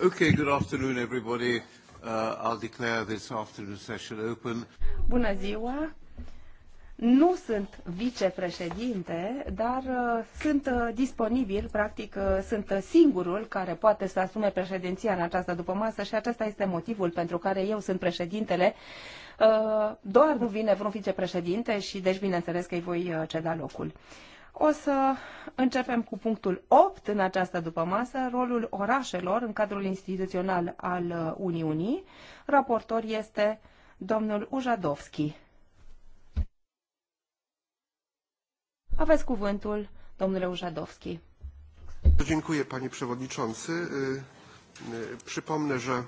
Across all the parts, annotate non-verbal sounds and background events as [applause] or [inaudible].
Okay, good afternoon everybody. Uh, I'll declare this afternoon session open. Bună ziua. Nu sunt vicepreședinte, dar uh, sunt uh, disponibil, practic uh, sunt singurul care poate să asume președinția în această masă și acesta este motivul pentru care eu sunt președintele. Uh, doar nu vine vreun vicepreședinte și deci bineînțeles că îi voi uh, ceda locul. Uh, o să începem cu punctul 8 în această dupămasă, rolul orașelor în cadrul instituțional al uh, Uniunii. Raportor este domnul Ujadovski. Aveți cuvântul, domnule Ujadovski. Dziękuję, panie przewodniczący. Przypomnę, że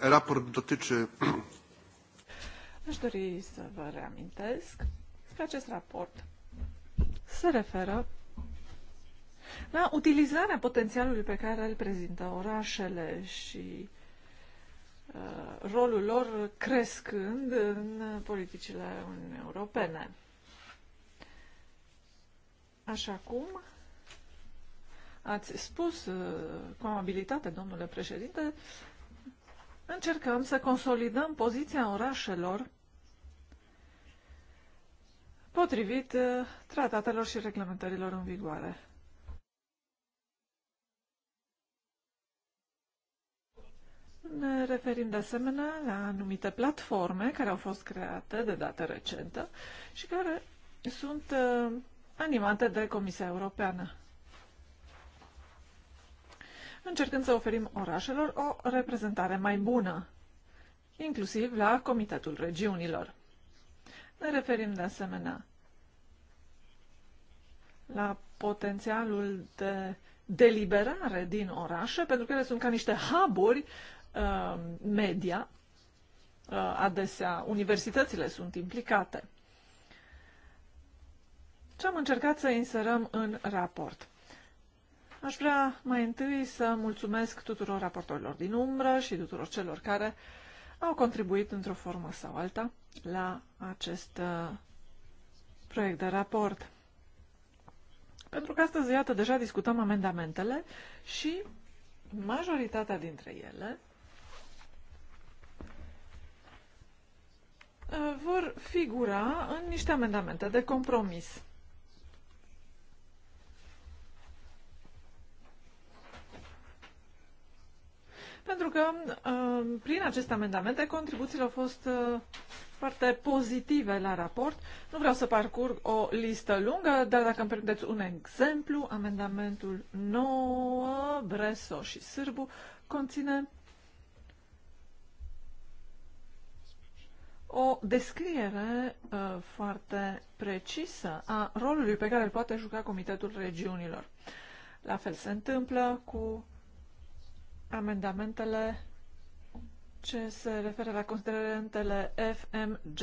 raport dotyczy... Aș dori să vă reamintesc că acest raport se referă la utilizarea potențialului pe care îl prezintă orașele și uh, rolul lor crescând în politicile Uniunii Europene. Așa cum ați spus uh, cu amabilitate, domnule președinte, încercăm să consolidăm poziția orașelor potrivit uh, tratatelor și reglementărilor în vigoare. Ne referim de asemenea la anumite platforme care au fost create de dată recentă și care sunt uh, animate de Comisia Europeană încercând să oferim orașelor o reprezentare mai bună, inclusiv la Comitetul Regiunilor. Ne referim de asemenea la potențialul de deliberare din orașe, pentru că ele sunt ca niște huburi uh, media. Uh, adesea universitățile sunt implicate. Ce am încercat să inserăm în raport? Aș vrea mai întâi să mulțumesc tuturor raportorilor din umbră și tuturor celor care au contribuit într-o formă sau alta la acest uh, proiect de raport. Pentru că astăzi, iată, deja discutăm amendamentele și majoritatea dintre ele uh, vor figura în niște amendamente de compromis. pentru că uh, prin aceste amendamente contribuțiile au fost uh, foarte pozitive la raport. Nu vreau să parcurg o listă lungă, dar dacă îmi permiteți un exemplu, amendamentul 9, Breso și Sârbu, conține o descriere uh, foarte precisă a rolului pe care îl poate juca Comitetul Regiunilor. La fel se întâmplă cu amendamentele ce se referă la considerentele F, M, G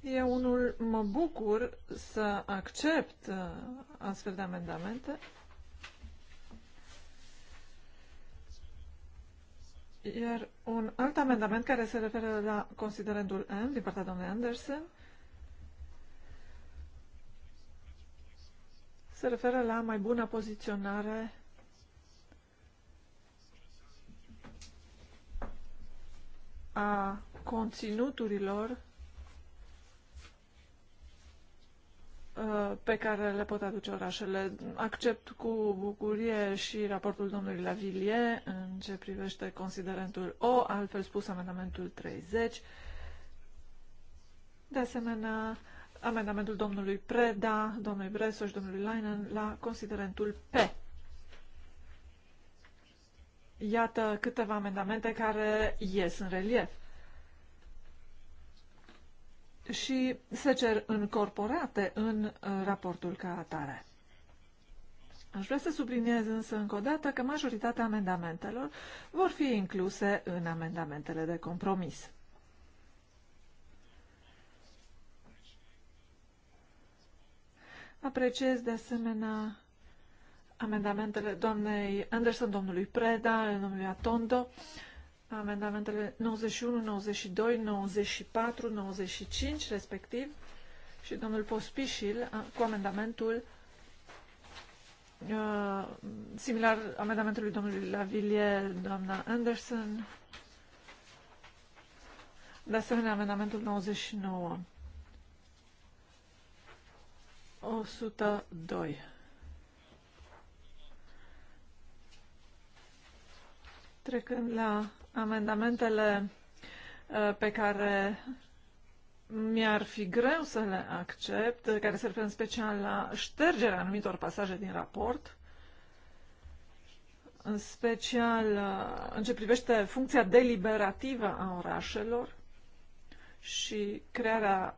Eu unul mă bucur să accept uh, astfel de amendamente. Iar un alt amendament care se referă la considerentul M din partea domnului Anderson se referă la mai bună poziționare a conținuturilor uh, pe care le pot aduce orașele. Accept cu bucurie și raportul domnului Lavilie în ce privește considerentul O, altfel spus amendamentul 30. De asemenea, amendamentul domnului Preda, domnului Breso și domnului Leinen la considerentul P. Iată câteva amendamente care ies în relief. Și se cer încorporate în uh, raportul ca atare. Aș vrea să subliniez însă încă o dată că majoritatea amendamentelor vor fi incluse în amendamentele de compromis. Apreciez de asemenea amendamentele doamnei Anderson, domnului Preda, ale domnului Atondo, amendamentele 91, 92, 94, 95 respectiv și domnul Pospișil cu amendamentul uh, similar amendamentului domnului Lavilie, doamna Anderson, de asemenea amendamentul 99. 102. Trecând la amendamentele uh, pe care mi-ar fi greu să le accept, care se referă în special la ștergerea anumitor pasaje din raport, în special uh, în ce privește funcția deliberativă a orașelor și crearea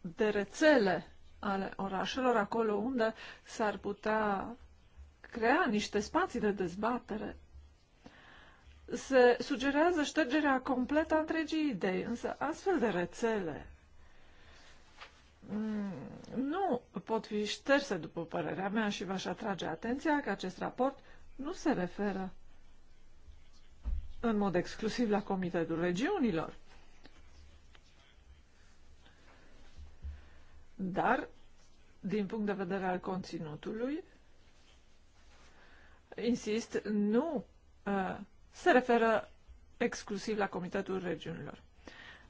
de rețele ale orașelor, acolo unde s-ar putea crea niște spații de dezbatere. Se sugerează ștergerea completă a întregii idei, însă astfel de rețele mm, nu pot fi șterse, după părerea mea, și v-aș atrage atenția că acest raport nu se referă în mod exclusiv la Comitetul Regiunilor. Dar, din punct de vedere al conținutului, insist, nu uh, se referă exclusiv la Comitetul Regiunilor.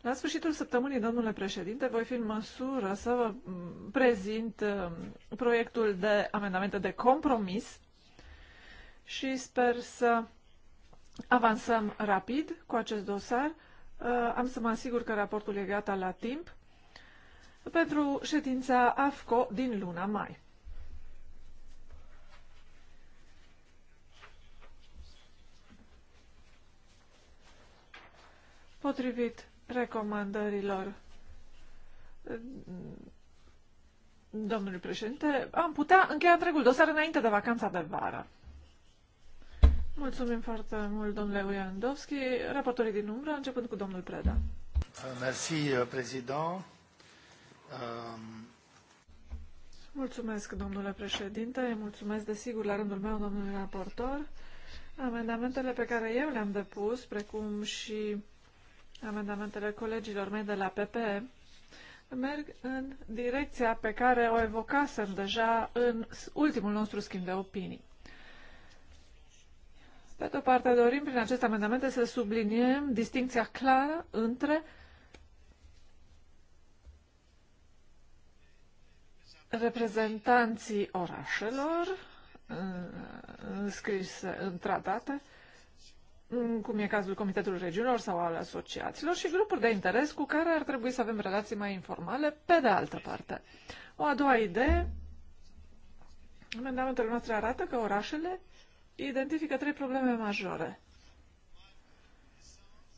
La sfârșitul săptămânii, domnule președinte, voi fi în măsură să vă mm, prezint uh, proiectul de amendamente de compromis și sper să avansăm rapid cu acest dosar. Uh, am să mă asigur că raportul e gata la timp pentru ședința AFCO din luna mai. Potrivit recomandărilor domnului președinte, am putea încheia întregul dosar înainte de vacanța de vară. Mulțumim foarte mult, domnule Uiandovski, Raportorii din umbră, începând cu domnul Preda. Mersi, euh, președinte. Um, Mulțumesc, domnule președinte. Mulțumesc, desigur, la rândul meu, domnule raportor. Amendamentele pe care eu le-am depus, precum și amendamentele colegilor mei de la PP, merg în direcția pe care o evocasem deja în ultimul nostru schimb de opinii. Pe de o parte, dorim prin aceste amendamente să subliniem distinția clară între reprezentanții orașelor uh, înscrise în tratate, cum e cazul Comitetului Regiunilor sau al asociațiilor și grupuri de interes cu care ar trebui să avem relații mai informale, pe de altă parte. O a doua idee, amendamentele noastre arată că orașele identifică trei probleme majore.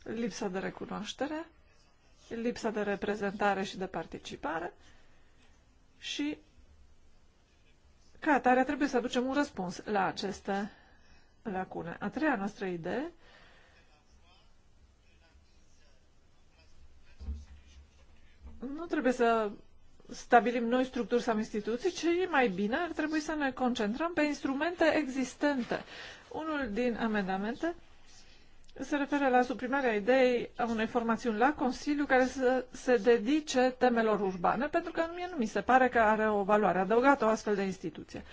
Lipsa de recunoaștere, lipsa de reprezentare și de participare și ca atare trebuie să aducem un răspuns la aceste lacune. A treia noastră idee nu trebuie să stabilim noi structuri sau instituții, ci mai bine ar trebui să ne concentrăm pe instrumente existente. Unul din amendamente se referă la suprimarea ideii a unei formațiuni la Consiliu care să se dedice temelor urbane, pentru că mie nu mi se pare că are o valoare adăugată o astfel de instituție.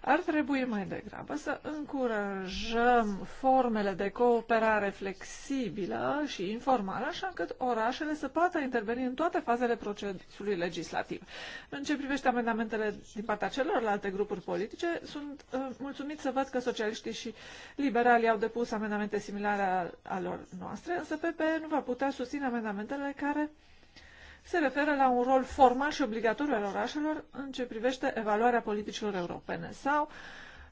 Ar trebui mai degrabă să încurajăm formele de cooperare flexibilă și informală, așa încât orașele să poată interveni în toate fazele procesului legislativ. În ce privește amendamentele din partea celorlalte grupuri politice, sunt uh, mulțumit să văd că socialiștii și liberalii au depus amendamente similare lor noastre, însă PP nu va putea susține amendamentele care uh, se referă la un rol formal și obligatoriu al orașelor în ce privește evaluarea politicilor europene sau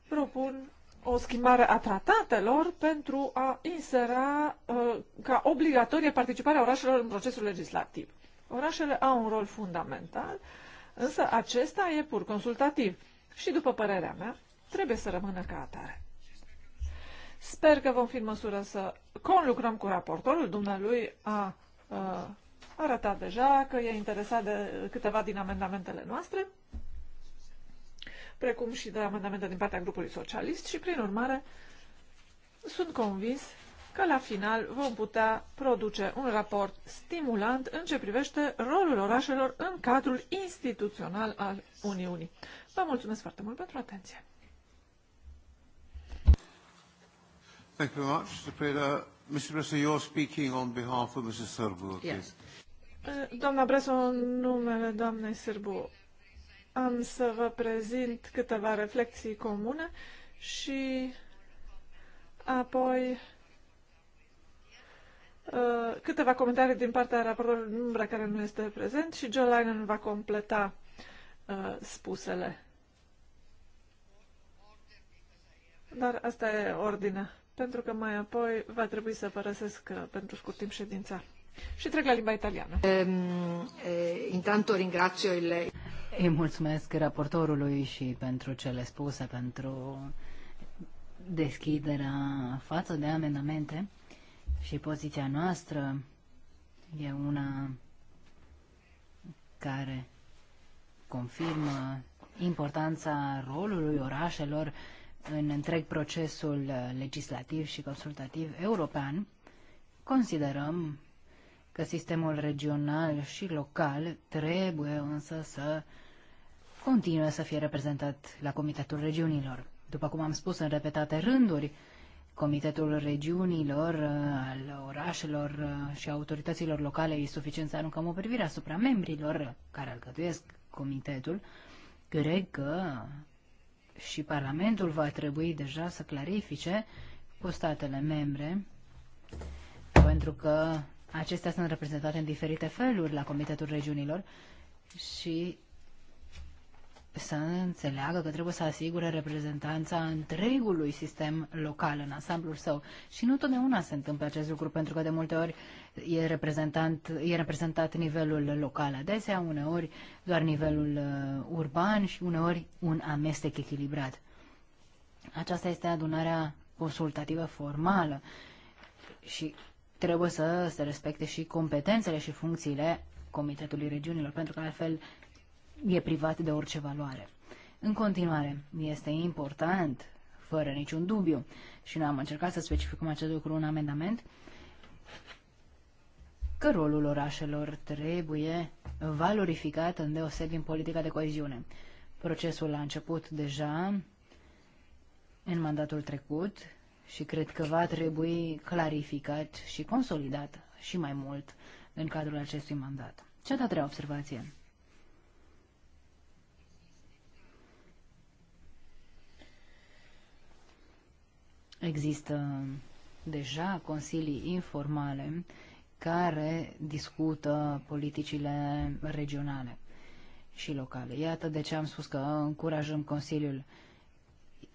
propun o schimbare a tratatelor pentru a insera uh, ca obligatorie participarea orașelor în procesul legislativ. Orașele au un rol fundamental, însă acesta e pur consultativ și, după părerea mea, trebuie să rămână ca atare. Sper că vom fi în măsură să conlucrăm cu raportorul. Dumnealui a uh, arăta deja că e interesat de câteva din amendamentele noastre, precum și de amendamente din partea grupului socialist și, prin urmare, sunt convins că la final vom putea produce un raport stimulant în ce privește rolul orașelor în cadrul instituțional al Uniunii. Vă mulțumesc foarte mult pentru atenție. Thank you very much, Mr. Preda. Mr. you're speaking on behalf of Mrs. Serbu. Yes. Eh, doamna Bresu, în numele doamnei Sârbu, am să vă prezint câteva reflexii comune și apoi eh, câteva comentarii din partea raportorului Umbra, care nu este prezent, și Joe Linen va completa eh, spusele. Dar asta e ordine, pentru că mai apoi va trebui să părăsesc pentru scurt timp ședința. Și trec la limba italiană. Ehm, eh, intanto ringrazio il... Îi mulțumesc raportorului și pentru cele spuse, pentru deschiderea față de amendamente și poziția noastră e una care confirmă importanța rolului orașelor în întreg procesul legislativ și consultativ european, considerăm că sistemul regional și local trebuie însă să continue să fie reprezentat la Comitetul Regiunilor. După cum am spus în repetate rânduri, Comitetul Regiunilor, uh, al orașelor uh, și autorităților locale e suficient să aruncăm o privire asupra membrilor care alcătuiesc comitetul. Cred că și Parlamentul va trebui deja să clarifice cu statele membre, pentru că Acestea sunt reprezentate în diferite feluri la Comitetul Regiunilor și să înțeleagă că trebuie să asigure reprezentanța întregului sistem local în ansamblul său. Și nu totdeauna se întâmplă acest lucru, pentru că de multe ori e, reprezentant, e reprezentat nivelul local adesea, uneori doar nivelul uh, urban și uneori un amestec echilibrat. Aceasta este adunarea consultativă formală și trebuie să se respecte și competențele și funcțiile Comitetului Regiunilor, pentru că altfel e privat de orice valoare. În continuare, este important, fără niciun dubiu, și noi am încercat să specificăm acest lucru în amendament, că rolul orașelor trebuie valorificat în deosebi în politica de coeziune. Procesul a început deja în mandatul trecut și cred că va trebui clarificat și consolidat și mai mult în cadrul acestui mandat. Cea de-a treia observație. Există deja consilii informale care discută politicile regionale și locale. Iată de ce am spus că încurajăm Consiliul uh,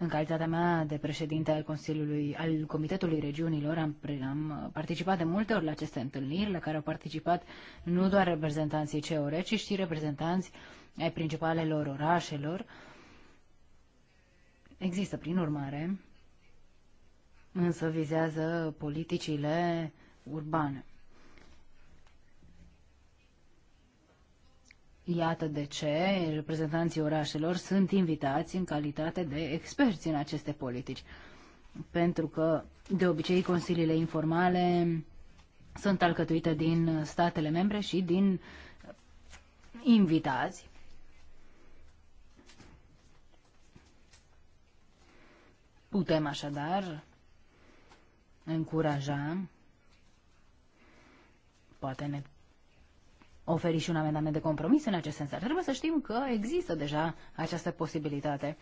în calitatea mea de președinte al Consiliului, al Comitetului Regiunilor, am, am participat de multe ori la aceste întâlniri, la care au participat nu doar reprezentanții CEOR, ci și reprezentanți ai principalelor orașelor. Există, prin urmare, însă vizează politicile urbane. Iată de ce reprezentanții orașelor sunt invitați în calitate de experți în aceste politici. Pentru că, de obicei, consiliile informale sunt alcătuite din statele membre și din invitați. Putem așadar încuraja, poate ne oferi și un amendament de compromis în acest sens. Dar trebuie să știm că există deja această posibilitate.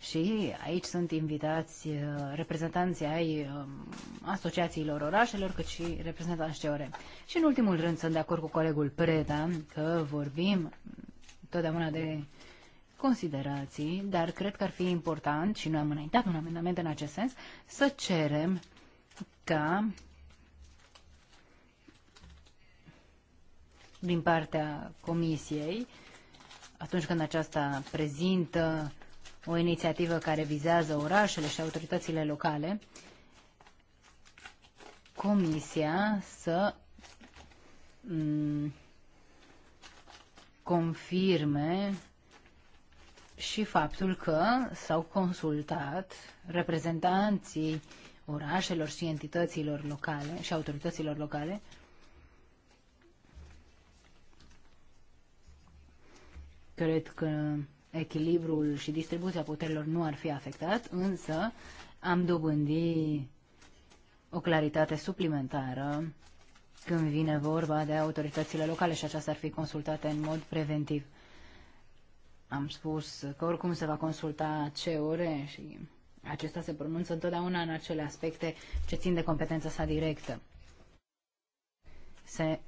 Și aici sunt invitați uh, reprezentanții ai um, asociațiilor orașelor, cât și reprezentanți CEORE. Și în ultimul rând sunt de acord cu colegul Preda că vorbim totdeauna de considerații, dar cred că ar fi important, și noi am înaintat un amendament în acest sens, să cerem ca din partea Comisiei atunci când aceasta prezintă o inițiativă care vizează orașele și autoritățile locale, Comisia să mm, confirme și faptul că s-au consultat reprezentanții orașelor și entităților locale și autorităților locale Cred că echilibrul și distribuția puterilor nu ar fi afectat, însă am dobândit o claritate suplimentară când vine vorba de autoritățile locale și aceasta ar fi consultate în mod preventiv. Am spus că oricum se va consulta ce ore și acesta se pronunță întotdeauna în acele aspecte ce țin de competența sa directă. Se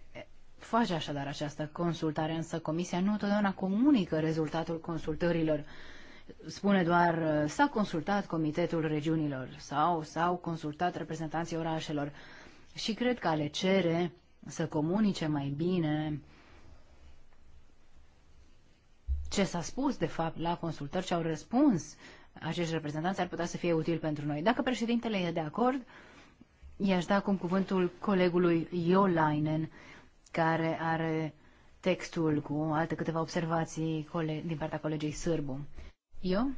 face așadar această consultare, însă Comisia nu totdeauna comunică rezultatul consultărilor. Spune doar uh, s-a consultat Comitetul Regiunilor sau s-au consultat reprezentanții orașelor și cred că le cere să comunice mai bine ce s-a spus, de fapt, la consultări, ce au răspuns acești reprezentanți, ar putea să fie util pentru noi. Dacă președintele e de acord, i-aș da acum cuvântul colegului Iolainen, care are textul cu alte câteva observații din partea colegii Sârbu. Eu?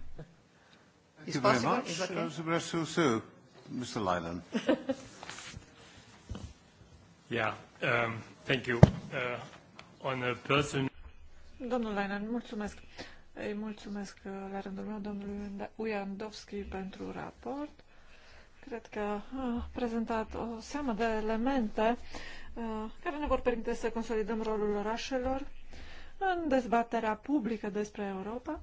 thank you. on a person... Domnul Leinen, mulțumesc. Îi mulțumesc uh, la rândul meu domnului Ujandovski pentru raport. Cred că a prezentat o seamă de elemente uh, Uh, care ne vor permite să consolidăm rolul orașelor în dezbaterea publică despre Europa,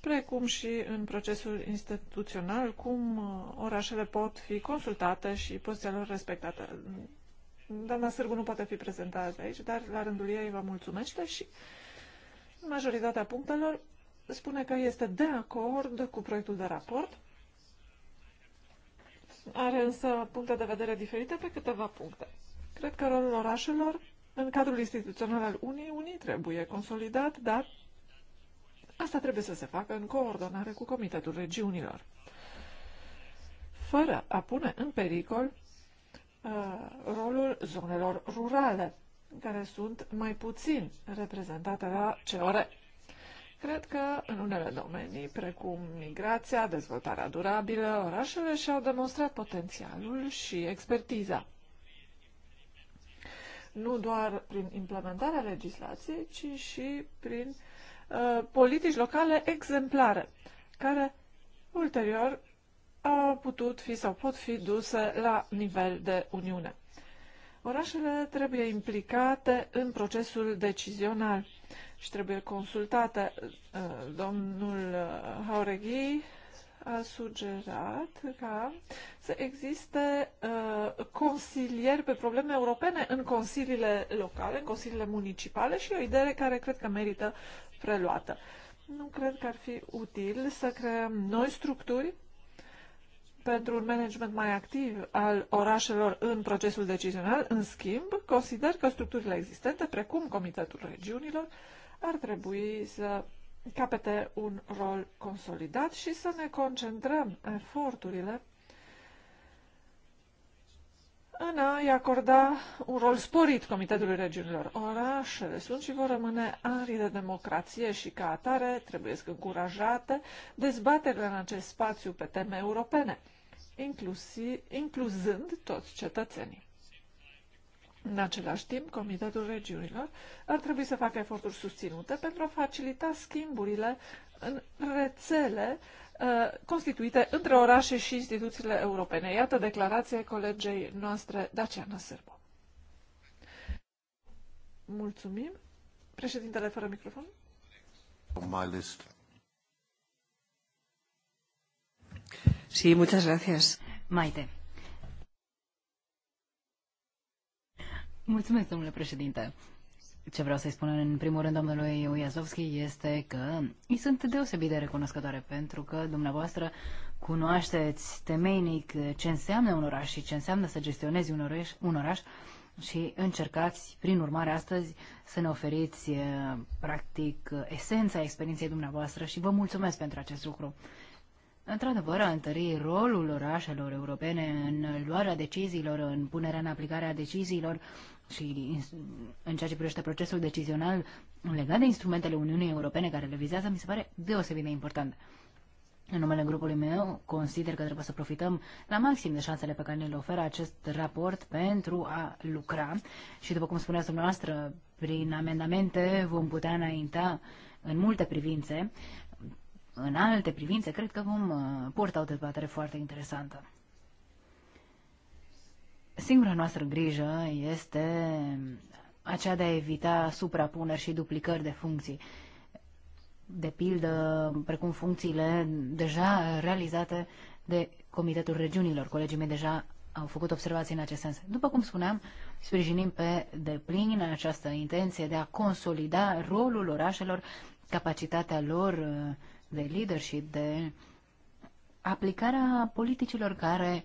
precum și în procesul instituțional, cum uh, orașele pot fi consultate și poziția lor respectată. Doamna Sârgu nu poate fi prezentată aici, dar la rândul ei vă mulțumește și majoritatea punctelor spune că este de acord cu proiectul de raport are însă puncte de vedere diferite pe câteva puncte. Cred că rolul orașelor în cadrul instituțional al unii trebuie consolidat, dar asta trebuie să se facă în coordonare cu Comitetul Regiunilor, fără a pune în pericol uh, rolul zonelor rurale, care sunt mai puțin reprezentate la COR. Cred că în unele domenii, precum migrația, dezvoltarea durabilă, orașele și-au demonstrat potențialul și expertiza. Nu doar prin implementarea legislației, ci și prin uh, politici locale exemplare, care ulterior au putut fi sau pot fi duse la nivel de Uniune. Orașele trebuie implicate în procesul decizional și trebuie consultată. Uh, domnul uh, Haureghi a sugerat ca să existe uh, consilieri pe probleme europene în consiliile locale, în consiliile municipale și o idee care cred că merită preluată. Nu cred că ar fi util să creăm noi structuri pentru un management mai activ al orașelor în procesul decizional. În schimb, consider că structurile existente, precum Comitetul Regiunilor, uh, ar trebui să capete un rol consolidat și să ne concentrăm eforturile în a-i acorda un rol sporit Comitetului Regiunilor. Orașele sunt și vor rămâne arii de democrație și ca atare trebuie să încurajate dezbaterile în acest spațiu pe teme europene, inclusiv, incluzând toți cetățenii. În același timp, Comitetul Regiunilor ar trebui să facă eforturi susținute pentru a facilita schimburile în rețele uh, constituite între orașe și instituțiile europene. Iată declarația colegei noastre, Daciana Sârbo. Mulțumim. Președintele fără microfon. On my list. Sí, muchas gracias. Maite. Mulțumesc, domnule președinte. Ce vreau să-i spun în primul rând domnului Ujazovski este că îi sunt deosebit de recunoscătoare pentru că dumneavoastră cunoașteți temeinic ce înseamnă un oraș și ce înseamnă să gestionezi un oraș, un oraș și încercați, prin urmare, astăzi să ne oferiți, eh, practic, esența experienței dumneavoastră și vă mulțumesc pentru acest lucru. Într-adevăr, a întări rolul orașelor europene în luarea deciziilor, în punerea în aplicare a deciziilor, și în ceea ce privește procesul decizional legat de instrumentele Uniunii Europene care le vizează, mi se pare deosebit de important. În numele grupului meu, consider că trebuie să profităm la maxim de șansele pe care ne le oferă acest raport pentru a lucra și, după cum spuneați dumneavoastră, prin amendamente vom putea înainta în multe privințe. În alte privințe, cred că vom uh, purta o dezbatere foarte interesantă. Singura noastră grijă este aceea de a evita suprapuneri și duplicări de funcții. De pildă, precum funcțiile deja realizate de Comitetul Regiunilor. Colegii mei deja au făcut observații în acest sens. După cum spuneam, sprijinim pe deplin această intenție de a consolida rolul orașelor, capacitatea lor eh, de leadership, de aplicarea politicilor care uh,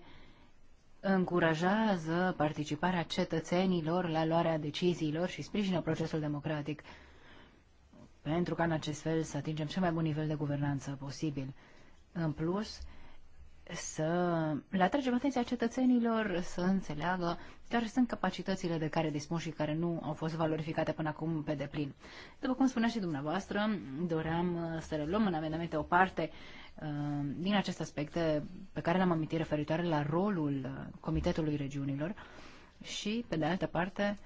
încurajează participarea cetățenilor la luarea deciziilor și sprijină procesul democratic, pentru ca în acest fel să atingem cel mai bun nivel de guvernanță posibil. În plus, să le atragem atenția cetățenilor să înțeleagă care sunt capacitățile de care dispun și care nu au fost valorificate până acum pe deplin. După cum spunea și dumneavoastră, doream să le luăm în amendamente o parte uh, Ehm, din acest aspect eh, pe care l-am amintit referitoare la rolul eh, Comitetului Regiunilor și, pe de altă parte,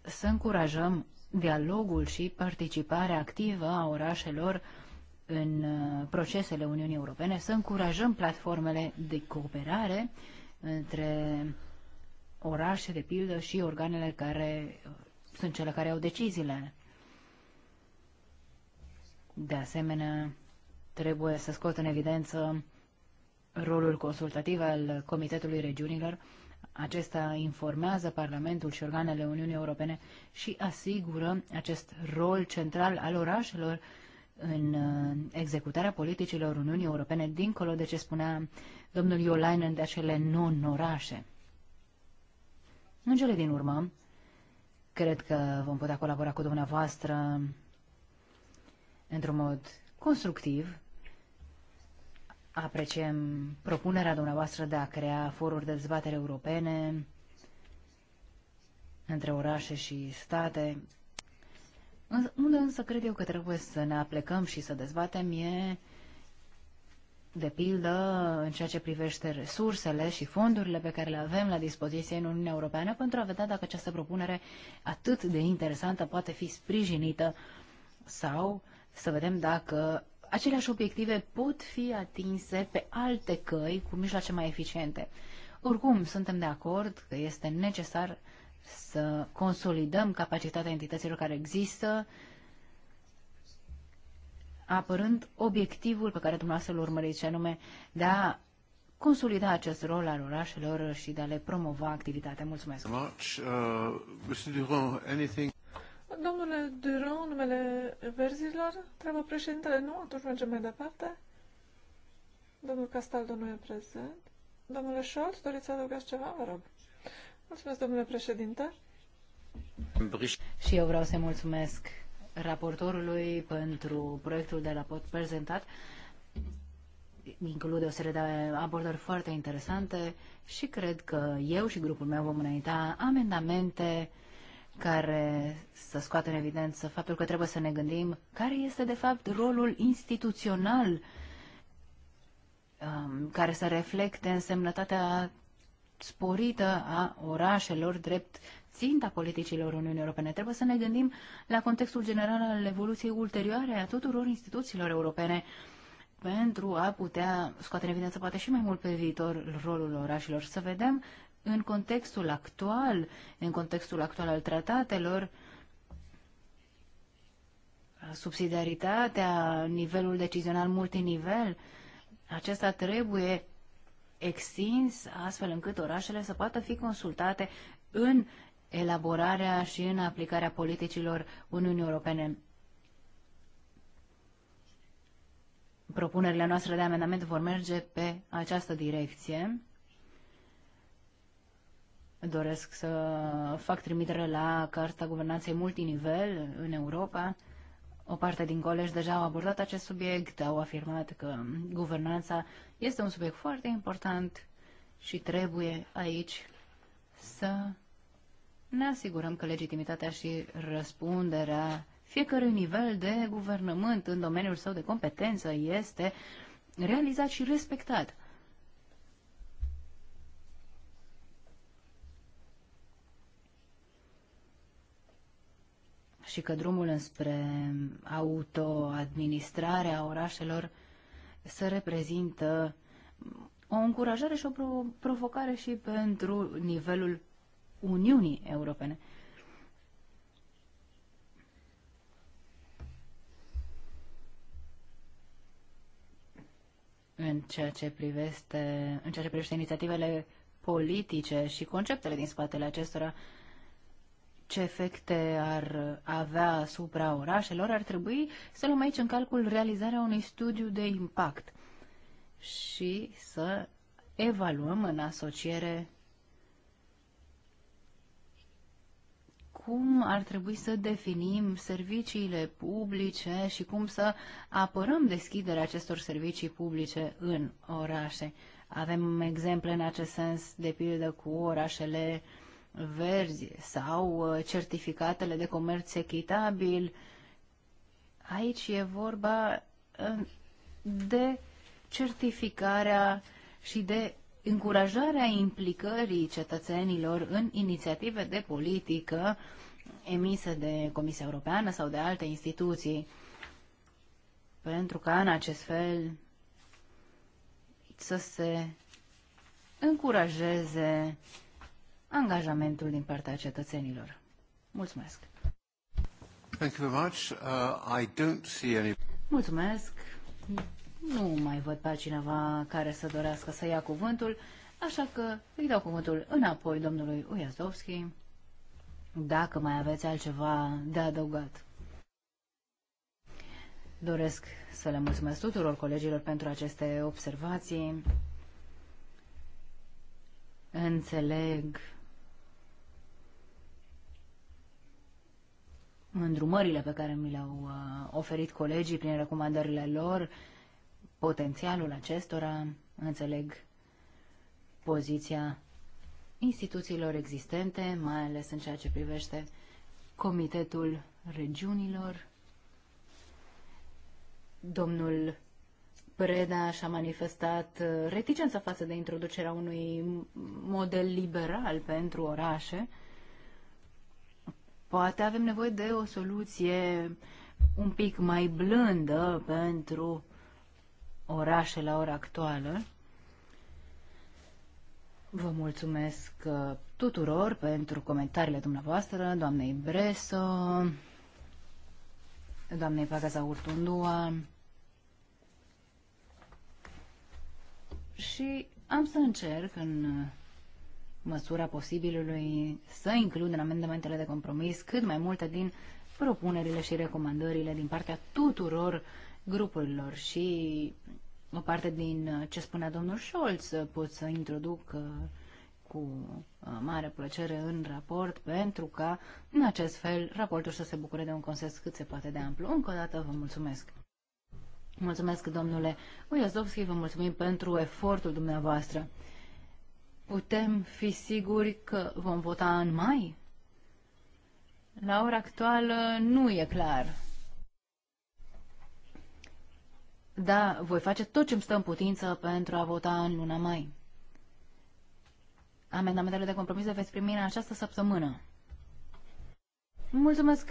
să încurajăm dialogul și participarea activă a orașelor în eh, procesele Uniunii Europene, să încurajăm platformele de cooperare între orașe, de pildă, și organele care sunt cele care au deciziile. De asemenea, Trebuie să scot în evidență rolul consultativ al Comitetului Regiunilor. Acesta informează Parlamentul și organele Uniunii Europene și asigură acest rol central al orașelor în uh, executarea politicilor Uniunii Europene, dincolo de ce spunea domnul Iolainen de acele non-orașe. În cele din urmă, cred că vom putea colabora cu dumneavoastră într-un mod constructiv. Apreciem propunerea dumneavoastră de a crea foruri de dezbatere europene între orașe și state. Unde însă cred eu că trebuie să ne aplecăm și să dezbatem e de pildă, în ceea ce privește resursele și fondurile pe care le avem la dispoziție în Uniunea Europeană, pentru a vedea dacă această propunere atât de interesantă poate fi sprijinită sau să vedem dacă aceleași obiective pot fi atinse pe alte căi cu mijloace mai eficiente. Oricum, suntem de acord că este necesar să consolidăm capacitatea entităților care există, apărând obiectivul pe care dumneavoastră îl urmăriți, anume de a consolida acest rol al orașelor și de a le promova activitatea. Mulțumesc! Uh, Domnule Duron, numele verzilor, trebuie președintele, nu? Atunci mergem mai departe. Domnul Castaldo nu e prezent. Domnule Scholz, doriți să adăugați ceva? Vă rog. Mulțumesc, domnule președinte. Și eu vreau să mulțumesc raportorului pentru proiectul de raport prezentat. Include o serie de abordări foarte interesante și cred că eu și grupul meu vom înainta amendamente care să scoată în evidență faptul că trebuie să ne gândim care este de fapt rolul instituțional um, care să reflecte însemnătatea sporită a orașelor drept ținta politicilor Uniunii Europene. Trebuie să ne gândim la contextul general al evoluției ulterioare a tuturor instituțiilor europene pentru a putea scoate în evidență poate și mai mult pe viitor rolul orașelor. Să vedem în contextul actual, în contextul actual al tratatelor, subsidiaritatea, nivelul decizional multinivel, acesta trebuie extins astfel încât orașele să poată fi consultate în elaborarea și în aplicarea politicilor Uniunii Europene. Propunerile noastre de amendament vor merge pe această direcție doresc să fac trimitere la Carta Guvernanței Multinivel în Europa. O parte din colegi deja au abordat acest subiect, au afirmat că guvernanța este un subiect foarte important și trebuie aici să ne asigurăm că legitimitatea și răspunderea fiecărui nivel de guvernământ în domeniul său de competență este realizat și respectat. și că drumul înspre autoadministrarea orașelor să reprezintă o încurajare și o provocare și pentru nivelul Uniunii Europene. În ceea ce privește, în ceea ce privește inițiativele politice și conceptele din spatele acestora, uh, ce efecte ar avea asupra orașelor, ar trebui să luăm aici în calcul realizarea unui studiu de impact și să evaluăm în asociere cum ar trebui să definim serviciile publice și cum să apărăm deschiderea acestor servicii publice în orașe. Avem exemple în acest sens, de pildă cu orașele uh, verzi sau uh, certificatele de comerț echitabil. Aici e vorba uh, de certificarea și de încurajarea implicării cetățenilor în inițiative de politică emise de Comisia Europeană sau de alte instituții, pentru ca în acest fel să se încurajeze angajamentul din partea cetățenilor. Mulțumesc! Thank you very much. Uh, I don't see any... Mulțumesc! Nu mai văd pe cineva care să dorească să ia cuvântul, așa că îi dau cuvântul înapoi domnului Ujazdovski, dacă mai aveți altceva de adăugat. Doresc să le mulțumesc tuturor colegilor pentru aceste observații. Înțeleg îndrumările pe care mi le-au uh, oferit colegii prin recomandările lor, potențialul acestora, înțeleg poziția instituțiilor existente, mai ales în ceea ce privește Comitetul Regiunilor. Domnul Preda și-a manifestat uh, reticența față de introducerea unui model liberal pentru orașe, Poate avem nevoie de o soluție un pic mai blândă pentru orașe la ora actuală. Vă mulțumesc uh, tuturor pentru comentariile dumneavoastră, doamnei Breso, doamnei Pagaza Urtundua. Și am să încerc în măsura posibilului să includă în amendamentele de compromis cât mai multe din propunerile și recomandările din partea tuturor grupurilor și o parte din ce spunea domnul Scholz pot să introduc uh, cu uh, mare plăcere în raport pentru ca în acest fel raportul să se bucure de un consens cât se poate de amplu. Încă o dată vă mulțumesc! Mulțumesc, domnule Uiazovski, vă mulțumim pentru efortul dumneavoastră. Putem fi siguri că vom vota în mai? La ora actuală nu e clar. Da, voi face tot ce-mi stă în putință pentru a vota în luna mai. Amendamentele de compromis le veți primi în această săptămână. Mulțumesc!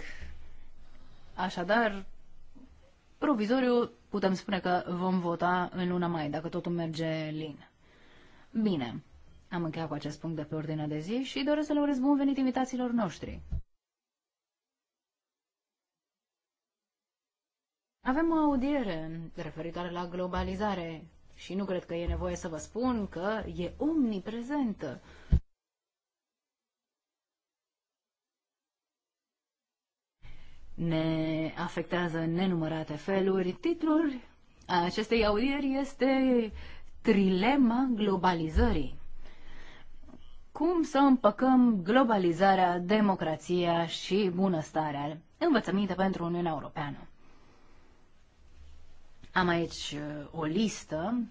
Așadar, provizoriu putem spune că vom vota în luna mai, dacă totul merge lin. Bine. Am încheiat cu acest punct de pe ordinea de zi și doresc să le urez bun venit invitațiilor noștri. Avem o audiere referitoare la globalizare și nu cred că e nevoie să vă spun că e omniprezentă. Ne afectează în nenumărate feluri. Titlul acestei audieri este Trilema globalizării cum să împăcăm globalizarea, democrația și bunăstarea. Învățăminte pentru Uniunea Europeană. Am aici uh, o listă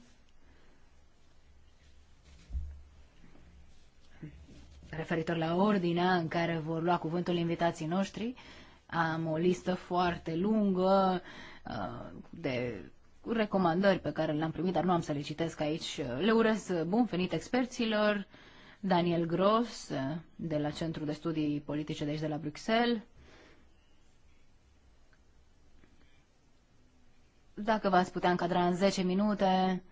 referitor la ordinea în care vor lua cuvântul invitații noștri. Am o listă foarte lungă uh, de recomandări pe care le-am primit, dar nu am să le citesc aici. Le urez bun venit experților Daniel Gross de la Centrul de Studii Politice de aici de la Bruxelles. Dacă v-ați putea încadra în 10 minute,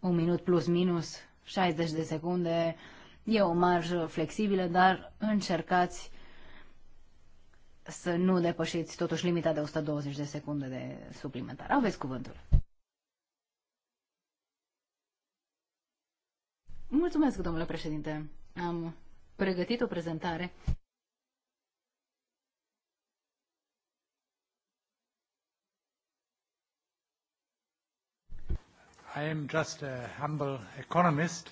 un minut plus minus, 60 de secunde, e o marjă flexibilă, dar încercați să nu depășiți totuși limita de 120 de secunde de suplimentar. Aveți cuvântul. Mulțumesc, domnule președinte. Am pregătit o prezentare. I am just a humble economist.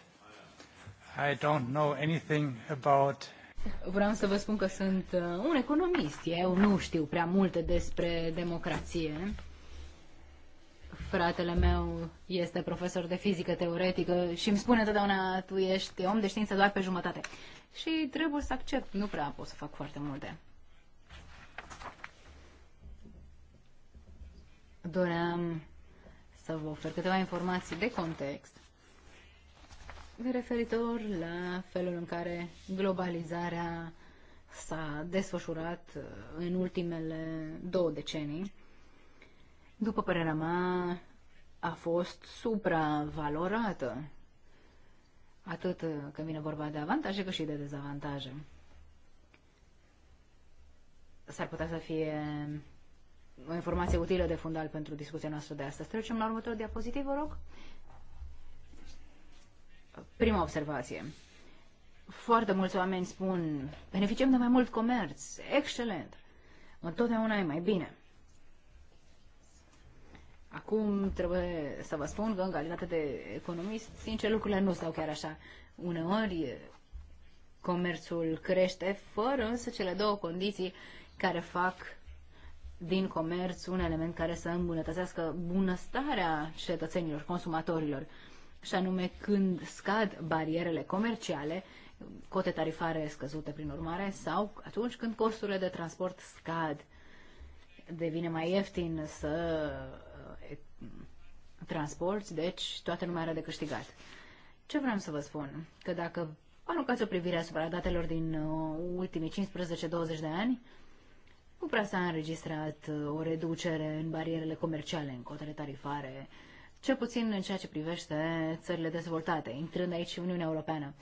I don't know anything about Vreau să vă spun că sunt uh, un economist. Eu nu știu prea multe despre democrație. Fratele meu este profesor de fizică teoretică și îmi spune întotdeauna, tu ești om de știință doar pe jumătate. Și trebuie să accept, nu prea pot să fac foarte multe. Doream să vă ofer câteva informații de context referitor la felul în care globalizarea s-a desfășurat uh, în ultimele două decenii după părerea mea, a fost supravalorată. Atât uh, când vine vorba de avantaje, cât și de dezavantaje. S-ar putea să fie o informație utilă de fundal pentru discuția noastră de astăzi. Trecem la următorul diapozitiv, vă rog. Prima observație. Foarte mulți oameni spun, beneficiem de mai mult comerț, excelent, întotdeauna e mai bine. Acum trebuie să vă spun că în calitate de economist, sincer, lucrurile nu stau chiar așa. Uneori comerțul crește fără însă cele două condiții care fac din comerț un element care să îmbunătățească bunăstarea cetățenilor, consumatorilor, și anume când scad barierele comerciale, cote tarifare scăzute prin urmare, sau atunci când costurile de transport scad. Devine mai ieftin să transport, deci toată lumea are de câștigat. Ce vreau să vă spun? Că dacă aruncați o privire asupra datelor din uh, ultimii 15-20 de ani, nu prea s-a înregistrat uh, o reducere în barierele comerciale, în cotele tarifare, cel puțin în ceea ce privește țările dezvoltate, intrând aici Uniunea Europeană.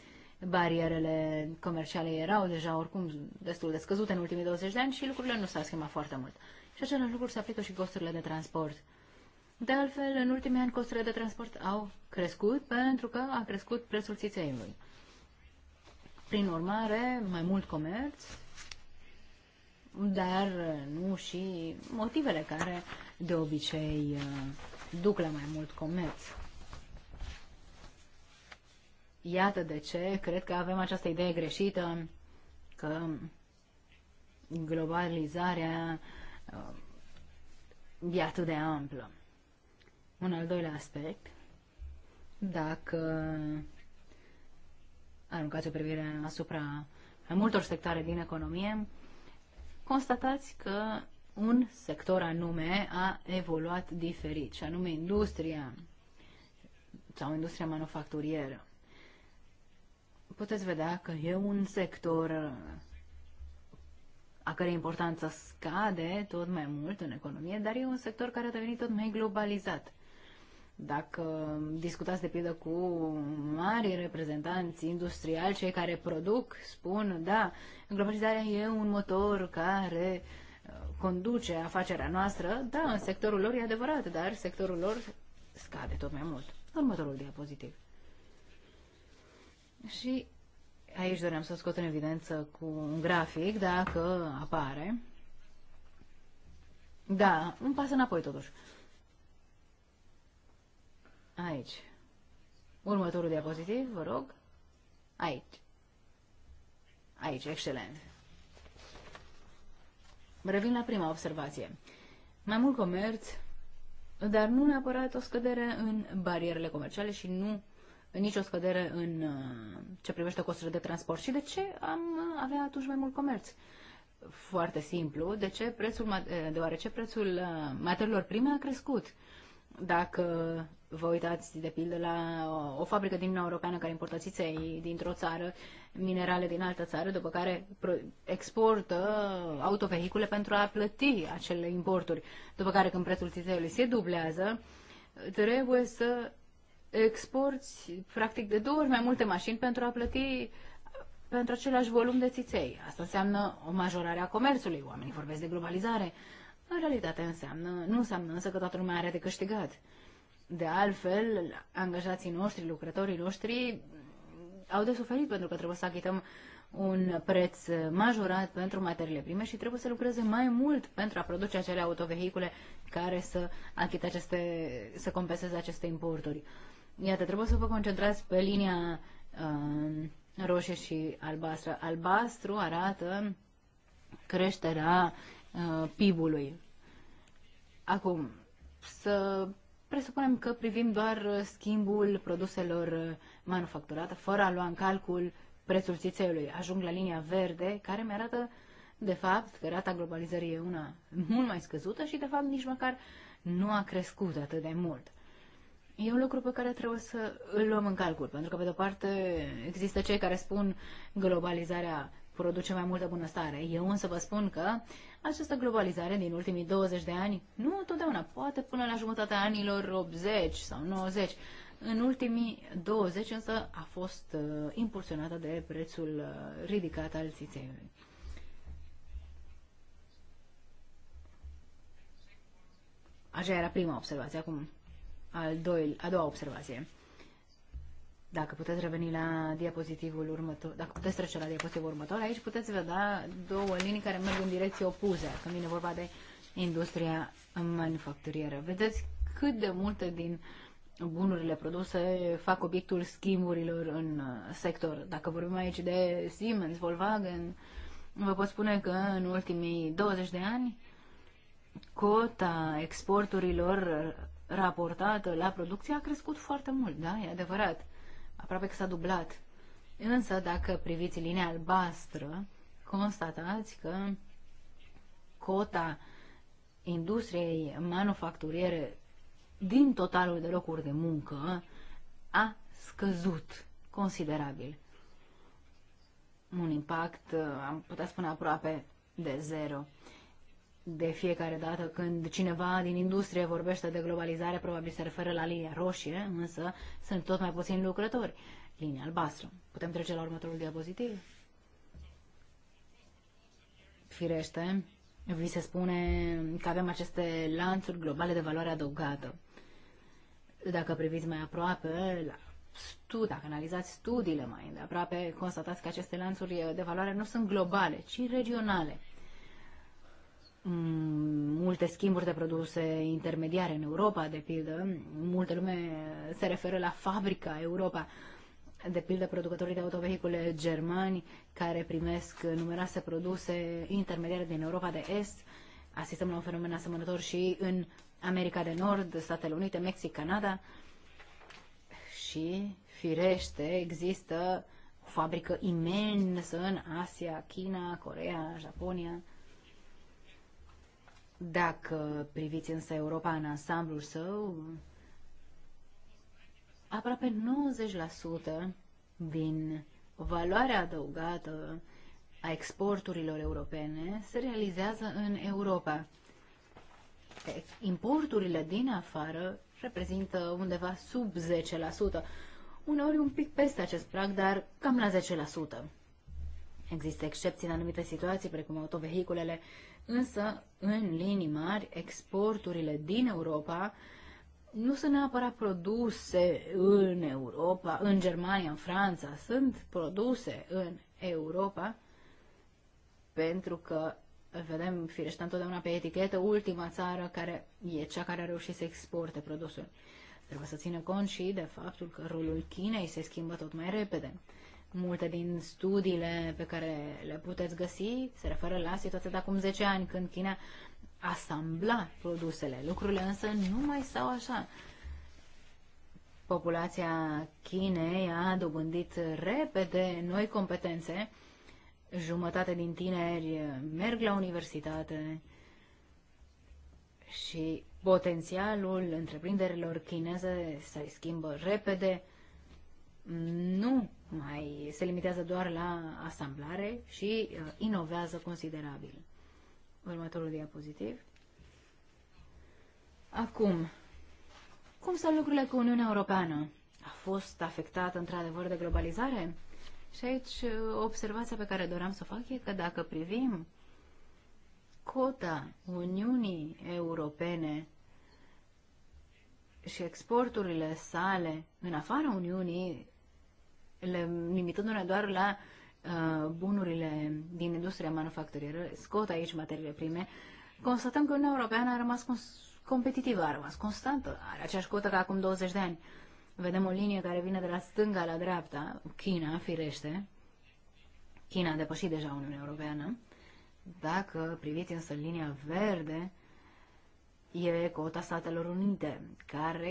Barierele comerciale erau deja oricum destul de scăzute în ultimii 20 de ani și lucrurile nu s-au schimbat foarte mult. Și același lucru se aplică și costurile de transport. De altfel, în ultimii ani costurile de transport au crescut pentru că a crescut prețul țițeiului. Prin urmare, mai mult comerț, dar nu și motivele care de obicei uh, duc la mai mult comerț. Iată de ce cred că avem această idee greșită că globalizarea uh, e atât de amplă. Un al doilea aspect, dacă aruncați o privire asupra mai multor sectoare din economie, constatați că un sector anume a evoluat diferit, și anume industria sau industria manufacturieră. Puteți vedea că e un sector a cărei importanță scade tot mai mult în economie, dar e un sector care a devenit tot mai globalizat. Dacă discutați de pildă cu mari reprezentanți industriali, cei care produc, spun, da, globalizarea e un motor care uh, conduce afacerea noastră, da, în sectorul lor e adevărat, dar sectorul lor scade tot mai mult. Următorul diapozitiv. Și aici doream să scot în evidență cu un grafic, dacă apare. Da, un pas înapoi totuși. Uh, Aici. Următorul diapozitiv, vă rog. Aici. Aici, excelent. Revin la prima observație. Mai mult comerț, dar nu neapărat o scădere în barierele comerciale și nu nicio scădere în uh, ce privește costurile de transport. Și de ce am uh, avea atunci mai mult comerț? Foarte simplu, de ce prețul, uh, deoarece prețul materiilor prime a crescut. Uh, dacă vă uitați, de pildă, la o, fabrică din Uniunea Europeană care importă țiței dintr-o țară, minerale din altă țară, după care exportă autovehicule pentru a plăti acele importuri, după care când prețul țițeiului se dublează, trebuie să exporți practic de două ori mai multe mașini pentru a plăti pentru același volum de țiței. Asta înseamnă o majorare a comerțului. Oamenii vorbesc de globalizare. Uh, în realitate înseamnă, nu înseamnă însă că toată lumea are de câștigat. De altfel, angajații noștri, lucrătorii noștri au de suferit pentru că trebuie să achităm un preț majorat pentru materiile prime și trebuie să lucreze mai mult pentru a produce acele autovehicule care să achite aceste, să compenseze aceste importuri. Iată, trebuie să vă concentrați pe linia uh, roșie și albastră. Albastru arată creșterea uh, Uh, PIB-ului. Acum, să presupunem că privim doar uh, schimbul produselor uh, manufacturate, fără a lua în calcul prețul țițeiului. Ajung la linia verde, care mi arată, de fapt, că rata globalizării e una mult mai scăzută și, de fapt, nici măcar nu a crescut atât de mult. E un lucru pe care trebuie să îl luăm în calcul, pentru că, pe de-o parte, există cei care spun globalizarea produce mai multă bunăstare. Eu însă vă spun că această globalizare din ultimii 20 de ani, nu întotdeauna, poate până la jumătatea anilor 80 sau 90, în ultimii 20 însă a fost uh, impulsionată de prețul uh, ridicat al țițeiului. Așa era prima observație. Acum, al doil, a doua observație. Dacă puteți reveni la diapozitivul următor, dacă puteți trece la diapozitivul următor, aici puteți vedea două linii care merg în direcții opuse, când vine vorba de industria manufacturieră. Vedeți cât de multe din bunurile produse fac obiectul schimburilor în uh, sector. Dacă vorbim aici de Siemens, Volkswagen, vă pot spune că în ultimii 20 de ani cota exporturilor uh, raportată la producție a crescut foarte mult, da, e adevărat aproape că s-a dublat. Însă, dacă priviți linia albastră, constatați că cota industriei manufacturiere din totalul de locuri de muncă a scăzut considerabil. Un impact, am putea spune, aproape de zero de fiecare dată când cineva din industrie vorbește de globalizare, probabil se referă la linia roșie, însă sunt tot mai puțini lucrători. Linia albastră. Putem trece la următorul diapozitiv? Firește, vi se spune că avem aceste lanțuri globale de valoare adăugată. Dacă priviți mai aproape la studi, dacă analizați studiile mai îndeaproape, constatați că aceste lanțuri de valoare nu sunt globale, ci regionale. Mm, multe schimburi de produse intermediare în Europa, de pildă. Multe lume se referă la fabrica Europa, de pildă producătorii de autovehicule germani care primesc numeroase produse intermediare din Europa de Est. Asistăm la un fenomen asemănător și în America de Nord, Statele Unite, Mexic, Canada și, firește, există o fabrică imensă în Asia, China, Corea, Japonia. Dacă priviți însă Europa în ansamblul său, aproape 90% din valoarea adăugată a exporturilor europene se realizează în Europa. Importurile din afară reprezintă undeva sub 10%, uneori un pic peste acest prag, dar cam la Există excepții în anumite situații, precum autovehiculele, însă, în linii mari, exporturile din Europa nu sunt neapărat produse în Europa, în Germania, în Franța, sunt produse în Europa pentru că vedem, firește, întotdeauna pe etichetă ultima țară care e cea care a reușit să exporte produsul. Trebuie să țină cont și de faptul că rolul Chinei se schimbă tot mai repede. Multe din studiile pe care le puteți găsi se referă la situația de acum 10 ani, când China asambla produsele. Lucrurile însă nu mai stau așa. Populația Chinei a dobândit repede noi competențe. Jumătate din tineri merg la universitate și potențialul întreprinderilor chineze se schimbă repede nu mai se limitează doar la asamblare și uh, inovează considerabil. Următorul diapozitiv. Acum, cum stau lucrurile cu Uniunea Europeană? A fost afectată într-adevăr de globalizare? Și aici uh, observația pe care doream să o fac e că dacă privim cota Uniunii Europene și exporturile sale în afara Uniunii limitându-ne doar la uh, bunurile din industria manufacturieră, scot aici materiile prime, constatăm că Uniunea Europeană a rămas competitivă, a rămas constantă, are aceeași cotă ca acum 20 de ani. Vedem o linie care vine de la stânga la dreapta, China, firește. China a depășit deja Uniunea Europeană. Dacă priviți însă linia verde, e cota Statelor Unite, care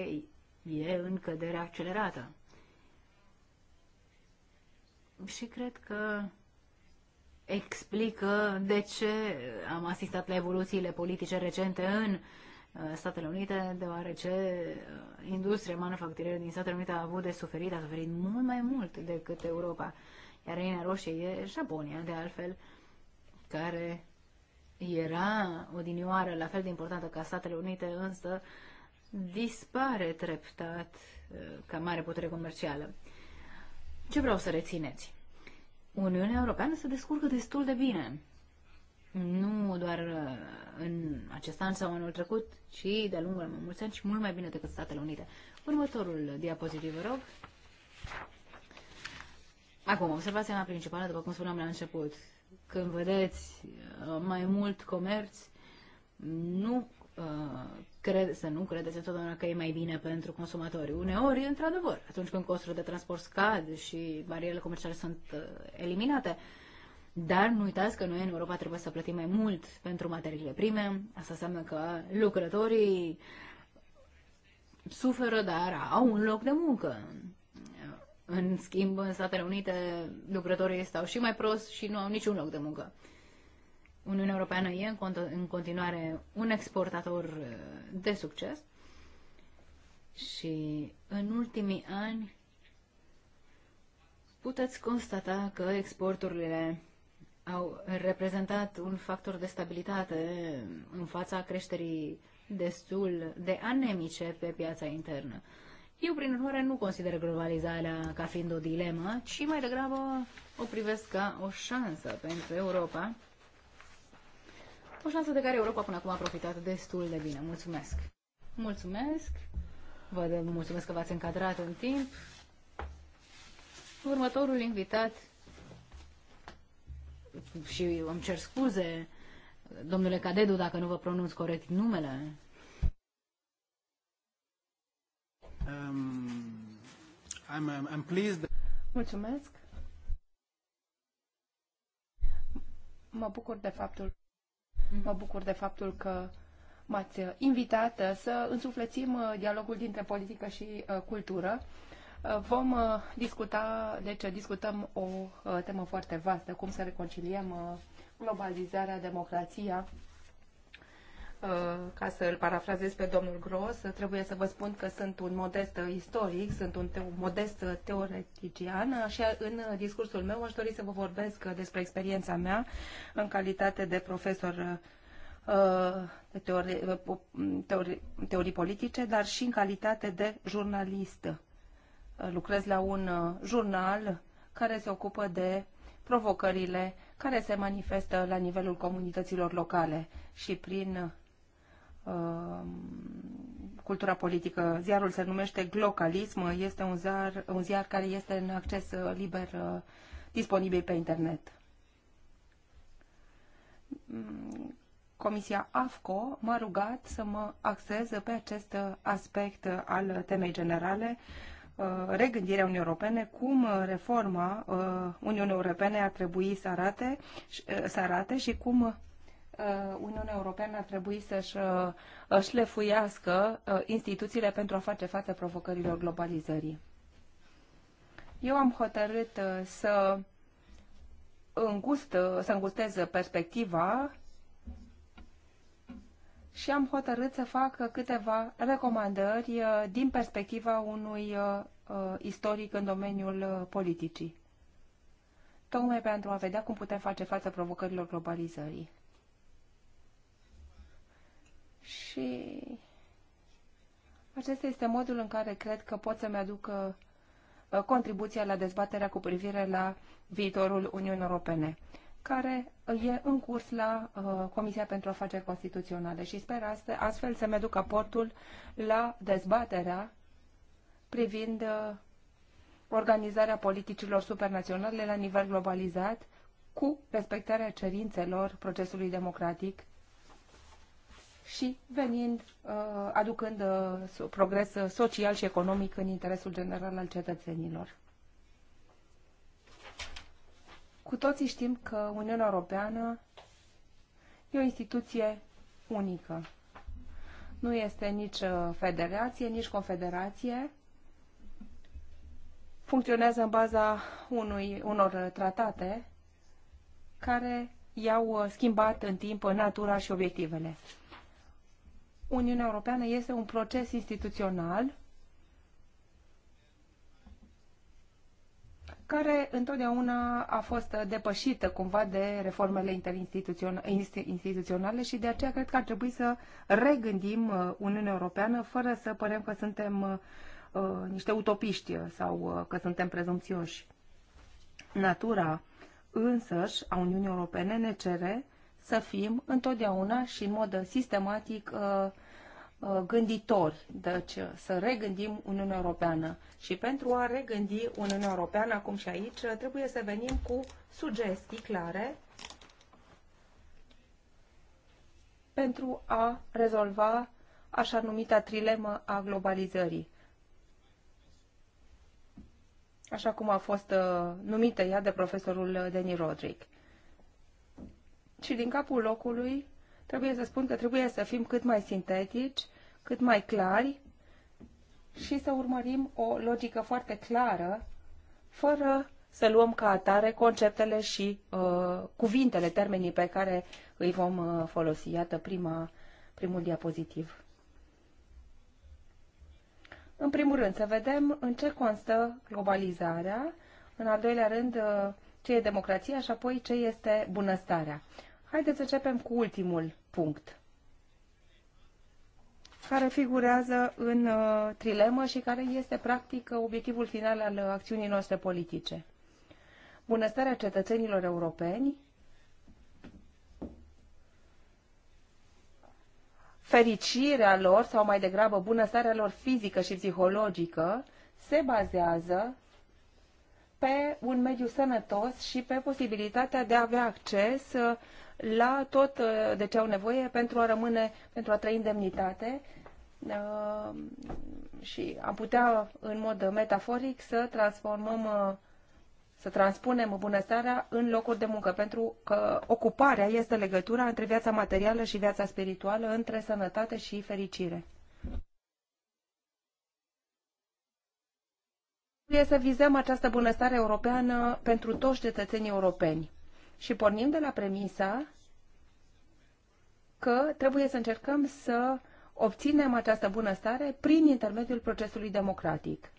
e în cădere accelerată și cred că explică de ce am asistat la evoluțiile politice recente în uh, Statele Unite, deoarece uh, industria manufacturieră din Statele Unite a avut de suferit, a suferit mult mai mult decât Europa. Iar linia roșie e Japonia, de altfel, care era odinioară la fel de importantă ca Statele Unite, însă dispare treptat uh, ca mare putere comercială. Ce vreau să rețineți? Uniunea Europeană se descurcă destul de bine. Nu doar uh, în acest an sau anul trecut, ci de-a lungul mai mulți ani și mult mai bine decât Statele Unite. Următorul diapozitiv, vă rog. Acum, observația mea principală, după cum spuneam la început, când vedeți uh, mai mult comerț, nu uh, crede, să nu credeți întotdeauna că e mai bine pentru consumatori. Uneori, într-adevăr, atunci când costurile de transport scad și barierele comerciale sunt uh, eliminate, dar nu uitați că noi în Europa trebuie să plătim mai mult pentru materiile prime. Asta înseamnă că lucrătorii suferă, dar au un loc de muncă. În schimb, în Statele Unite, lucrătorii stau și mai prost și nu au niciun loc de muncă. Uniunea Europeană e în continuare un exportator uh, de succes și în ultimii ani puteți constata că exporturile au reprezentat un factor de stabilitate în fața creșterii destul de anemice pe piața internă. Eu, prin urmare, nu consider globalizarea ca fiind o dilemă, ci mai degrabă o privesc ca o șansă pentru Europa o șansă de care Europa până acum a profitat destul de bine. Mulțumesc! Mulțumesc! Vă mulțumesc că v-ați încadrat în timp. Următorul invitat și îmi cer scuze, domnule Cadedu, dacă nu vă pronunț corect numele. Um, I'm, I'm, I'm pleased. Mulțumesc. Mă bucur de faptul Mhm. Mă bucur de faptul că m-ați uh, invitat uh, să însuflețim uh, dialogul dintre politică și cultură. Vom discuta, deci discutăm o temă foarte vastă, cum să reconciliem globalizarea, democrația Uh, ca să îl parafrazez pe domnul Gros, trebuie să vă spun că sunt un modest istoric, sunt un teo- modest teoretician și în discursul meu aș dori să vă vorbesc despre experiența mea în calitate de profesor uh, de teori, uh, teori, teorii politice, dar și în calitate de jurnalist. Lucrez la un jurnal care se ocupă de provocările care se manifestă la nivelul comunităților locale și prin Um, cultura politică. Ziarul se numește Glocalism, este un ziar, un ziar care este în acces uh, liber uh, disponibil pe internet. Mm, Comisia AFCO m-a rugat să mă axez pe acest uh, aspect al temei generale, regândirea Uniunii Europene, cum reforma Uniunii Europene ar trebui să arate, să arate și cum Uh, Uniunea Europeană ar trebui să-și uh, șlefuiască uh, instituțiile pentru a face față provocărilor globalizării. Eu am hotărât să îngust, să îngustez perspectiva și am hotărât să fac câteva recomandări din perspectiva unui istoric în domeniul politicii, tocmai pentru a vedea cum putem face față provocărilor globalizării. Și acesta este modul în care cred că pot să-mi aduc uh, contribuția la dezbaterea cu privire la viitorul Uniunii Europene, care e în curs la uh, Comisia pentru Afaceri Constituționale și sper astfel să-mi aduc aportul la dezbaterea privind uh, organizarea politicilor supranaționale la nivel globalizat cu respectarea cerințelor procesului democratic și venind, uh, aducând uh, progres social și economic în interesul general al cetățenilor. Cu toții știm că Uniunea Europeană e o instituție unică. Nu este nici uh, federație, nici confederație. Funcționează în baza unui, unor tratate care i-au schimbat în timp natura și obiectivele. Uniunea Europeană este un proces instituțional care întotdeauna a fost depășită cumva de reformele interinstituționale și de aceea cred că ar trebui să regândim uh, Uniunea Europeană fără să părem că suntem uh, uh, niște utopiști sau că suntem prezumțioși. Natura însăși a Uniunii Europene ne cere să fim întotdeauna și în mod sistematic uh, uh, gânditori, deci uh, să regândim Uniunea Europeană. Și pentru a regândi Uniunea Europeană, acum și aici, trebuie să venim cu sugestii clare pentru a rezolva așa numita trilemă a globalizării. Așa cum a fost numită ea de profesorul Denis Rodrick și din capul locului trebuie să spun că trebuie să fim cât mai sintetici, cât mai clari și să urmărim o logică foarte clară, fără să luăm ca atare conceptele și uh, cuvintele, termenii pe care îi vom uh, folosi. Iată prima, primul diapozitiv. În primul rând, să vedem în ce constă globalizarea, în al doilea rând, uh, ce e democrația și apoi ce este bunăstarea. Haideți să începem cu ultimul punct care figurează în uh, trilemă și care este practic uh, obiectivul final al uh, acțiunii noastre politice. Bunăstarea cetățenilor europeni, fericirea lor sau mai degrabă bunăstarea lor fizică și psihologică se bazează pe un mediu sănătos și pe posibilitatea de a avea acces uh, la tot uh, de ce au nevoie pentru a rămâne, pentru a trăi în demnitate uh, și am putea, în mod metaforic, să transformăm uh, să transpunem bunăstarea în locuri de muncă, pentru că ocuparea este legătura între viața materială și viața spirituală, între sănătate și fericire. Trebuie să vizăm această bunăstare europeană pentru toți cetățenii europeni și pornim de la premisa că trebuie să încercăm să obținem această bunăstare prin intermediul procesului democratic.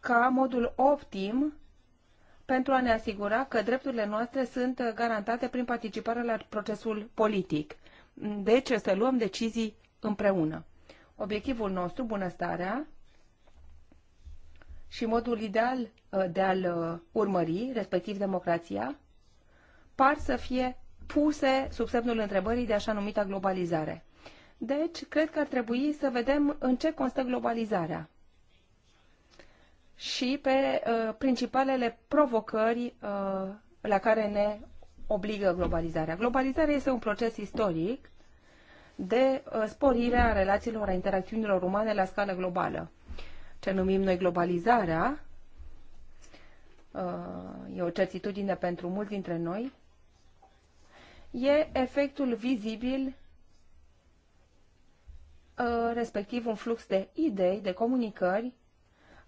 Ca modul optim pentru a ne asigura că drepturile noastre sunt garantate prin participarea la procesul politic. Deci să luăm decizii împreună. Obiectivul nostru, bunăstarea, și modul ideal uh, de a-l uh, urmări, respectiv democrația, par să fie puse sub semnul întrebării de așa numita globalizare. Deci, cred că ar trebui să vedem în ce constă globalizarea și pe uh, principalele provocări uh, la care ne obligă globalizarea. Globalizarea este un proces istoric de uh, sporire a relațiilor, a interacțiunilor umane la scară globală ce numim noi globalizarea, uh, e o certitudine pentru mulți dintre noi, e efectul vizibil, uh, respectiv un flux de idei, de comunicări,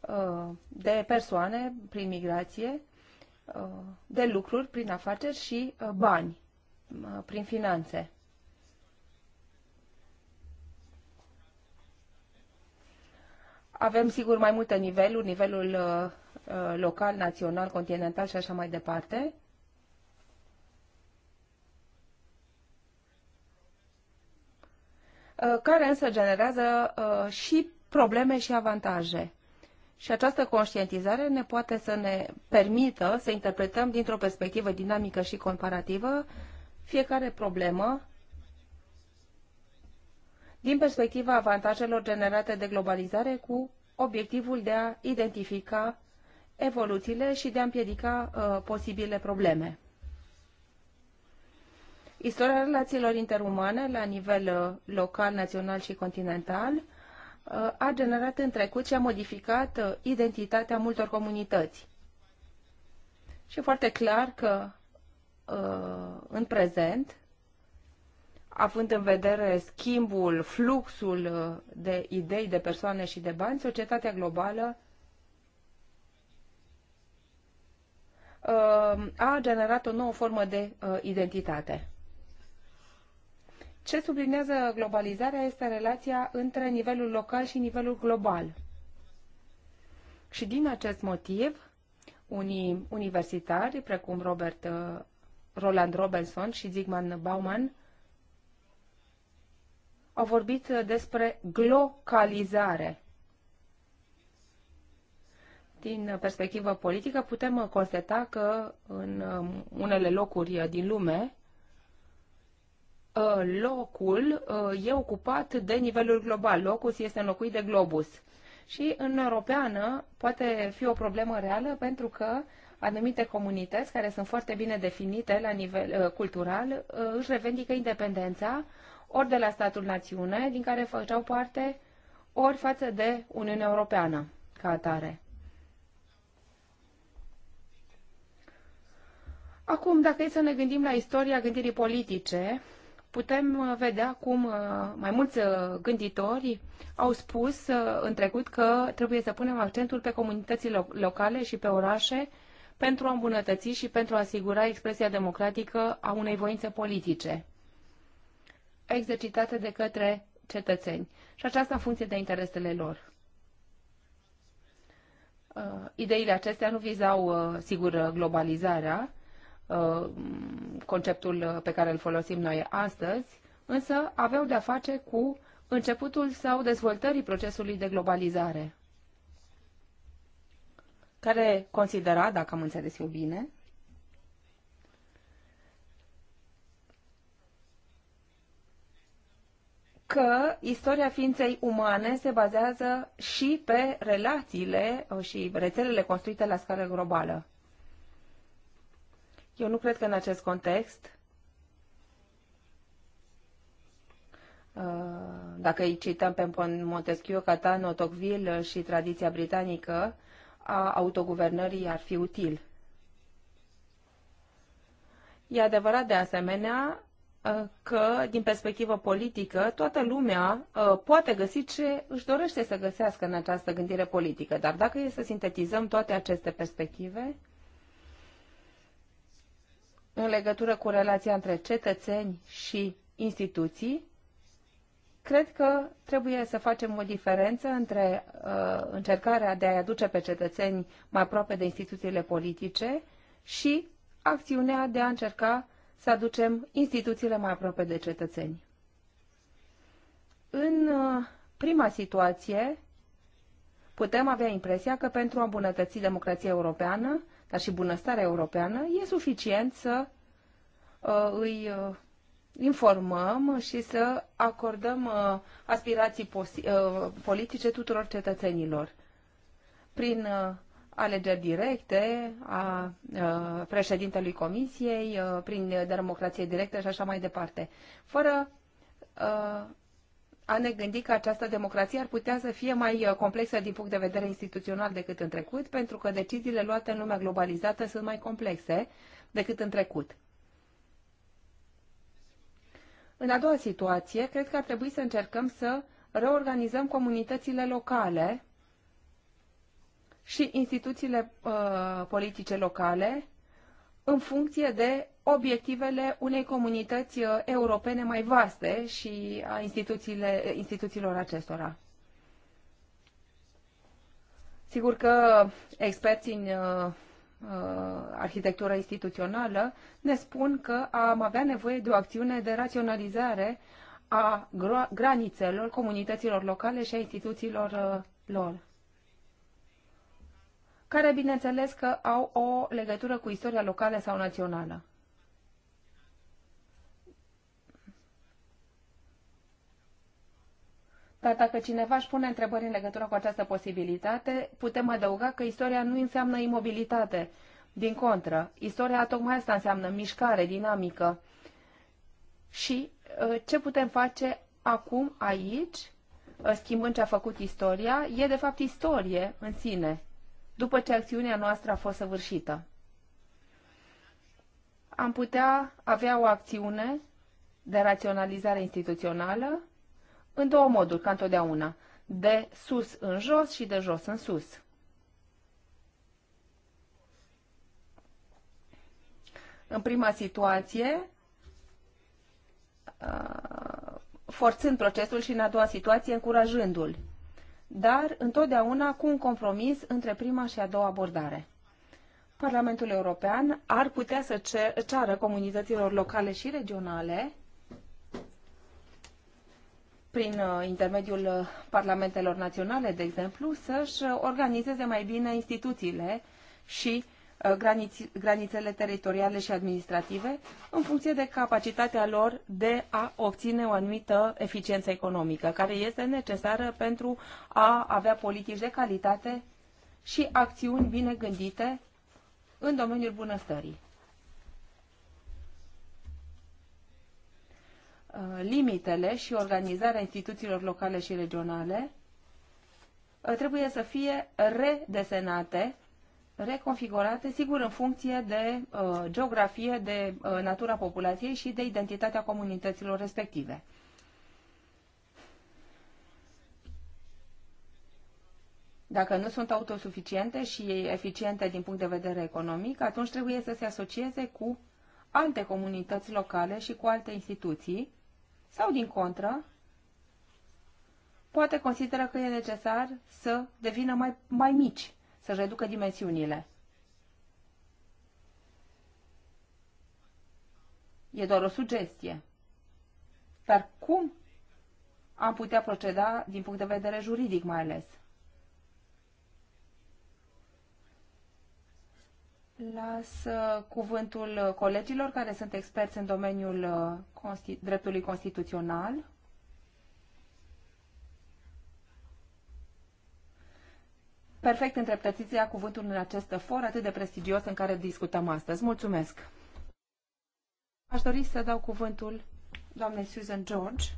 uh, de persoane prin migrație, de lucruri prin afaceri și bani prin finanțe. Avem, sigur, mai multe niveluri, nivelul uh, uh, local, național, continental și așa mai departe. Uh, care însă generează și probleme și avantaje. Și această conștientizare ne poate să ne permită să interpretăm dintr-o perspectivă dinamică și comparativă fiecare problemă din perspectiva avantajelor generate de globalizare cu obiectivul de a identifica evoluțiile și de a împiedica uh, posibile probleme. Istoria relațiilor interumane la nivel uh, local, național și continental uh, a generat în trecut și a modificat uh, identitatea multor comunități. Și foarte clar că uh, în prezent având în vedere schimbul, fluxul uh, de idei, de persoane și de bani, societatea globală uh, a generat o nouă formă de uh, identitate. Ce sublinează globalizarea este relația între nivelul local și nivelul global. Și din acest motiv, unii universitari, precum Robert, Roland Robertson și Zygmunt Bauman, au vorbit despre glocalizare. Din perspectivă politică, putem constata că în um, unele locuri din lume, uh, locul uh, e ocupat de nivelul global. Locus este înlocuit de globus. Și în europeană poate fi o problemă reală pentru că anumite comunități care sunt foarte bine definite la nivel uh, cultural își revendică independența ori de la statul națiune din care făceau parte, ori față de Uniunea Europeană ca atare. Acum, dacă e să ne gândim la istoria gândirii politice, putem uh, vedea cum uh, mai mulți uh, gânditori au spus în trecut că trebuie să punem accentul pe comunitățile locale și pe orașe pentru a îmbunătăți și pentru a asigura expresia democratică a unei voințe politice exercitate de către cetățeni și aceasta în funcție de interesele lor. Uh, ideile acestea nu vizau, uh, sigur, globalizarea, uh, conceptul pe care îl folosim noi astăzi, însă aveau de-a face cu începutul sau dezvoltării procesului de globalizare, care considera, dacă am înțeles eu bine, că istoria ființei umane se bazează și pe relațiile uh, și rețelele construite la scară globală. Eu nu cred că în acest context, uh, dacă îi cităm pe Montesquieu, Catano, Tocqueville și tradiția britanică a autoguvernării ar fi util. E adevărat de asemenea Uh, că, din perspectivă politică, toată lumea uh, poate găsi ce își dorește să găsească în această gândire politică. Dar dacă e să sintetizăm toate aceste perspective, în legătură cu relația între cetățeni și instituții, cred că trebuie să facem o diferență între uh, încercarea de a aduce pe cetățeni mai aproape de instituțiile politice și acțiunea de a încerca să aducem instituțiile mai aproape de cetățeni. În uh, prima situație, putem avea impresia că pentru a îmbunătăți democrația europeană, dar și bunăstarea europeană, e suficient să uh, îi uh, informăm și să acordăm uh, aspirații uh, politice tuturor cetățenilor. Prin uh, alegeri directe a președintelui Comisiei prin democrație directă și așa mai departe, fără a ne gândi că această democrație ar putea să fie mai complexă din punct de vedere instituțional decât în trecut, pentru că deciziile luate în lumea globalizată sunt mai complexe decât în trecut. În a doua situație, cred că ar trebui să încercăm să reorganizăm comunitățile locale și instituțiile uh, politice locale în funcție de obiectivele unei comunități uh, europene mai vaste și a instituțiile, instituțiilor acestora. Sigur că experții în uh, uh, arhitectură instituțională ne spun că am avea nevoie de o acțiune de raționalizare a granițelor comunităților locale și a instituțiilor uh, lor care bineînțeles că au o legătură cu istoria locală sau națională. Dar dacă cineva își pune întrebări în legătură cu această posibilitate, putem adăuga că istoria nu înseamnă imobilitate. Din contră, istoria tocmai asta înseamnă mișcare dinamică. Și uh, ce putem face acum, aici, uh, schimbând ce a făcut istoria, e de fapt istorie în sine după ce acțiunea noastră a fost săvârșită. Am putea avea o acțiune de raționalizare instituțională în două moduri, ca întotdeauna, de sus în jos și de jos în sus. În prima situație, uh, forțând procesul și în a doua situație, încurajându-l dar întotdeauna cu un compromis între prima și a doua abordare. Parlamentul European ar putea să ceară comunităților locale și regionale prin uh, intermediul parlamentelor naționale, de exemplu, să-și organizeze mai bine instituțiile și uh, Uh, granițele teritoriale și administrative în funcție de capacitatea lor de a obține o anumită eficiență economică, care este necesară pentru a avea politici de calitate și acțiuni bine gândite în domeniul bunăstării. Uh, limitele și organizarea instituțiilor locale și regionale uh, trebuie să fie redesenate reconfigurate, sigur, în funcție de uh, geografie, de uh, natura populației și de identitatea comunităților respective. Dacă nu sunt autosuficiente și eficiente din punct de vedere economic, atunci trebuie să se asocieze cu alte comunități locale și cu alte instituții sau, din contră, poate consideră că e necesar să devină mai, mai mici să-și reducă dimensiunile. E doar o sugestie. Dar cum am putea proceda din punct de vedere juridic mai ales? Las cuvântul colegilor care sunt experți în domeniul uh, dreptului constituțional. perfect întreptățiția cuvântul în acest for atât de prestigios în care discutăm astăzi. Mulțumesc! Aș dori să dau cuvântul doamnei Susan George.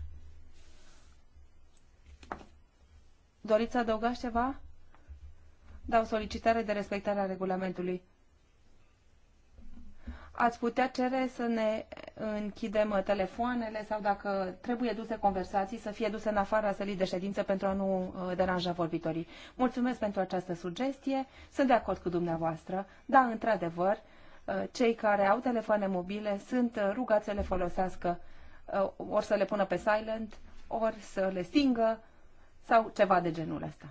Doriți să adăugați ceva? Dau solicitare de respectare a regulamentului ați putea cere să ne închidem telefoanele sau dacă trebuie duse conversații să fie duse în afara sălii de ședință pentru a nu uh, deranja vorbitorii. Mulțumesc pentru această sugestie. Sunt de acord cu dumneavoastră. Da, într-adevăr, uh, cei care au telefoane mobile sunt uh, rugați să le folosească ori să le pună pe silent, ori să le stingă sau ceva de genul ăsta.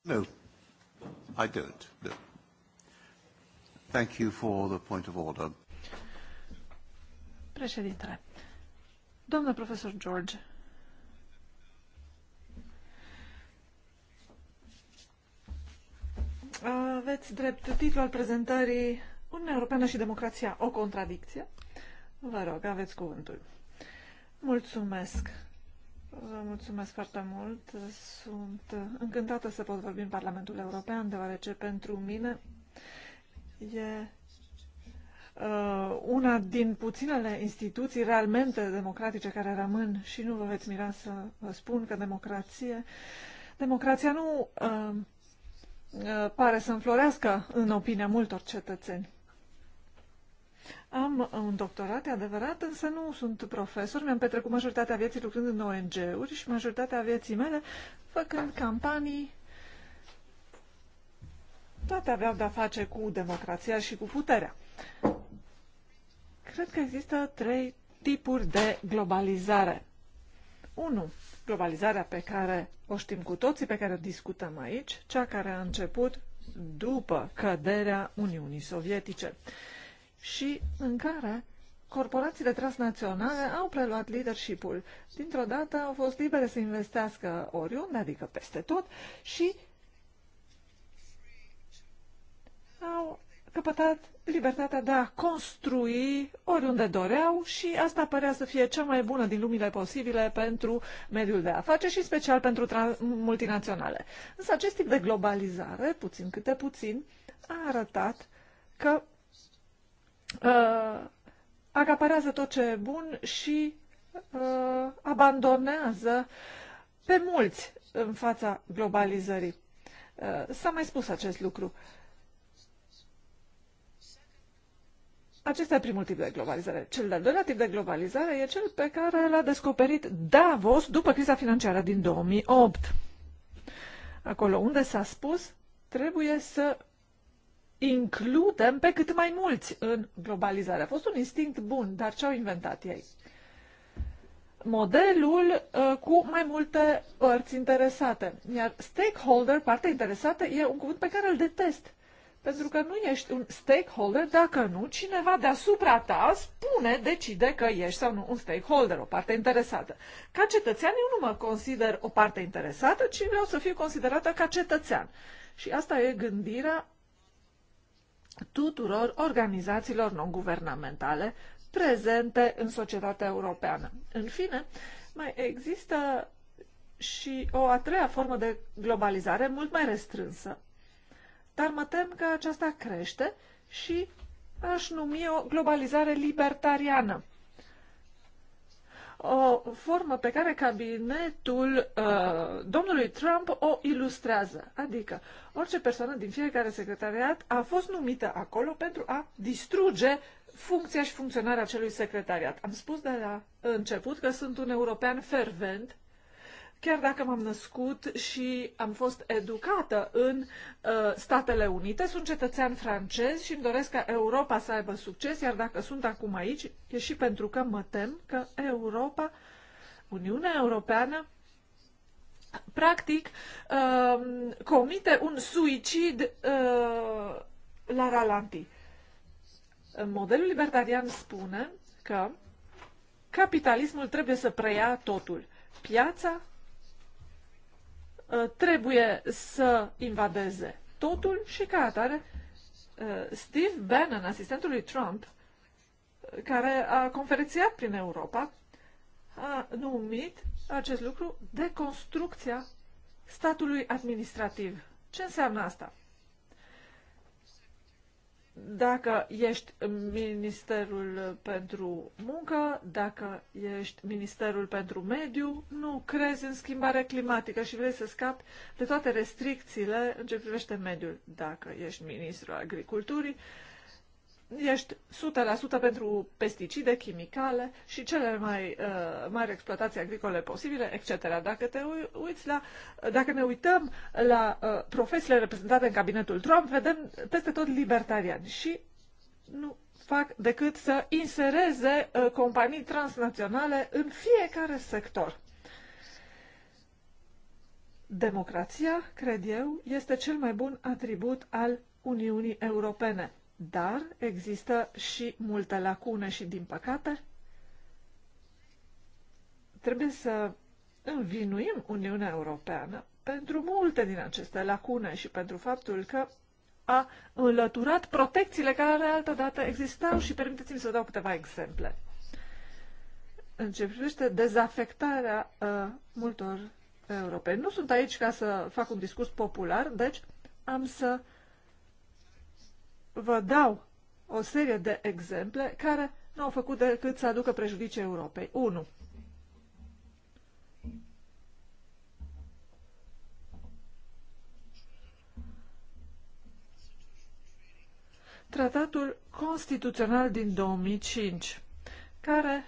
No. I don't. No. Thank you for the point of order. Președintele, domnul profesor George, aveți drept titlul al prezentării Uniunea Europeană și democrația, o contradicție? Vă rog, aveți cuvântul. Mulțumesc. Vă mulțumesc foarte mult. Sunt încântată să pot vorbi în Parlamentul European, deoarece pentru mine e uh, una din puținele instituții realmente democratice care rămân și nu vă veți mira să vă spun că democrație, democrația nu uh, uh pare să înflorească în opinia multor cetățeni. Am un doctorat, e adevărat, însă nu sunt profesor. Mi-am petrecut majoritatea vieții lucrând în ONG-uri și majoritatea vieții mele făcând campanii. Toate aveau de-a face cu democrația și cu puterea. Cred că există trei tipuri de globalizare. 1. Globalizarea pe care o știm cu toții, pe care o discutăm aici, cea care a început după căderea Uniunii Sovietice și în care corporațiile transnaționale au preluat leadership-ul. Dintr-o dată au fost libere să investească oriunde, adică peste tot, și au căpătat libertatea de a construi oriunde doreau și asta părea să fie cea mai bună din lumile posibile pentru mediul de afaceri și special pentru multinaționale. Însă acest tip de globalizare, puțin câte puțin, a arătat că uh, acaparează tot ce e bun și uh, abandonează pe mulți în fața globalizării. Uh, s-a mai spus acest lucru. Acesta e primul tip de globalizare. Cel de-al doilea tip de globalizare e cel pe care l-a descoperit Davos după criza financiară din 2008. Acolo unde s-a spus trebuie să includem pe cât mai mulți în globalizare. A fost un instinct bun, dar ce au inventat ei? Modelul uh, cu mai multe părți interesate. Iar stakeholder, partea interesată, e un cuvânt pe care îl detest. Pentru că nu ești un stakeholder dacă nu cineva deasupra ta spune, decide că ești sau nu un stakeholder, o parte interesată. Ca cetățean eu nu mă consider o parte interesată, ci vreau să fiu considerată ca cetățean. Și asta e gândirea tuturor organizațiilor non-guvernamentale prezente în societatea europeană. În fine, mai există și o a treia formă de globalizare mult mai restrânsă. Dar mă tem că aceasta crește și aș numi o globalizare libertariană o formă pe care cabinetul uh, domnului Trump o ilustrează. Adică, orice persoană din fiecare secretariat a fost numită acolo pentru a distruge funcția și funcționarea acelui secretariat. Am spus de la început că sunt un european fervent chiar dacă m-am născut și am fost educată în uh, Statele Unite, sunt cetățean francez și îmi doresc ca Europa să aibă succes, iar dacă sunt acum aici, e și pentru că mă tem că Europa, Uniunea Europeană, practic uh, comite un suicid uh, la ralanti. Modelul libertarian spune că capitalismul trebuie să preia totul. Piața Uh, trebuie să invadeze totul și ca atare uh, Steve Bannon, asistentul lui Trump, uh, care a conferențiat prin Europa, a numit acest lucru deconstrucția statului administrativ. Ce înseamnă asta? dacă ești Ministerul pentru Muncă, dacă ești Ministerul pentru Mediu, nu crezi în schimbarea climatică și vrei să scapi de toate restricțiile în ce privește mediul. Dacă ești Ministrul Agriculturii, ești 100% pentru pesticide, chimicale și cele mai uh, mari exploatații agricole posibile, etc. Dacă, te uiți la, dacă ne uităm la uh, profesiile reprezentate în cabinetul Trump, vedem peste tot libertariani și nu fac decât să insereze uh, companii transnaționale în fiecare sector. Democrația, cred eu, este cel mai bun atribut al Uniunii Europene dar există și multe lacune și, din păcate, trebuie să învinuim Uniunea Europeană pentru multe din aceste lacune și pentru faptul că a înlăturat protecțiile care altădată existau și permiteți-mi să dau câteva exemple. În ce privește dezafectarea uh, multor europeni. Nu sunt aici ca să fac un discurs popular, deci am să uh, vă dau o serie de exemple care nu au făcut decât să aducă prejudicii Europei. 1. Tratatul Constituțional din 2005, care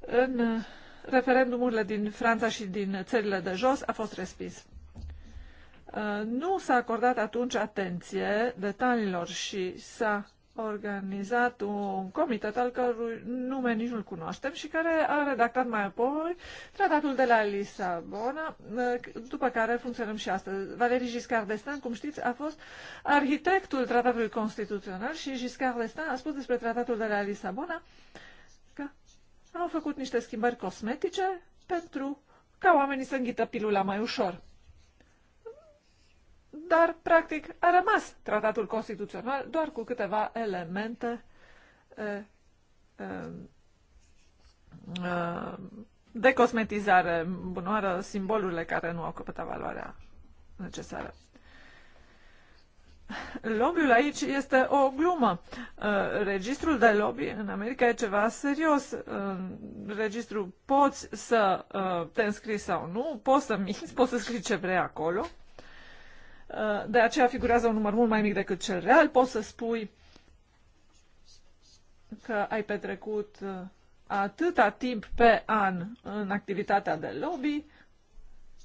în referendumurile din Franța și din țările de jos a fost respins. Uh, nu s-a acordat atunci atenție detaliilor și s-a organizat un comitet al cărui nume nici nu-l cunoaștem și care a redactat mai apoi tratatul de la Lisabona, uh, după care funcționăm și astăzi. Valerii Giscard d'Estaing, cum știți, a fost arhitectul tratatului constituțional și Giscard d'Estaing a spus despre tratatul de la Lisabona că au făcut niște schimbări cosmetice pentru ca oamenii să înghită pilula mai ușor dar practic a rămas tratatul constituțional doar cu câteva elemente de cosmetizare, bunoară simbolurile care nu au căpătat valoarea necesară. Lobbyul aici este o glumă. Registrul de lobby în America e ceva serios. Registrul poți să te înscrii sau nu, poți să minți, poți să scrii ce vrei acolo Uh, de aceea figurează un număr mult mai mic decât cel real. Poți să spui că ai petrecut uh, atâta timp pe an în activitatea de lobby,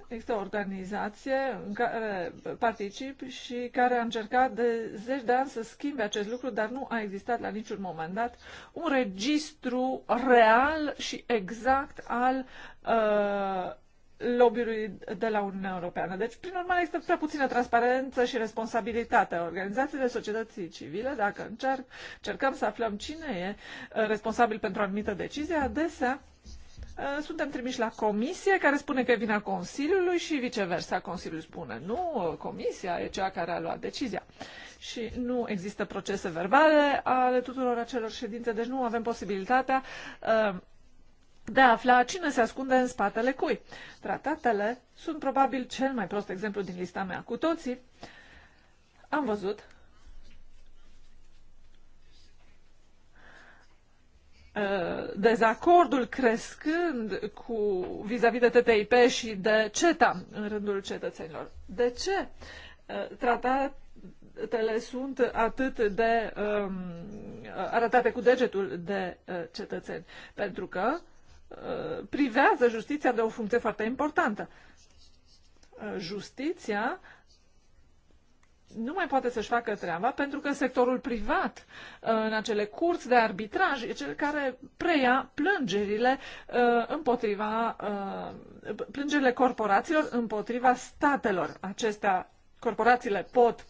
există o organizație în care particip și care a încercat de zeci de ani să schimbe acest lucru, dar nu a existat la niciun moment dat un registru real și exact al uh, lobby-ului de la Uniunea Europeană. Deci, prin urmare, există prea puțină transparență și responsabilitate. de societății civile, dacă încerc, încercăm să aflăm cine e uh, responsabil pentru o anumită decizie, adesea uh, suntem trimiși la comisie care spune că e vina Consiliului și viceversa. Consiliul spune nu, uh, comisia e cea care a luat decizia. Și nu există procese verbale ale tuturor acelor ședințe, deci nu avem posibilitatea uh, de a afla cine se ascunde în spatele cui. Tratatele sunt probabil cel mai prost exemplu din lista mea. Cu toții am văzut uh, dezacordul crescând cu vis-a-vis -vis de TTIP și de CETA în rândul cetățenilor. De ce uh, tratatele sunt atât de um, uh, arătate cu degetul de cetățeni? Pentru că Uh, privează justiția de o funcție foarte importantă. Uh, justiția nu mai poate să-și facă treaba pentru că sectorul privat uh, în acele curți de arbitraj e cel care preia plângerile împotriva plângerile corporațiilor împotriva statelor. Acestea corporațiile pot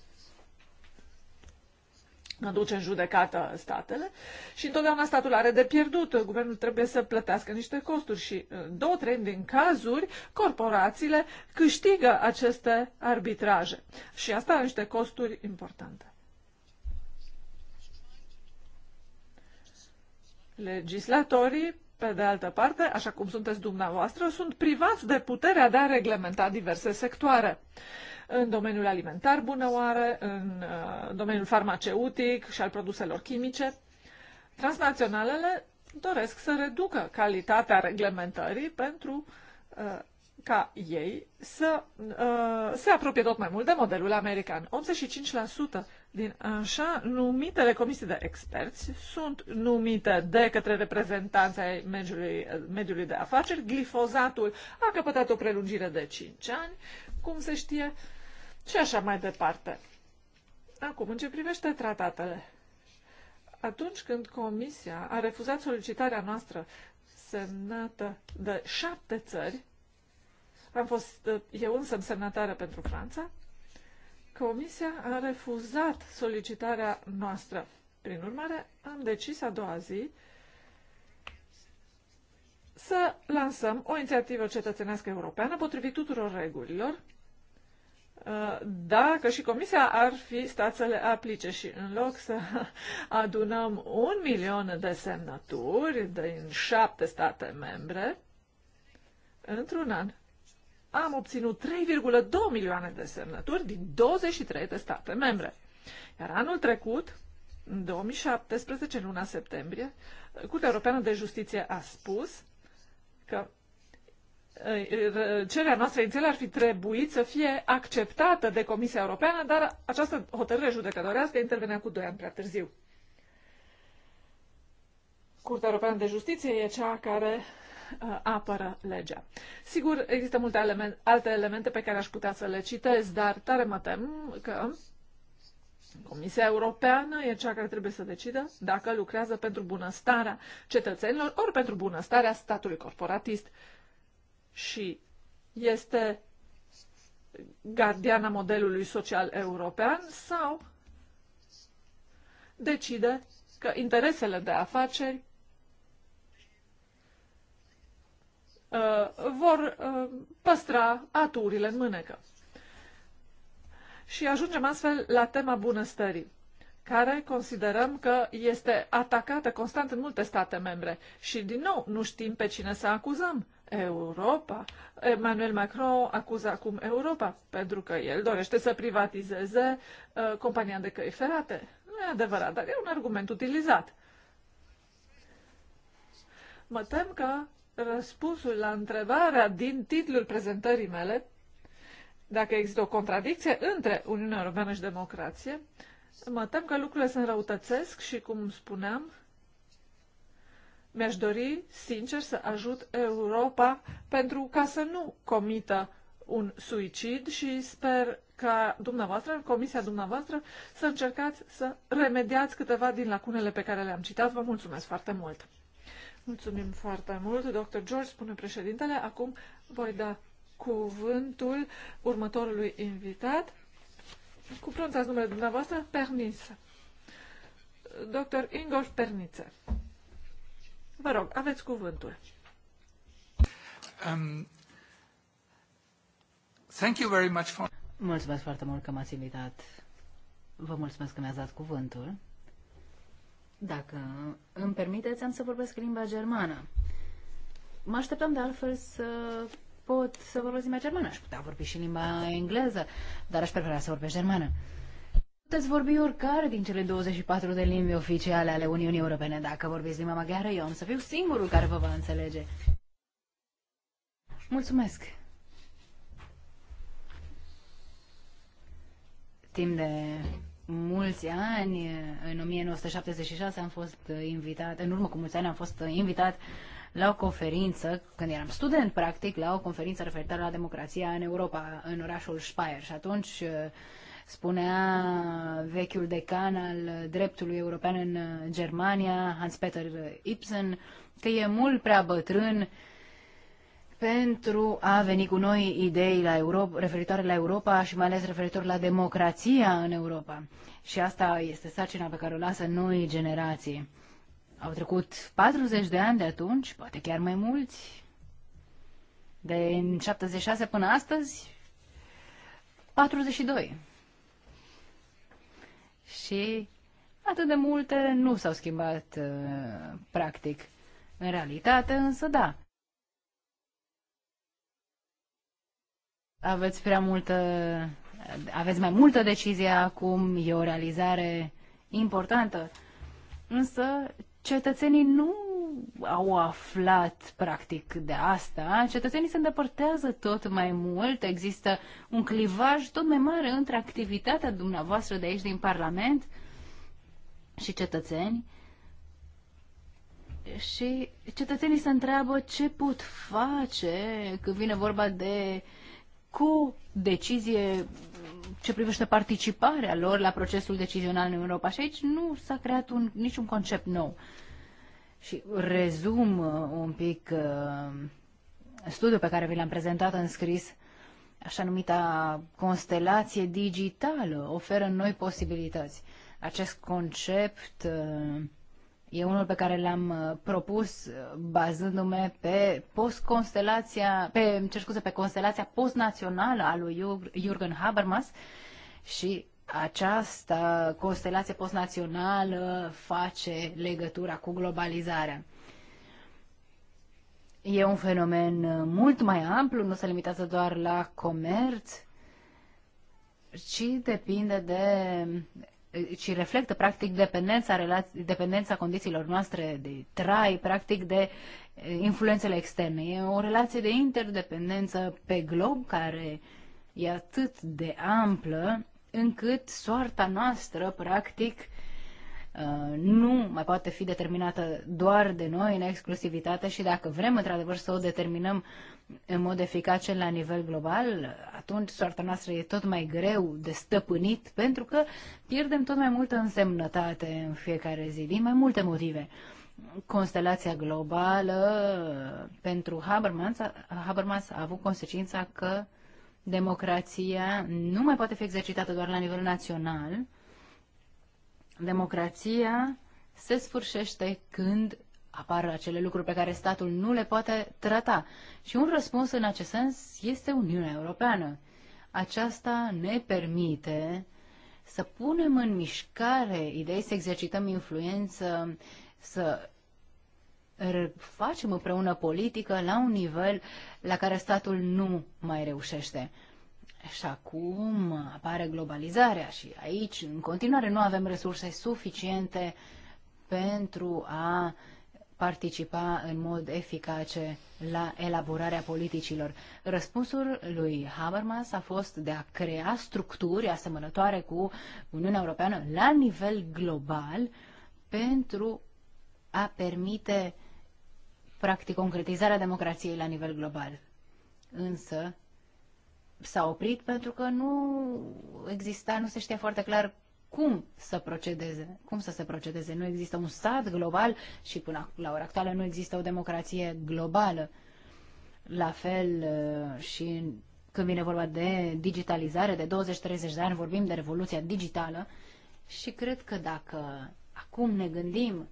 aduce în judecată statele și întotdeauna statul are de pierdut. Guvernul trebuie să plătească niște costuri și în uh, două, trei din cazuri, corporațiile câștigă aceste arbitraje. Și asta are niște costuri importante. Legislatorii, pe de altă parte, așa cum sunteți dumneavoastră, sunt privați de puterea de a reglementa diverse sectoare. Uh, în domeniul alimentar, bună oară, în uh, domeniul farmaceutic și al produselor chimice. Transnaționalele doresc să reducă calitatea reglementării pentru uh, ca ei să uh, se apropie tot mai mult de modelul american. 85% din așa numitele comisii de experți sunt numite de către reprezentanța ai mediului, mediului de afaceri. Glifozatul a căpătat o prelungire de 5 ani, cum se știe, și așa mai departe. Acum, în ce privește tratatele, atunci când Comisia a refuzat solicitarea noastră semnată de șapte țări, am fost eh, eu însă semnatară pentru Franța, Comisia a refuzat solicitarea noastră. Prin urmare, am decis a doua zi să lansăm o inițiativă cetățenească europeană potrivit tuturor regulilor dacă și Comisia ar fi stat să le aplice și în loc să [laughs] adunăm un milion de semnături din șapte state membre, într-un an am obținut 3,2 milioane de semnături din 23 de state membre. Iar anul trecut, în 2017, luna septembrie, Curtea Europeană de Justiție a spus că cererea noastră inițială ar fi trebuit să fie acceptată de Comisia Europeană, dar această hotărâre judecătorească intervenea cu doi ani prea târziu. Curtea Europeană de Justiție e cea care uh, apără legea. Sigur, există multe element, alte elemente pe care aș putea să le citez, dar tare mă tem că Comisia Europeană e cea care trebuie să decidă dacă lucrează pentru bunăstarea cetățenilor ori pentru bunăstarea statului corporatist. Uh, și este gardiana modelului social european sau decide că interesele de afaceri uh, vor uh, păstra aturile în mânecă. Și ajungem astfel la tema bunăstării care considerăm că este atacată constant în multe state membre. Și, din nou, nu știm pe cine să acuzăm Europa. Emmanuel Macron acuză acum Europa pentru că el dorește să privatizeze uh, compania de căi ferate. Nu e adevărat, dar e un argument utilizat. Mă tem că răspunsul la întrebarea din titlul prezentării mele, dacă există o contradicție între Uniunea Europeană și democrație, mă tem că lucrurile se înrăutățesc și, cum spuneam, mi-aș dori, sincer, să ajut Europa pentru ca să nu comită un suicid și sper ca dumneavoastră, comisia dumneavoastră, să încercați să remediați câteva din lacunele pe care le-am citat. Vă mulțumesc foarte mult! Mulțumim foarte mult, dr. George, spune președintele. Acum voi da cuvântul următorului invitat. Cu pronunțați numele dumneavoastră, Perniță. Dr. Ingolf Perniță. Vă rog, aveți cuvântul. Um, thank you very much for... Mulțumesc foarte mult că m-ați invitat. Vă mulțumesc că mi-ați dat cuvântul. Dacă îmi permiteți, am să vorbesc limba germană. Mă așteptam de altfel să pot să vorbesc limba germană. Aș putea vorbi și limba engleză, dar aș prefera să vorbesc germană. Uh, Puteți vorbi oricare din cele 24 de limbi oficiale ale Uniunii Europene. Dacă vorbiți limba maghiară, eu am să fiu singurul care vă va înțelege. Mulțumesc! Timp de mulți ani, în 1976 am fost invitat, în urmă cu mulți ani am fost invitat la o conferință, când eram student, practic, la o conferință referitoare la democrația în Europa, în orașul Speyer. Și atunci Spunea vechiul decan al dreptului european în Germania, Hans-Peter Ibsen, că e mult prea bătrân pentru a veni cu noi idei la Europa, referitoare la Europa și mai ales referitor la democrația în Europa. Și asta este sarcina pe care o lasă noi generații. Au trecut 40 de ani de atunci, poate chiar mai mulți, de 76 până astăzi, 42 și atât de multe nu s-au schimbat uh, practic. În realitate, însă, da. Aveți prea multă, aveți mai multă decizie acum, e o realizare importantă. Însă, cetățenii nu au aflat practic de asta, cetățenii se îndepărtează tot mai mult, există un clivaj tot mai mare între activitatea dumneavoastră de aici din Parlament și cetățeni și cetățenii se întreabă ce pot face când vine vorba de cu decizie ce privește participarea lor la procesul decizional în Europa. Și aici nu s-a creat un, niciun concept nou. Uh, și rezum uh, un pic uh, studiul pe care vi l-am prezentat în scris, așa numita constelație digitală oferă noi posibilități. Acest concept uh, e unul pe care l-am propus bazându-mă pe post-constelația, pe, ce scuze, pe constelația post-națională a lui Jürgen Habermas și această constelație postnațională face legătura cu globalizarea. E un fenomen mult mai amplu, nu se limitează doar la comerț, ci depinde de ci reflectă practic dependența, dependența condițiilor noastre de trai, practic de influențele externe. E o relație de interdependență pe glob care e atât de amplă încât soarta noastră, practic, uh, nu mai poate fi determinată doar de noi în exclusivitate și dacă vrem într-adevăr să o determinăm în mod eficace la nivel global, atunci soarta noastră e tot mai greu de stăpânit pentru că pierdem tot mai multă însemnătate în fiecare zi, din mai multe motive. Constelația globală uh, pentru Habermas, Habermas a avut consecința că Democrația nu mai poate fi exercitată doar la nivel național. Democrația se sfârșește când apar acele lucruri pe care statul nu le poate trata. Și un răspuns în acest sens este Uniunea Europeană. Aceasta ne permite să punem în mișcare idei, să exercităm influență, să facem împreună politică la un nivel la care statul nu mai reușește. Și acum apare globalizarea și aici, în continuare, nu avem resurse suficiente pentru a participa în mod eficace la elaborarea politicilor. Răspunsul lui Habermas a fost de a crea structuri asemănătoare cu Uniunea Europeană la nivel global pentru a permite uh, practic concretizarea democrației la nivel global. Însă s-a oprit pentru că nu exista, nu se știa foarte clar cum să procedeze, cum să se procedeze. Nu există un stat global și până la ora actuală nu există o democrație globală. La fel uh, și când vine vorba de digitalizare, de 20-30 de ani vorbim de revoluția digitală și cred că dacă acum ne gândim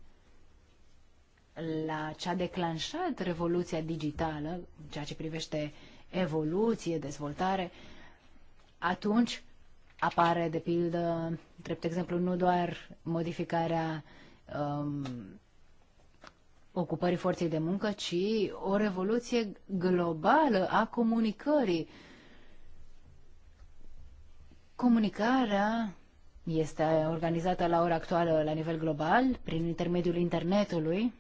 la ce a declanșat revoluția digitală, ceea ce privește evoluție, dezvoltare, atunci apare, de pildă, drept exemplu, nu doar modificarea um, ocupării forței de muncă, ci o revoluție globală a comunicării. Comunicarea este organizată la ora actuală la nivel global, prin intermediul internetului,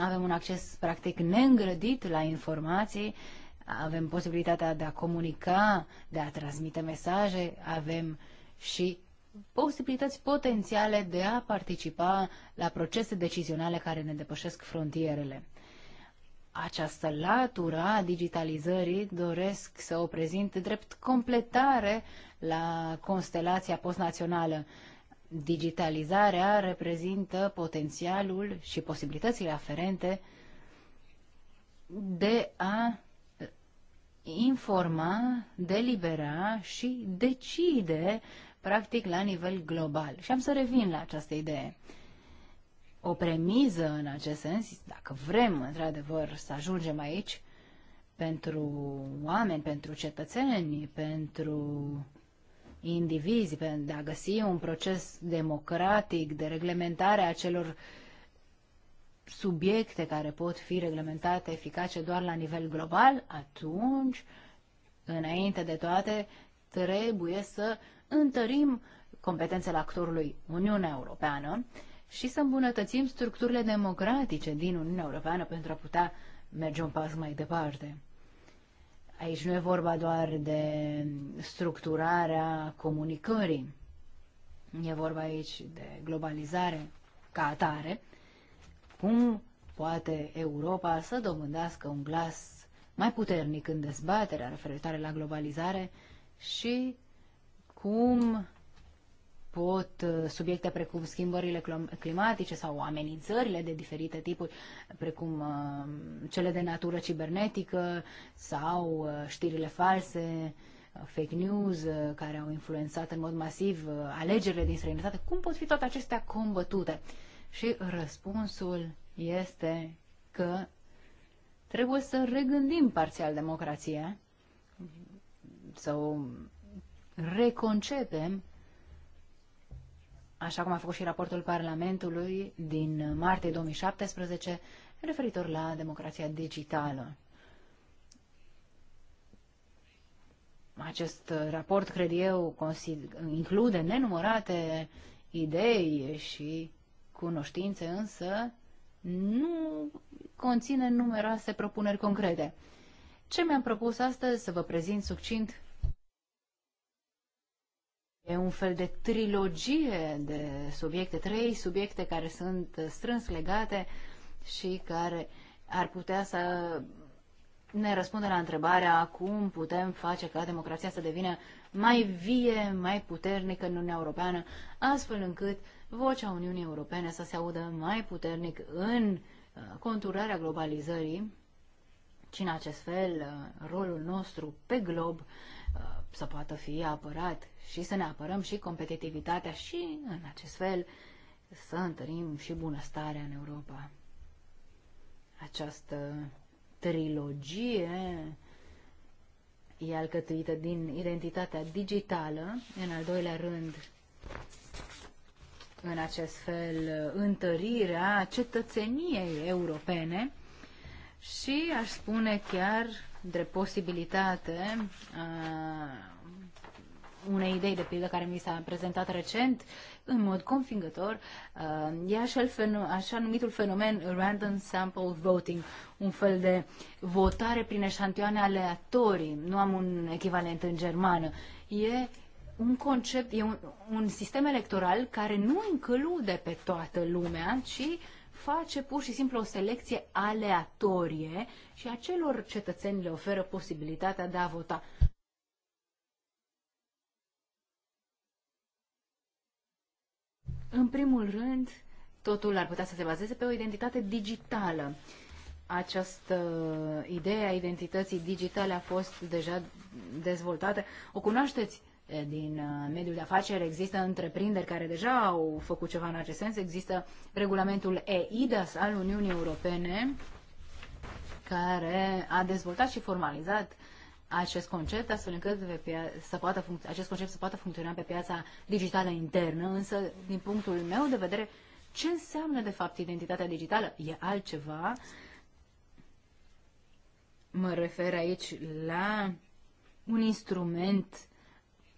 avem un acces practic neîngrădit la informații, avem posibilitatea de a comunica, de a transmite mesaje, avem și posibilități potențiale de a participa la procese decizionale care ne depășesc frontierele. Această latură a digitalizării doresc să o prezint drept completare la constelația postnațională. Digitalizarea reprezintă potențialul și posibilitățile aferente de a informa, delibera și decide, practic, la nivel global. Și am să revin la această idee. O premiză în acest sens, dacă vrem, într-adevăr, să ajungem aici, pentru oameni, pentru cetățeni, pentru indivizi, de a găsi un proces democratic de reglementare a celor subiecte care pot fi reglementate eficace doar la nivel global, atunci, înainte de toate, trebuie să întărim competențele actorului Uniunea Europeană și să îmbunătățim structurile democratice din Uniunea Europeană pentru a putea merge un pas mai departe. Aici nu e vorba doar de structurarea comunicării, e vorba aici de globalizare ca atare. Cum poate Europa să dobândească un glas mai puternic în dezbaterea referitoare la globalizare și cum pot uh, subiecte precum schimbările climatice sau amenințările de diferite tipuri, precum uh, cele de natură cibernetică sau uh, știrile false, fake news care au influențat în mod masiv alegerile din străinătate, cum pot fi toate acestea combătute? Și răspunsul este că trebuie să regândim parțial democrația, să o reconcepem așa cum a făcut și raportul Parlamentului din martie 2017 referitor la democrația digitală. Acest raport, cred eu, include nenumărate idei și cunoștințe, însă nu conține numeroase propuneri concrete. Ce mi-am propus astăzi să vă prezint succint E un fel de trilogie de subiecte, trei subiecte care sunt strâns legate și care ar putea să ne răspundă la întrebarea cum putem face ca democrația să devină mai vie, mai puternică în Uniunea Europeană, astfel încât vocea Uniunii Europene să se audă mai puternic în uh, conturarea globalizării și în acest fel uh, rolul nostru pe glob Uh, să poată fi apărat și să ne apărăm și competitivitatea și, în acest fel, să întărim și bunăstarea în Europa. Această trilogie e alcătuită din identitatea digitală, în al doilea rând, în acest fel, întărirea cetățeniei europene și, aș spune chiar, drept posibilitate unei idei de pildă care mi s-a prezentat recent, în mod convingător, e așa, fenomen, așa numitul fenomen random sample voting, un fel de votare prin eșantioane aleatorii. Nu am un echivalent în germană. E un concept, e un, un sistem electoral care nu include pe toată lumea, ci uh, face pur și simplu o selecție aleatorie și acelor cetățeni le oferă posibilitatea de a vota. În primul rând, totul ar putea să se bazeze pe o identitate digitală. Această idee a identității digitale a fost deja dezvoltată. O cunoașteți din uh, mediul de afaceri, există întreprinderi care deja au făcut ceva în acest sens, există regulamentul EIDAS al Uniunii Europene, care a dezvoltat și formalizat acest concept astfel încât pe să poată acest concept să poată funcționa pe piața digitală internă, însă din punctul meu de vedere ce înseamnă de fapt identitatea digitală e altceva. Mă refer aici la un instrument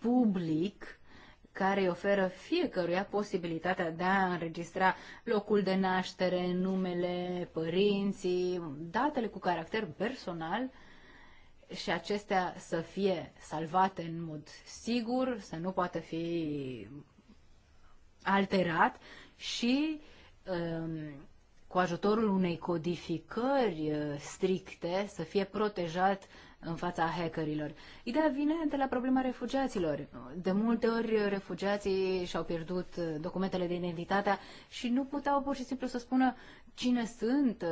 public care îi oferă fiecăruia posibilitatea de a înregistra locul de naștere, numele, părinții, datele cu caracter personal și acestea să fie salvate în mod sigur, să nu poată fi alterat și um, cu ajutorul unei codificări uh, stricte să fie protejat în fața hackerilor. Ideea vine de la problema refugiaților. De multe ori refugiații și-au pierdut documentele de identitate și nu puteau pur și simplu să spună cine sunt,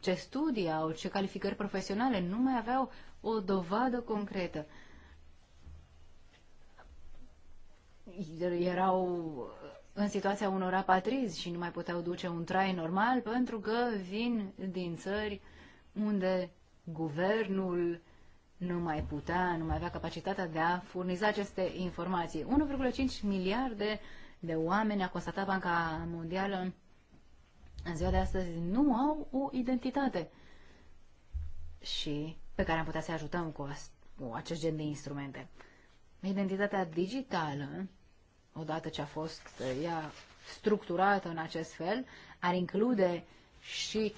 ce studii au, ce calificări profesionale. Nu mai aveau o dovadă concretă. Erau în situația unor apatrizi și nu mai puteau duce un trai normal pentru că vin din țări unde guvernul nu mai putea, nu mai avea capacitatea de a furniza aceste informații. 1,5 miliarde de oameni, a constatat Banca Mondială, în ziua de astăzi nu au o identitate și pe care am putea să-i ajutăm cu, cu acest gen de instrumente. Identitatea digitală, odată ce a fost ea structurată în acest fel, ar include și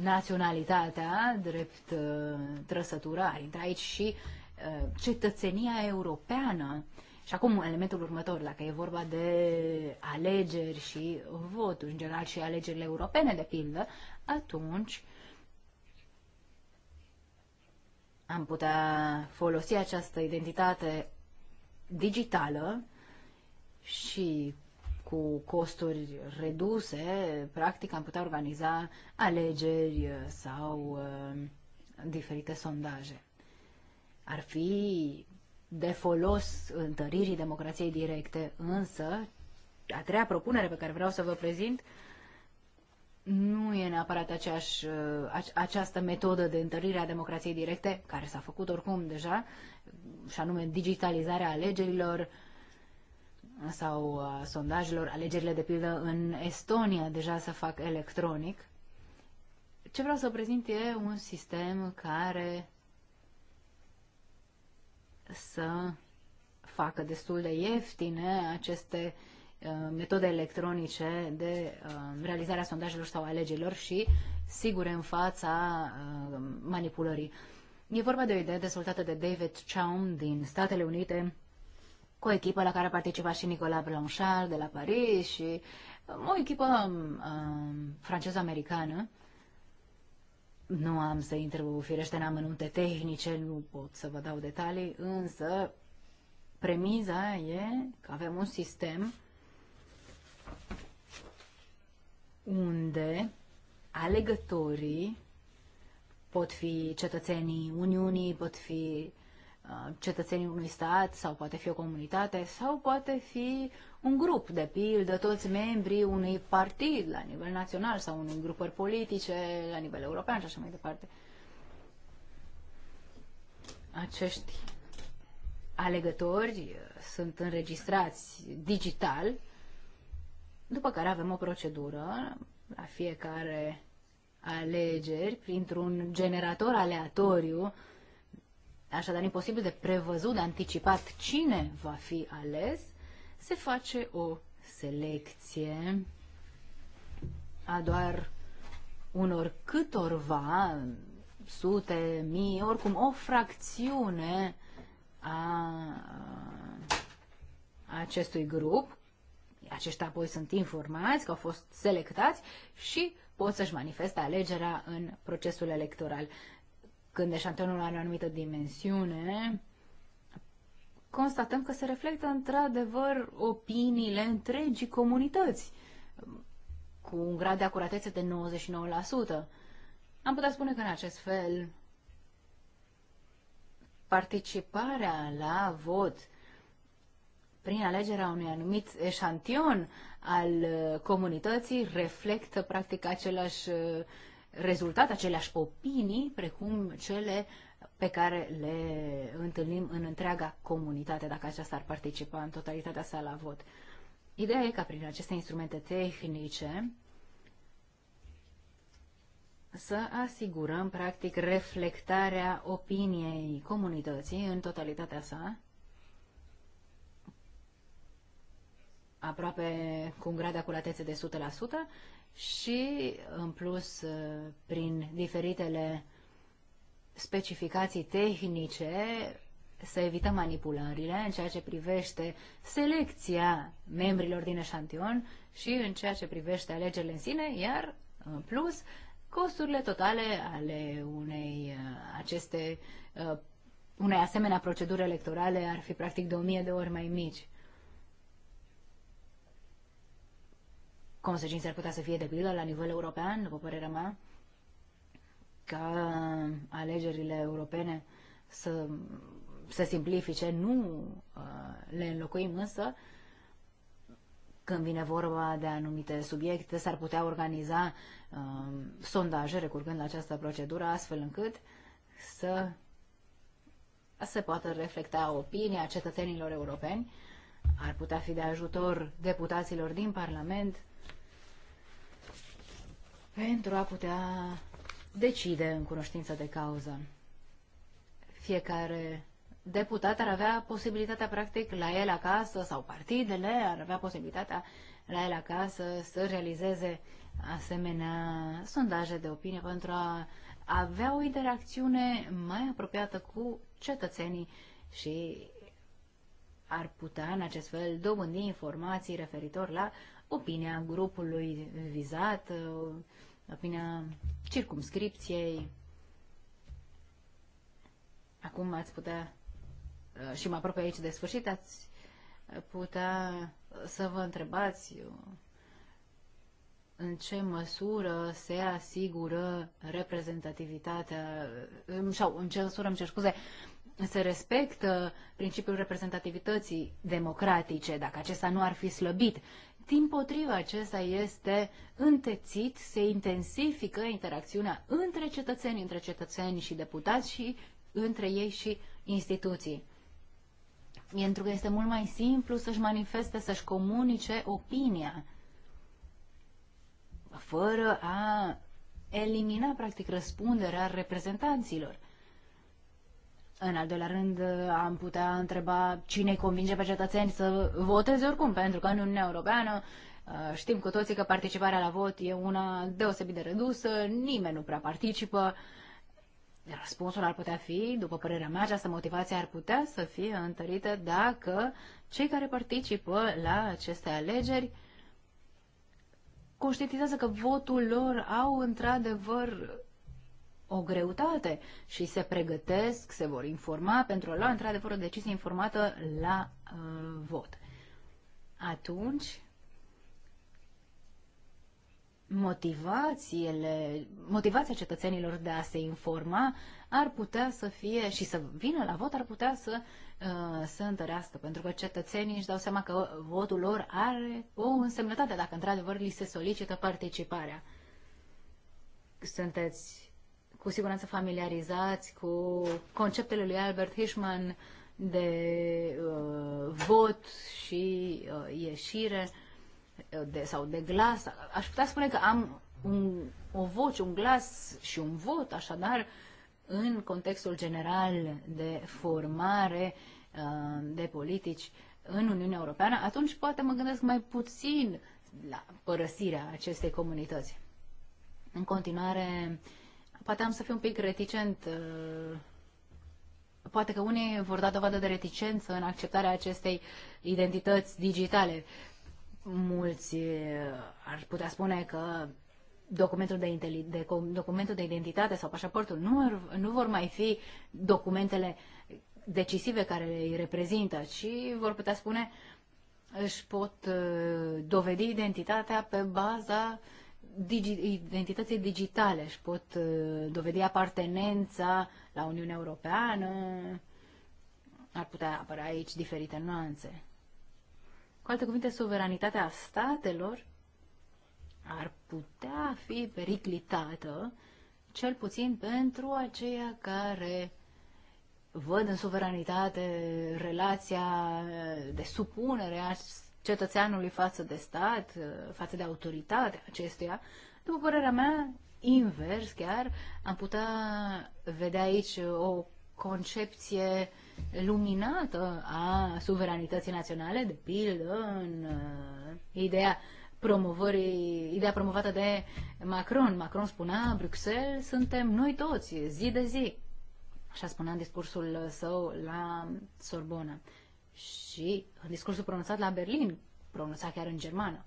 naționalitatea drept uh, trăsătură, ar intra aici și uh, cetățenia europeană. Și acum elementul următor, dacă e vorba de alegeri și voturi, în general și alegerile europene, de pildă, atunci am putea folosi această identitate digitală și cu costuri reduse, practic am putea organiza alegeri uh, sau uh, diferite sondaje. Ar fi de folos întăririi democrației directe, însă a treia propunere pe care vreau să vă prezint nu e neapărat aceeași, uh, această metodă de întărire a democrației directe, care s-a făcut oricum deja, și anume digitalizarea alegerilor, uh, sau a uh, sondajelor, alegerile de pildă în Estonia deja se fac electronic. Ce vreau să prezint e un sistem care să facă destul de ieftine aceste uh, metode electronice de uh, realizarea sondajelor sau alegerilor și sigure în fața manipulării. E vorba de o idee dezvoltată de David Chaum din Statele Unite, cu o echipă la care a participat și Nicolas Blanchard de la Paris și um, o echipă um, um, franceză-americană. Nu am să intru, firește, în amănunte tehnice, nu pot să vă dau detalii, însă premiza e că avem un sistem unde alegătorii pot fi cetățenii Uniunii, pot fi Uh, cetățenii unui stat sau poate fi o comunitate sau poate fi un grup, de pildă, toți membrii unui partid la nivel național sau unui grupări politice la nivel european și așa mai departe. Acești alegători uh, sunt înregistrați digital, după care avem o procedură la fiecare alegeri printr-un generator aleatoriu așadar imposibil de prevăzut, de anticipat cine va fi ales, se face o selecție a doar unor câtorva, sute, mii, oricum o fracțiune a acestui grup. Aceștia apoi sunt informați că au fost selectați și pot să-și manifeste alegerea în procesul electoral când eșantionul are o anumită dimensiune, constatăm că se reflectă într-adevăr opiniile întregii comunități, cu un grad de acuratețe de 99%. Am putea spune că în acest fel participarea la vot prin alegerea unui anumit eșantion al uh, comunității reflectă practic același uh, rezultat aceleași opinii precum cele pe care le întâlnim în întreaga comunitate, dacă aceasta ar participa în totalitatea sa la vot. Ideea e ca prin aceste instrumente tehnice să asigurăm, practic, reflectarea opiniei comunității în totalitatea sa, aproape cu un grad de acuratețe de 100% și, în plus, prin diferitele specificații tehnice, să evităm manipulările în ceea ce privește selecția membrilor din eșantion și în ceea ce privește alegerile în sine, iar, în plus, costurile totale ale unei uh, aceste uh, unei asemenea proceduri electorale ar fi practic de 1000 de ori mai mici. consecințe ar putea să fie de pildă la nivel european, după părerea mea, ca alegerile europene să se simplifice, nu uh, le înlocuim, însă când vine vorba de anumite subiecte, s-ar putea organiza uh, sondaje recurgând la această procedură, astfel încât să se poată reflecta opinia cetățenilor europeni, ar putea fi de ajutor deputaților din Parlament pentru a putea decide în cunoștință de cauză. Fiecare deputat ar avea posibilitatea, practic, la el acasă sau partidele ar avea posibilitatea la el acasă să realizeze asemenea sondaje de opinie pentru a avea o interacțiune mai apropiată cu cetățenii și ar putea în acest fel dobândi informații referitor la opinia grupului vizat, opinia circumscripției. Acum ați putea, uh, și mă apropie aici de sfârșit, ați putea să vă întrebați uh, în ce măsură se asigură reprezentativitatea uh, sau în ce măsură, îmi cer scuze, se respectă principiul reprezentativității democratice, dacă acesta nu ar fi slăbit din potriva acesta este întețit, se intensifică interacțiunea între cetățeni, între cetățeni și deputați și între ei și instituții. Pentru că este mult mai simplu să-și manifeste, să-și comunice opinia, fără a elimina, practic, răspunderea reprezentanților. În al doilea rând, uh, am putea întreba cine convinge pe cetățeni să voteze oricum, pentru că în Uniunea Europeană uh, știm cu toții că participarea la vot e una deosebit de redusă, nimeni nu prea participă. Răspunsul ar putea fi, după părerea mea, această motivație ar putea să fie întărită dacă cei care participă la aceste alegeri conștientizează că votul lor au într-adevăr o greutate și se pregătesc, se vor informa pentru a lua într-adevăr o decizie informată la uh, vot. Atunci, motivațiile, motivația cetățenilor de a se informa ar putea să fie și să vină la vot ar putea să uh, se întărească, pentru că cetățenii își dau seama că votul lor are o însemnătate dacă într-adevăr li se solicită participarea. Sunteți cu siguranță familiarizați cu conceptele lui Albert Hirschman de uh, vot și uh, ieșire uh, de, sau de glas. Aș putea spune că am un, o voce, un glas și un vot, așadar, în contextul general de formare uh, de politici în Uniunea Europeană, atunci poate mă gândesc mai puțin la părăsirea acestei comunități. În continuare, uh, Poate am să fiu un pic reticent. Uh, poate că unii vor da dovadă de reticență în acceptarea acestei identități digitale. Mulți uh, ar putea spune că documentul de, de, documentul de identitate sau pașaportul nu, ar, nu vor mai fi documentele decisive care îi reprezintă, ci vor putea spune își pot uh, dovedi identitatea pe baza uh, digi- identității digitale și pot uh, dovedi apartenența la Uniunea Europeană, ar putea apărea aici diferite nuanțe. Cu alte cuvinte, suveranitatea statelor ar putea fi periclitată, cel puțin pentru aceia care văd în suveranitate relația de supunere a cetățeanului față de stat, eh, față de autoritatea acestuia, după părerea mea, invers chiar, am putea vedea aici o concepție luminată a suveranității naționale, de pildă în eh, ideea promovării, ideea promovată de Macron. Macron spunea, Bruxelles, suntem noi toți, zi de zi. Așa spunea în discursul său la Sorbona și în discursul pronunțat la Berlin, pronunțat chiar în germană.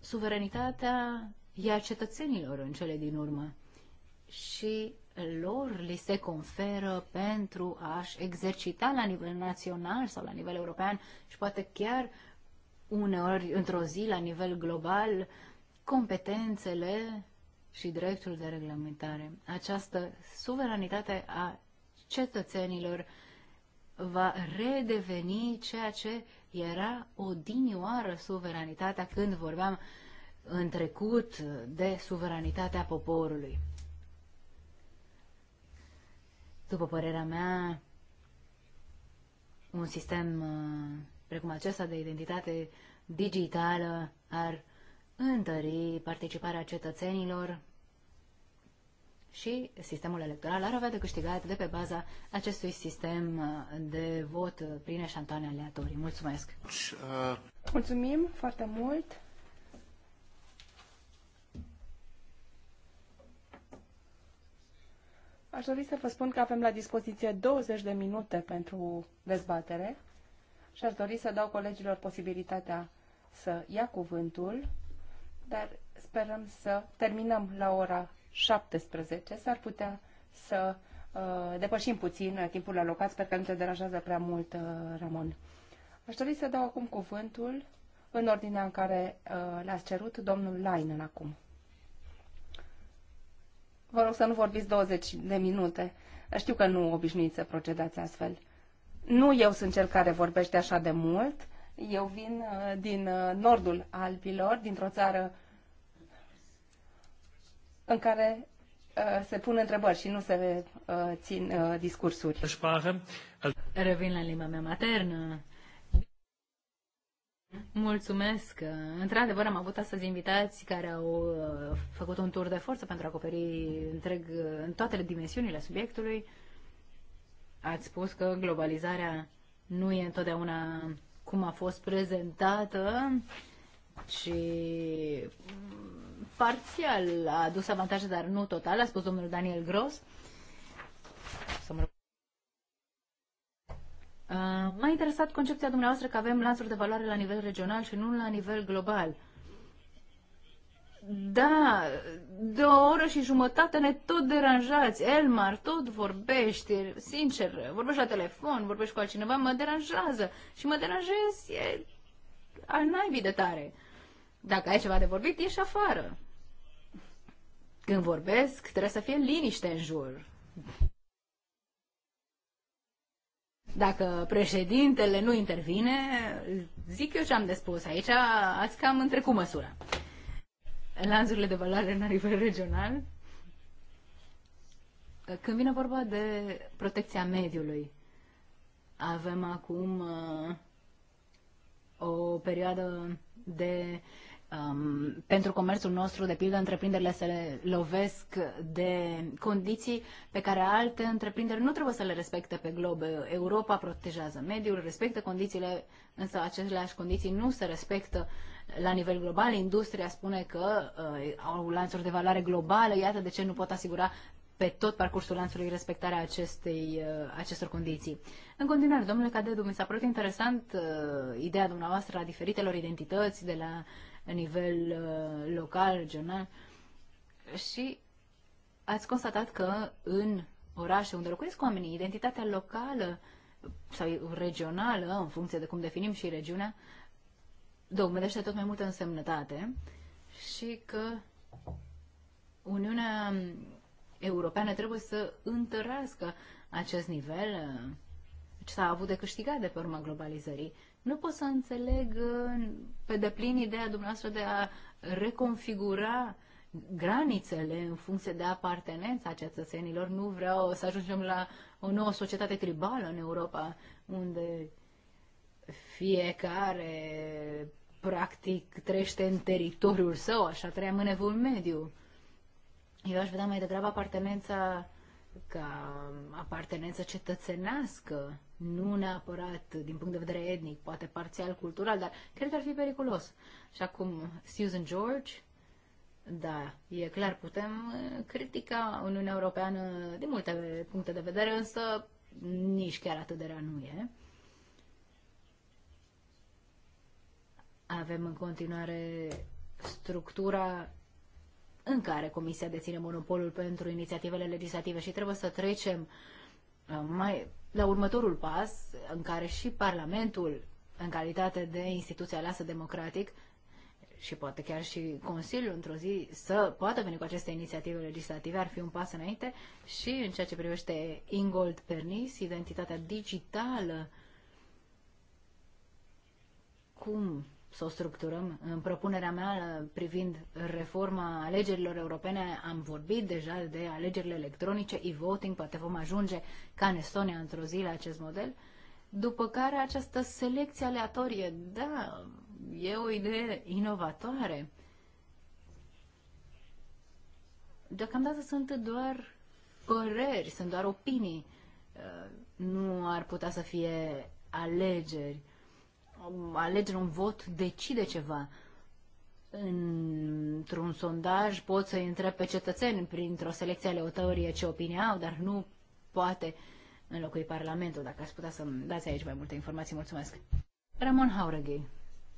Suveranitatea e a cetățenilor în cele din urmă și lor li se conferă pentru a-și exercita la nivel național sau la nivel european și poate chiar uneori într-o zi la nivel global competențele și dreptul de reglementare. Această suveranitate a cetățenilor va redeveni ceea ce era odinioară suveranitatea când vorbeam în trecut de suveranitatea poporului. După părerea mea, un sistem uh, precum acesta de identitate digitală ar întări participarea cetățenilor și sistemul electoral ar avea de câștigat de pe baza acestui sistem uh, de vot uh, prin eșantoane aleatorii. Mulțumesc! Mulțumim foarte mult! Aș dori să vă spun că avem la dispoziție 20 de minute pentru dezbatere și aș dori să dau colegilor posibilitatea să ia cuvântul, dar sperăm să terminăm la ora 17 s-ar putea să uh, depășim puțin uh, timpul alocat. Sper că nu te deranjează prea mult, uh, Ramon. Aș dori să dau acum cuvântul în ordinea în care uh, le-ați cerut domnul Lainen acum. Vă rog să nu vorbiți 20 de minute. Știu că nu obișnuiți să procedați astfel. Nu eu sunt cel care vorbește așa de mult. Eu vin uh, din uh, nordul Alpilor, dintr-o țară în care uh, se pun întrebări și nu se uh, țin uh, discursuri. Revin la limba mea maternă. Mulțumesc! Într-adevăr, am avut astăzi invitați care au făcut un tur de forță pentru a acoperi întreg, în toate dimensiunile subiectului. Ați spus că globalizarea nu e întotdeauna cum a fost prezentată, și parțial a adus avantaje, dar nu total, a spus domnul Daniel Gros. Uh, m-a interesat concepția dumneavoastră că avem lanțuri de valoare la nivel regional și nu la nivel global. Da, de o oră și jumătate ne tot deranjați. Elmar, tot vorbești, sincer, vorbești la telefon, vorbești cu altcineva, mă deranjează. Și mă deranjez, e al naibii de tare. Dacă ai ceva de vorbit, ieși afară. Când vorbesc, trebuie să fie liniște în jur. Dacă președintele nu intervine, zic eu ce am de spus. Aici ați cam întrecut măsura. Lanțurile de valoare la nivel regional. Când vine vorba de protecția mediului, avem acum uh, o perioadă de uh, um, pentru comerțul nostru, de pildă, întreprinderile se lovesc de condiții pe care alte întreprinderi nu trebuie să le respecte pe glob. Europa protejează mediul, respectă condițiile, însă aceleași condiții nu se respectă la nivel global. Industria spune că uh, au lanțuri de valoare globală, iată de ce nu pot asigura pe tot parcursul lanțului respectarea acestei, uh, acestor condiții. În continuare, domnule Cadedu, mi s-a părut interesant uh, ideea dumneavoastră a diferitelor identități de la la nivel uh, local, regional și ați constatat că în orașe unde locuiesc oamenii, identitatea locală sau regională, în funcție de cum definim și regiunea, domnește tot mai multă însemnătate și că Uniunea Europeană trebuie să întărească acest nivel ce s-a avut de câștigat de pe urma globalizării. Nu pot să înțeleg uh, pe deplin ideea dumneavoastră de a reconfigura granițele în funcție de apartenența cetățenilor. Nu vreau să ajungem la o nouă societate tribală în Europa, unde fiecare practic trăiește în teritoriul său, așa trăiam în evul mediu. Eu aș vedea mai degrabă apartenența ca apartenență cetățenească, nu neapărat din punct de vedere etnic, poate parțial cultural, dar cred că ar fi periculos. Și acum Susan George, da, e clar, putem critica Uniunea Europeană din multe puncte de vedere, însă nici chiar atât de rea nu e. Avem în continuare structura în care Comisia deține monopolul pentru inițiativele legislative și trebuie să trecem uh, mai la următorul pas în care și Parlamentul, în calitate de instituție aleasă democratic, și poate chiar și Consiliul într-o zi să poată veni cu aceste inițiative legislative, ar fi un pas înainte și în ceea ce privește Ingold Pernis, identitatea digitală, cum să o structurăm. În propunerea mea uh, privind reforma alegerilor europene am vorbit deja de alegerile electronice, e-voting, poate vom ajunge ca în Estonia într-o zi la acest model. După care această selecție aleatorie, da, e o idee inovatoare. Deocamdată sunt doar păreri, sunt doar opinii. Uh, nu ar putea să fie alegeri alegeri, un vot decide ceva. Într-un sondaj poți să întreb pe cetățeni printr-o selecție aleatorie ce opinie au, dar nu poate înlocui Parlamentul. Dacă ați putea să-mi dați aici mai multe informații, mulțumesc. Ramon Haureghi.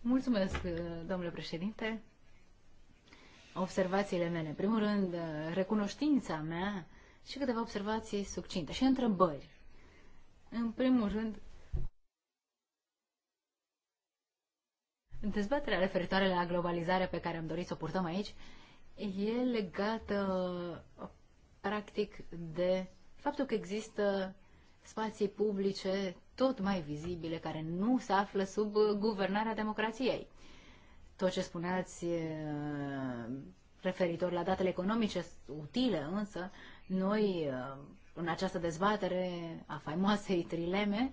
Mulțumesc, domnule președinte. Observațiile mele. primul rând, recunoștința mea și câteva observații succinte și întrebări. În primul rând, Dezbaterea referitoare la globalizare pe care am dorit să o purtăm aici e legată practic de faptul că există spații publice tot mai vizibile care nu se află sub guvernarea democrației. Tot ce spuneați referitor la datele economice utile, însă, noi în această dezbatere a faimoasei trileme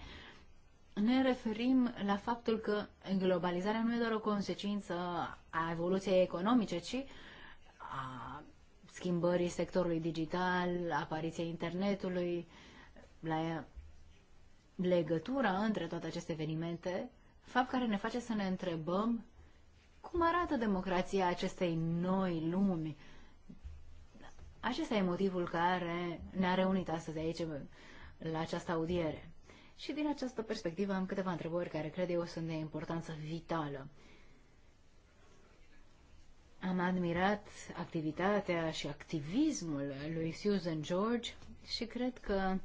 ne referim la faptul că globalizarea nu e doar o consecință a evoluției economice, ci a schimbării sectorului digital, apariției internetului, la legătura între toate aceste evenimente, fapt care ne face să ne întrebăm cum arată democrația acestei noi lumi. Acesta e motivul care ne-a reunit astăzi aici la această audiere. Și din această perspectivă am câteva întrebări care cred eu sunt de importanță vitală. Am admirat activitatea și activismul lui Susan George și cred că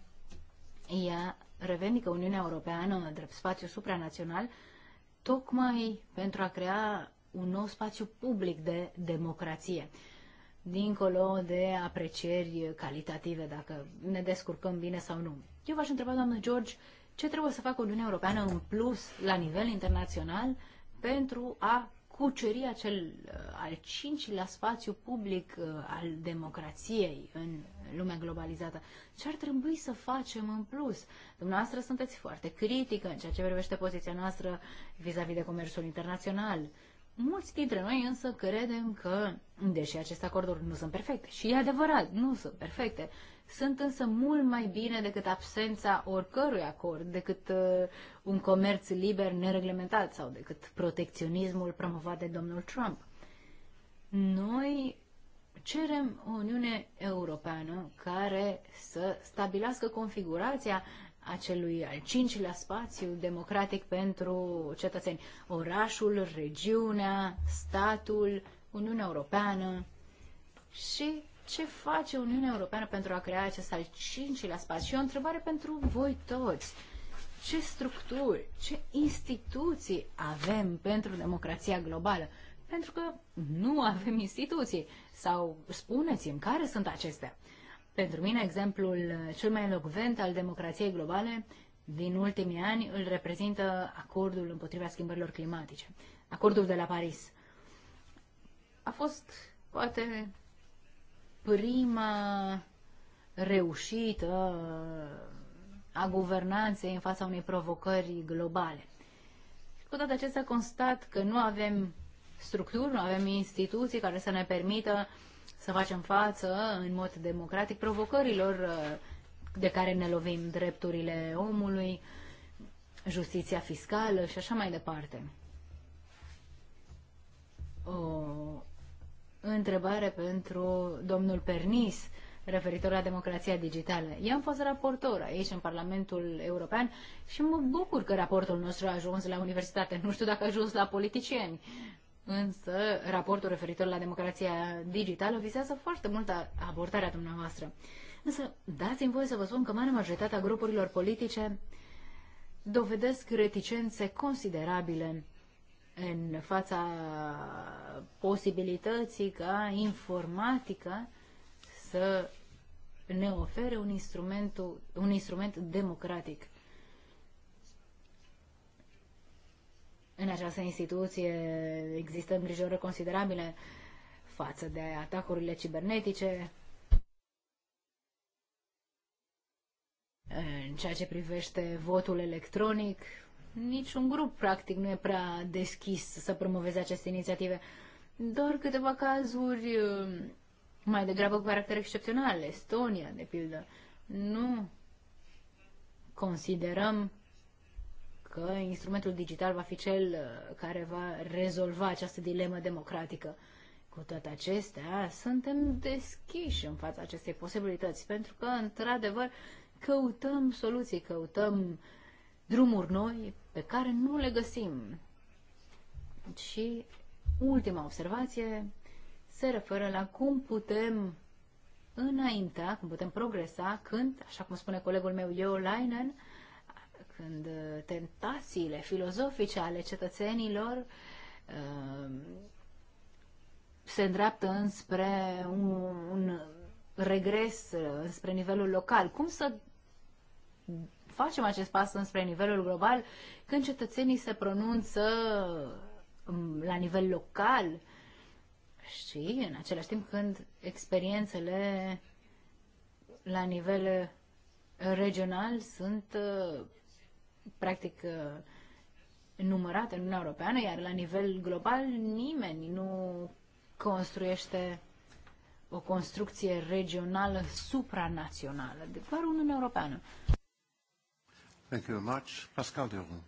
ea revendică Uniunea Europeană drept spațiu supranațional tocmai pentru a crea un nou spațiu public de democrație. Dincolo de aprecieri calitative, dacă ne descurcăm bine sau nu. Eu v-aș întreba, doamnă George, ce trebuie să facă Uniunea Europeană în plus la nivel internațional pentru a cuceri acel uh, al cincilea spațiu public uh, al democrației în lumea globalizată. Ce ar trebui să facem în plus? Dumneavoastră sunteți foarte critică în ceea ce privește poziția noastră vis-a-vis -vis de comerțul internațional. Mulți dintre noi însă credem că, deși aceste acorduri nu sunt perfecte, și e adevărat, nu sunt perfecte, sunt însă mult mai bine decât absența oricărui acord, decât uh, un comerț liber nereglementat sau decât protecționismul promovat de domnul Trump. Noi cerem o Uniune Europeană care să stabilească configurația acelui al cincilea spațiu democratic pentru cetățeni. Orașul, regiunea, statul, Uniunea Europeană și ce face Uniunea Europeană pentru a crea acest al cincilea spațiu? Și o întrebare pentru voi toți. Ce structuri, ce instituții avem pentru democrația globală? Pentru că nu avem instituții. Sau spuneți-mi, care sunt acestea? Pentru mine, exemplul cel mai elocvent al democrației globale din ultimii ani îl reprezintă acordul împotriva schimbărilor climatice, acordul de la Paris. A fost poate prima reușită uh, a guvernanței în fața unei provocări globale. Cu toate acestea constat că nu avem structuri, nu avem instituții care să ne permită să facem față în mod democratic provocărilor uh, de care ne lovim drepturile omului, justiția fiscală și așa mai departe întrebare pentru domnul Pernis referitor la democrația digitală. Eu am fost raportor aici în Parlamentul European și mă bucur că raportul nostru a ajuns la universitate. Nu știu dacă a ajuns la politicieni. Însă, raportul referitor la democrația digitală vizează foarte mult abordarea dumneavoastră. Însă, dați-mi voie să vă spun că marea majoritatea grupurilor politice dovedesc reticențe considerabile în fața posibilității ca informatica să ne ofere un instrument, un instrument democratic. În această instituție există îngrijorări considerabile față de atacurile cibernetice, în ceea ce privește votul electronic, niciun grup practic nu e prea deschis să promoveze aceste inițiative. Doar câteva cazuri um, mai degrabă cu caracter excepțional, Estonia, de pildă. Nu considerăm că instrumentul digital va fi cel uh, care va rezolva această dilemă democratică. Cu toate acestea, suntem deschiși în fața acestei posibilități, pentru că, într-adevăr, căutăm soluții, căutăm drumuri noi pe care nu le găsim. Și ultima observație se referă la cum putem înaintea, cum putem progresa, când, așa cum spune colegul meu Leo Leinen, când tentațiile filozofice ale cetățenilor uh, se îndreaptă înspre un, un regres, înspre uh, nivelul local. Cum să facem acest pas înspre nivelul global când cetățenii se pronunță mm, la nivel local și în același timp când experiențele la nivel uh, regional sunt uh, practic uh, numărate în Uniunea Europeană, iar la nivel global nimeni nu construiește o construcție regională supranațională, de doar Uniunea Europeană. Thank you very much. Pascal Durand.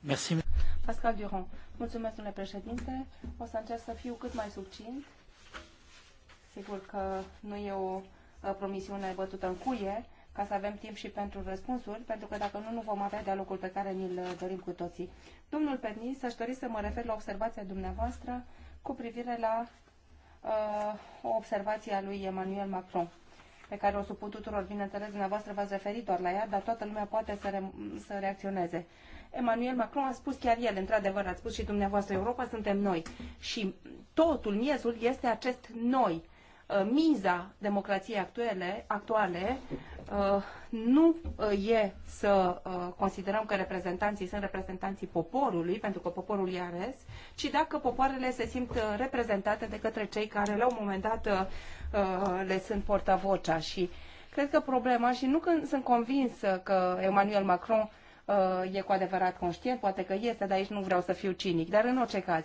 Merci. Pascal Durand. Mulțumesc, domnule președinte. O să încerc să fiu cât mai succint. Sigur că nu e o uh, promisiune bătută în cuie, ca să avem timp și pentru răspunsuri, pentru că dacă nu, nu vom avea dialogul pe care ni-l uh, dorim cu toții. Domnul Pernis, aș dori să mă refer la observația dumneavoastră cu privire la uh, o observație a lui Emmanuel Macron pe care o supun tuturor, bineînțeles, dumneavoastră v-ați referit doar la ea, dar toată lumea poate să, re- să reacționeze. Emmanuel Macron a spus chiar el, într-adevăr, ați spus și dumneavoastră, Europa suntem noi. Și totul, miezul, este acest noi. Uh, miza democrației actuale, actuale uh, nu uh, e să considerăm că reprezentanții sunt reprezentanții poporului, pentru că poporul i-a ales, ci dacă popoarele se simt reprezentate de către cei care la un moment dat Uh, le sunt portavocea și cred că problema și nu când sunt convins că Emmanuel Macron uh, e cu adevărat conștient, poate că este, dar aici nu vreau să fiu cinic, dar în orice caz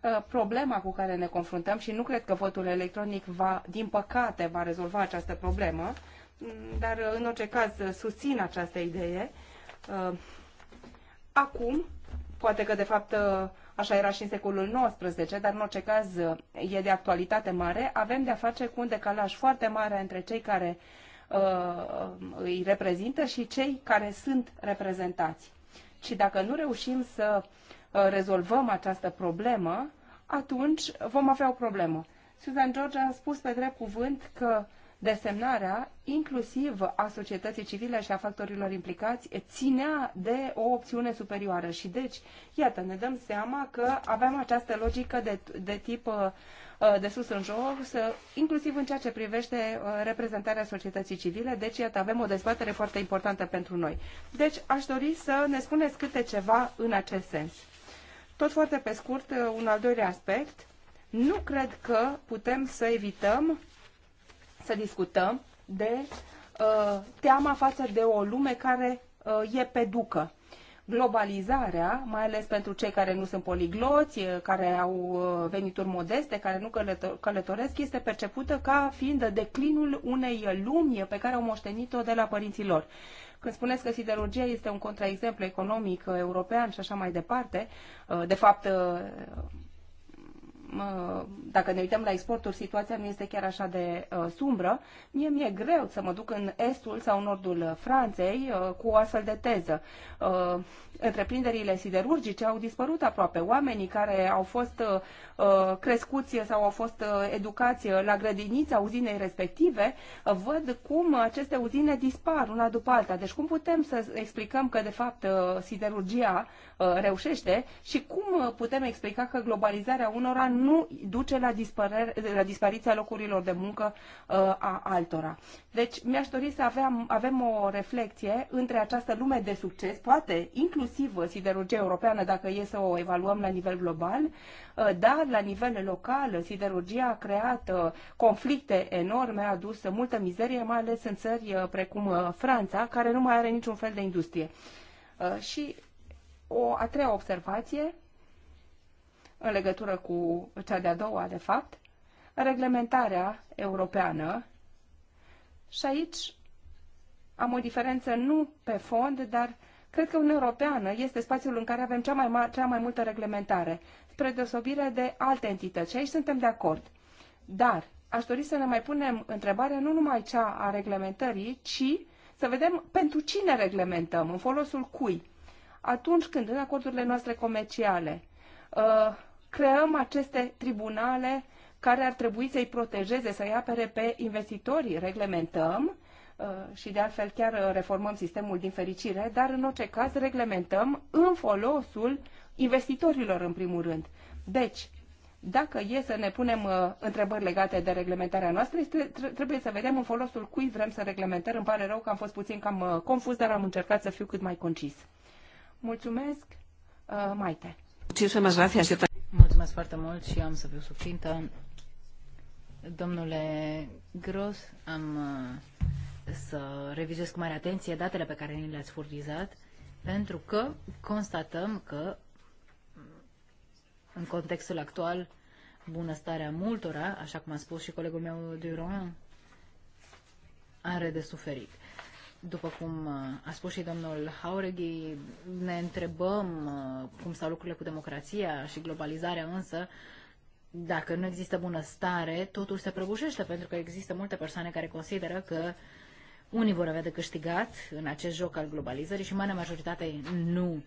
uh, problema cu care ne confruntăm și nu cred că votul electronic va, din păcate, va rezolva această problemă, mm, dar în orice caz susțin această idee. Acum, poate că de fapt așa era și în secolul XIX, dar în orice caz e de actualitate mare, avem de-a face cu un decalaj foarte mare între cei care uh, îi reprezintă și cei care sunt reprezentați. Și dacă nu reușim să uh, rezolvăm această problemă, atunci vom avea o problemă. Susan George a spus pe drept cuvânt că uh, desemnarea inclusiv a societății civile și a factorilor implicați ținea de o opțiune superioară. Și deci, iată, ne dăm seama că avem această logică de, de tip uh, uh, de sus în jos, uh, inclusiv în ceea ce privește reprezentarea societății civile. Deci, iată, avem o dezbatere foarte importantă pentru noi. Deci, aș dori să ne spuneți câte ceva în acest sens. Tot foarte pe scurt, un al doilea aspect. Nu cred că putem să evităm să discutăm de uh, teama față de o lume care uh, e pe ducă. Globalizarea, mai ales pentru cei care nu sunt poligloți, uh, care au uh, venituri modeste, care nu călătoresc, este percepută ca fiind declinul unei lumi pe care au moștenit-o de la lor. Când spuneți că siderurgia este un contraexemplu economic uh, european și așa mai departe, de fapt Uh, dacă ne uităm la exporturi, situația nu este chiar așa de uh, sumbră. Mie mi-e greu să mă duc în estul sau nordul Franței uh, cu o astfel de teză. Întreprinderile siderurgice au dispărut aproape. Oamenii care au fost uh, crescuți sau au fost uh, educați la grădinița uzinei respective uh, văd cum aceste uzine dispar una după alta. Deci cum putem să explicăm că de fapt uh, siderurgia uh, reușește și cum uh, putem explica că globalizarea unora nu duce la, la dispariția locurilor de muncă uh, a altora. Deci mi-aș dori să aveam, avem o reflexie între această lume de succes, poate inclusiv inclusiv siderurgia europeană, dacă e să o evaluăm la nivel global, uh, dar la nivel local siderurgia a creat uh, conflicte enorme, a adus multă mizerie, mai ales în țări uh, precum Franța, care nu mai are niciun fel de industrie. Și o a treia observație, în legătură cu cea de-a doua, de fapt, reglementarea europeană. Și aici am o diferență nu pe fond, dar Cred că Uniunea Europeană este spațiul în care avem cea mai, ma- cea mai multă reglementare, spre deosebire de alte entități. Și aici suntem de acord. Dar aș dori să ne mai punem întrebarea nu numai cea a reglementării, ci să vedem pentru cine reglementăm, în folosul cui. Atunci când în acordurile noastre comerciale uh, creăm aceste tribunale care ar trebui să-i protejeze, să-i apere pe investitorii, reglementăm Uh, și de altfel chiar uh, reformăm sistemul din fericire, dar în orice caz reglementăm în folosul investitorilor în primul rând. Deci, dacă e să ne punem uh, întrebări legate de reglementarea noastră, trebuie să vedem în folosul cui vrem să reglementăm. Îmi pare rău că am fost puțin cam uh, confuz, dar am încercat să fiu cât mai concis. Mulțumesc, uh, Maite. Mulțumesc foarte mult și am să fiu subțintă. Domnule Gros, am uh, să revizuiesc cu mare atenție datele pe care ni le-ați furnizat, pentru că constatăm că în contextul actual bunăstarea multora, așa cum a spus și colegul meu Durand, are de suferit. După cum uh, a spus și domnul Haureghi, ne întrebăm uh, cum stau lucrurile cu democrația și globalizarea, însă dacă nu există bunăstare, totul se prăbușește, pentru că există multe persoane care consideră că unii vor avea de câștigat în acest joc al globalizării și marea majoritate nu.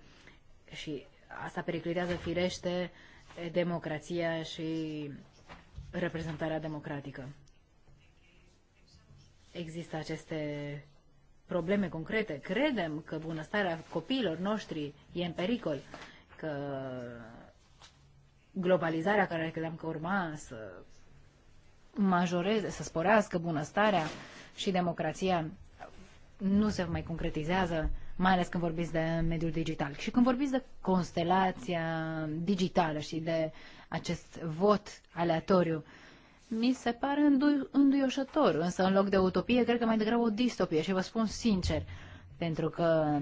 Și asta periclitează firește democrația și reprezentarea democratică. Există aceste probleme concrete. Credem că bunăstarea copiilor noștri e în pericol, că globalizarea care credeam că urma să majoreze, să sporească bunăstarea, și democrația nu se mai concretizează, mai ales când vorbiți de mediul digital. Și când vorbiți de constelația digitală și de acest vot aleatoriu, mi se pare îndu- înduioșător, însă în loc de utopie, cred că mai degrabă o distopie și vă spun sincer, pentru că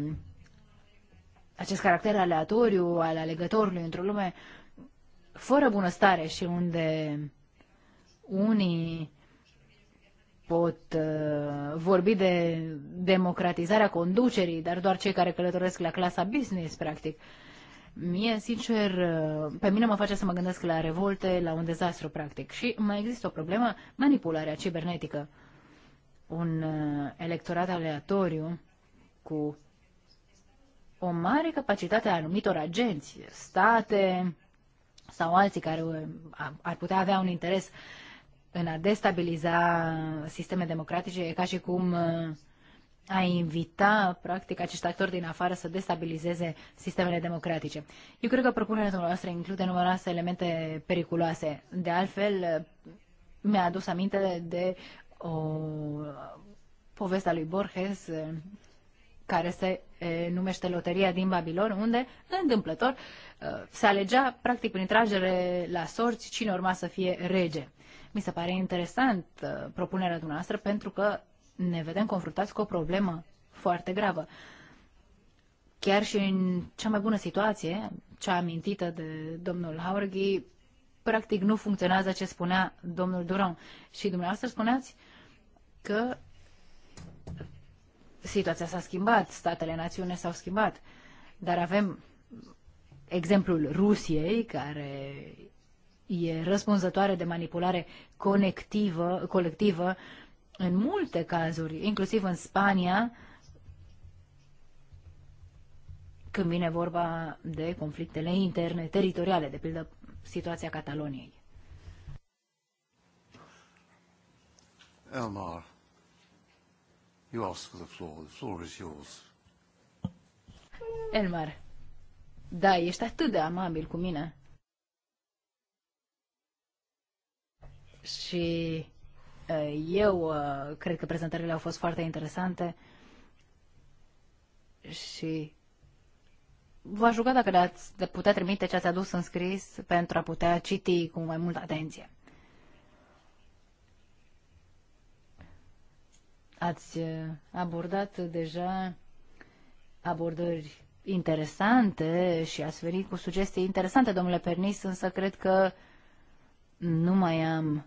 acest caracter aleatoriu al alegătorului într-o lume fără bunăstare și unde unii pot uh, vorbi de democratizarea conducerii, dar doar cei care călătoresc la clasa business, practic. Mie, sincer, uh, pe mine mă face să mă gândesc la revolte, la un dezastru, practic. Și mai există o problemă, manipularea cibernetică. Un uh, electorat aleatoriu cu o mare capacitate a anumitor agenți, state sau alții care uh, ar putea avea un interes uh, în a destabiliza sisteme democratice e ca și cum uh, a invita, practic, acești actori din afară să destabilizeze sistemele democratice. Eu cred că propunerea noastră include numeroase elemente periculoase. De altfel, uh, mi-a adus aminte de o povestea lui Borges uh, care se numește Loteria din Babilon, unde, întâmplător, se alegea, practic, prin tragere la sorți, cine urma să fie rege. Mi se pare interesant uh, propunerea dumneavoastră pentru că ne vedem confruntați cu o problemă foarte gravă. Chiar și în cea mai bună situație, cea amintită de domnul Haurghi, practic nu funcționează ce spunea domnul Duran. Și dumneavoastră spuneați că situația s-a schimbat, statele națiune s-au schimbat, dar avem exemplul Rusiei, care e răspunzătoare de manipulare conectivă, colectivă în multe cazuri, inclusiv în Spania, când vine vorba de conflictele interne, teritoriale, de pildă situația Cataloniei. Elmar, you ask for the floor. The floor is yours. Elmar, da, ești atât de amabil cu mine. și eu cred că prezentările au fost foarte interesante și v-aș ruga dacă le-ați putea trimite ce ați adus în scris pentru a putea citi cu mai multă atenție. Ați abordat deja abordări interesante și ați venit cu sugestii interesante, domnule Pernis, însă cred că nu mai am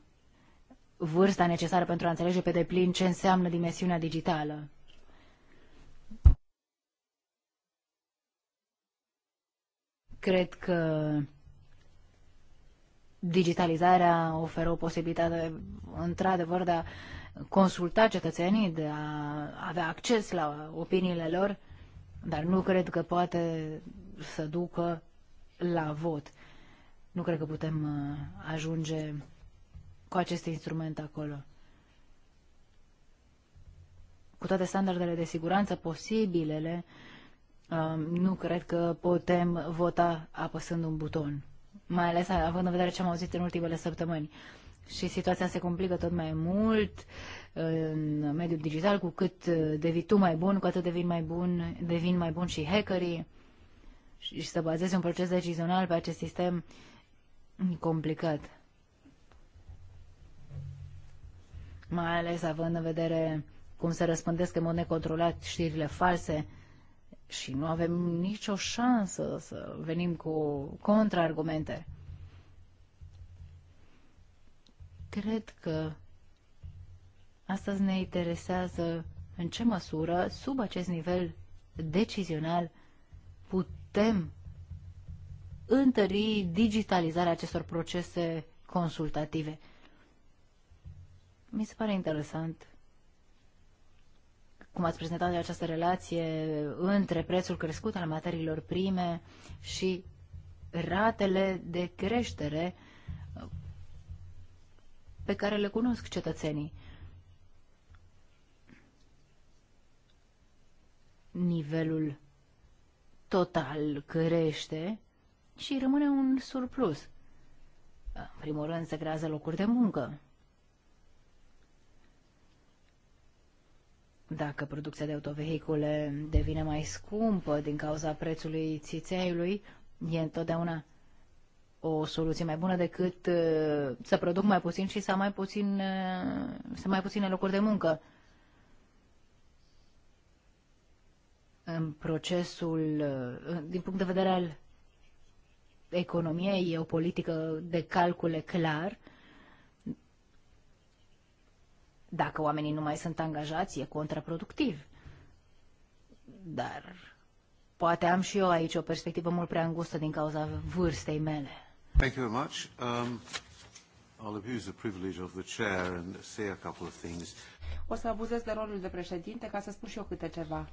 vârsta necesară pentru a înțelege pe deplin ce înseamnă dimensiunea digitală. Cred că digitalizarea oferă o posibilitate, într-adevăr, de a consulta cetățenii, de a avea acces la opiniile lor, dar nu cred că poate să ducă la vot. Nu cred că putem uh, ajunge cu acest instrument acolo. Cu toate standardele de siguranță posibilele, um, nu cred că putem vota apăsând un buton, mai ales având în vedere ce am auzit în ultimele săptămâni. Și situația se complică tot mai mult în mediul digital, cu cât uh, devii tu mai bun, cu atât devin mai bun, devin mai bun și hackerii și să bazezi un proces decizional pe acest sistem complicat. mai ales având în vedere cum se răspândesc în mod necontrolat știrile false și nu avem nicio șansă să venim cu contraargumente. Cred că astăzi ne interesează în ce măsură, sub acest nivel decizional, putem întări digitalizarea acestor procese consultative – mi se pare interesant cum ați prezentat această relație între prețul crescut al materiilor prime și ratele de creștere pe care le cunosc cetățenii. Nivelul total crește și rămâne un surplus. În primul rând se creează locuri de muncă. Dacă producția de autovehicule devine mai scumpă din cauza prețului țițeiului, e întotdeauna o soluție mai bună decât uh, să produc mai puțin și să am mai, puțin, uh, să mai puține locuri de muncă. În procesul, uh, din punct de vedere al economiei, e o politică de calcule clar dacă oamenii nu mai sunt angajați, e contraproductiv. Dar poate am și eu aici o perspectivă mult prea îngustă din cauza vârstei mele. Thank you very much. Um, I'll abuse the privilege of the chair and say a couple of things. O să abuzez de rolul de președinte ca să spun și eu câte ceva.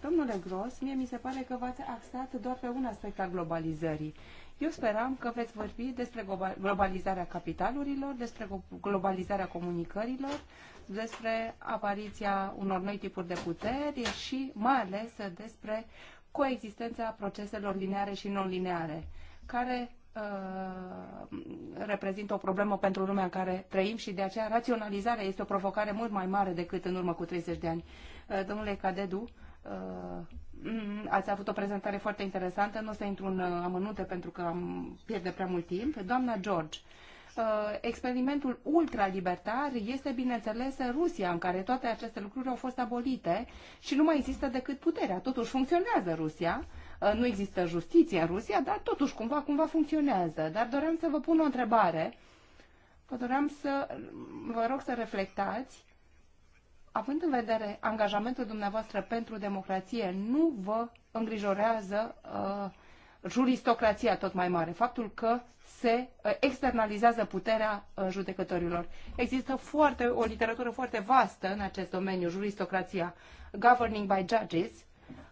Domnule Gros, mie mi se pare că v-ați axat doar pe un aspect al globalizării. Eu speram că veți vorbi despre globalizarea capitalurilor, despre globalizarea comunicărilor, despre apariția unor noi tipuri de puteri și mai ales despre coexistența proceselor lineare și non-lineare, care uh, reprezintă o problemă pentru lumea în care trăim și de aceea raționalizarea este o provocare mult mai mare decât în urmă cu 30 de ani. Uh, domnule Cadedu, uh, ați avut o prezentare foarte interesantă, nu o să intru în uh, amănunte pentru că am pierde prea mult timp. Doamna George, uh, Uh, experimentul ultralibertar este, bineînțeles, Rusia, în care toate aceste lucruri au fost abolite și nu mai există decât puterea. Totuși funcționează Rusia, uh, nu există justiție în Rusia, dar totuși cumva, cumva funcționează. Dar doream să vă pun o întrebare. Vă doream să vă rog să reflectați având în vedere angajamentul dumneavoastră pentru democrație, nu vă îngrijorează uh, juristocrația tot mai mare? Faptul că se uh, externalizează puterea uh, judecătorilor. Există foarte, o literatură foarte vastă în acest domeniu, juristocrația. Governing by Judges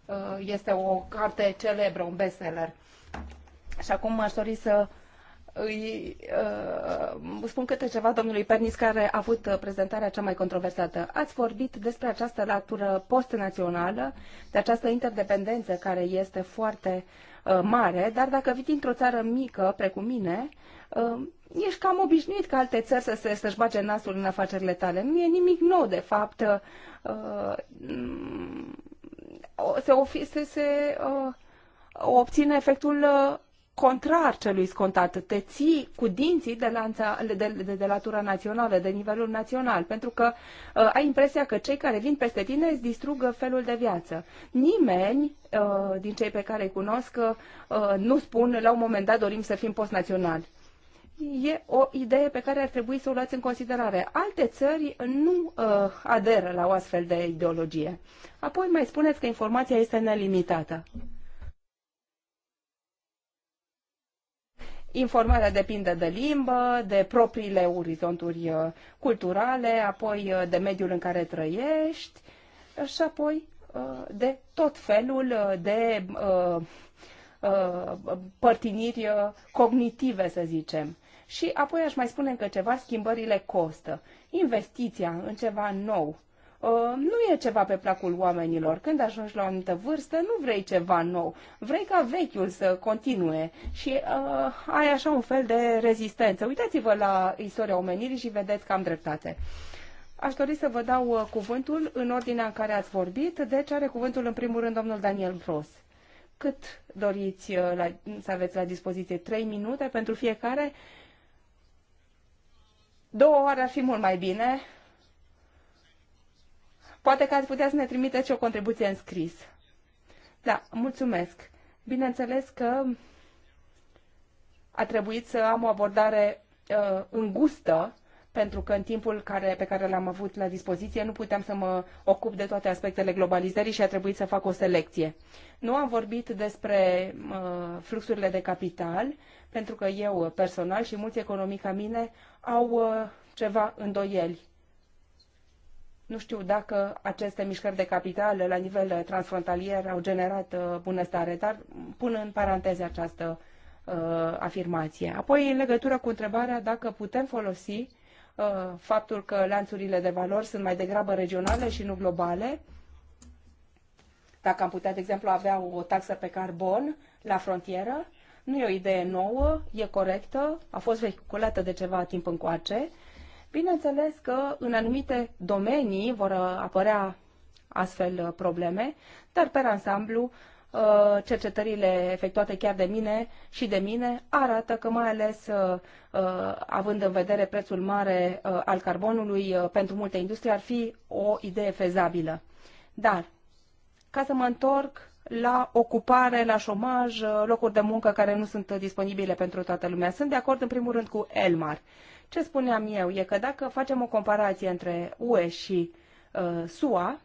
uh, este o carte celebră, un bestseller. Și acum aș dori să îi uh, spun câte ceva domnului Pernis, care a avut prezentarea cea mai controversată. Ați vorbit despre această latură post-națională, de această interdependență care este foarte uh, Uh, mare, dar dacă vii dintr-o țară mică, precum mine, uh, ești cam obișnuit ca alte țări să să-și bage nasul în afacerile tale. Nu e nimic nou, de fapt. Uh, mm, se, ofi, se, se obține efectul contrar celui scontat. Te ții cu dinții de, lanța, de, de, de latura națională, de nivelul național, pentru că uh, ai impresia că cei care vin peste tine îți distrug felul de viață. Nimeni uh, din cei pe care îi cunosc uh, nu spun la un moment dat dorim să fim post-național. E o idee pe care ar trebui să o luați în considerare. Alte țări nu uh, aderă la o astfel de ideologie. Apoi mai spuneți că informația este nelimitată. Informarea depinde de limbă, de propriile orizonturi uh, culturale, apoi uh, de mediul în care trăiești uh, și apoi de tot felul de părtiniri cognitive, să zicem. Și apoi aș mai spune că ceva, schimbările costă. Investiția în ceva nou, Uh, nu e ceva pe placul oamenilor. Când ajungi la o anumită vârstă, nu vrei ceva nou. Vrei ca vechiul să continue și uh, ai așa un fel de rezistență. Uitați-vă la istoria omenirii și vedeți că am dreptate. Aș dori să vă dau uh, cuvântul în ordinea în care ați vorbit, deci are cuvântul în primul rând domnul Daniel Vros. Cât doriți uh, la, să aveți la dispoziție? Trei minute pentru fiecare? Două ore ar fi mult mai bine, Poate că ați putea să ne trimiteți o contribuție în scris. Da, mulțumesc. Bineînțeles că a trebuit să am o abordare uh, îngustă, pentru că în timpul care, pe care l-am avut la dispoziție nu puteam să mă ocup de toate aspectele globalizării și a trebuit să fac o selecție. Nu am vorbit despre uh, fluxurile de capital, pentru că eu uh, personal și mulți economii ca mine au uh, ceva îndoieli nu știu dacă aceste mișcări de capital la nivel transfrontalier au generat uh, bunăstare, dar pun în paranteze această uh, afirmație. Apoi, în legătură cu întrebarea dacă putem folosi uh, faptul că lanțurile de valori sunt mai degrabă regionale și nu globale, dacă am putea, de exemplu, avea o taxă pe carbon la frontieră, nu e o idee nouă, e corectă, a fost vehiculată de ceva timp încoace, Bineînțeles că în anumite domenii vor uh, apărea astfel uh, probleme, dar pe ansamblu uh, cercetările efectuate chiar de mine și de mine arată că mai ales având în vedere prețul mare al carbonului pentru multe industrie ar fi o idee fezabilă. Dar, ca să mă întorc la ocupare, la șomaj, locuri de muncă care nu sunt disponibile pentru toată lumea. Sunt de acord în primul rând cu Elmar. Uh, ce spuneam eu e că dacă facem o comparație între UE și uh, SUA,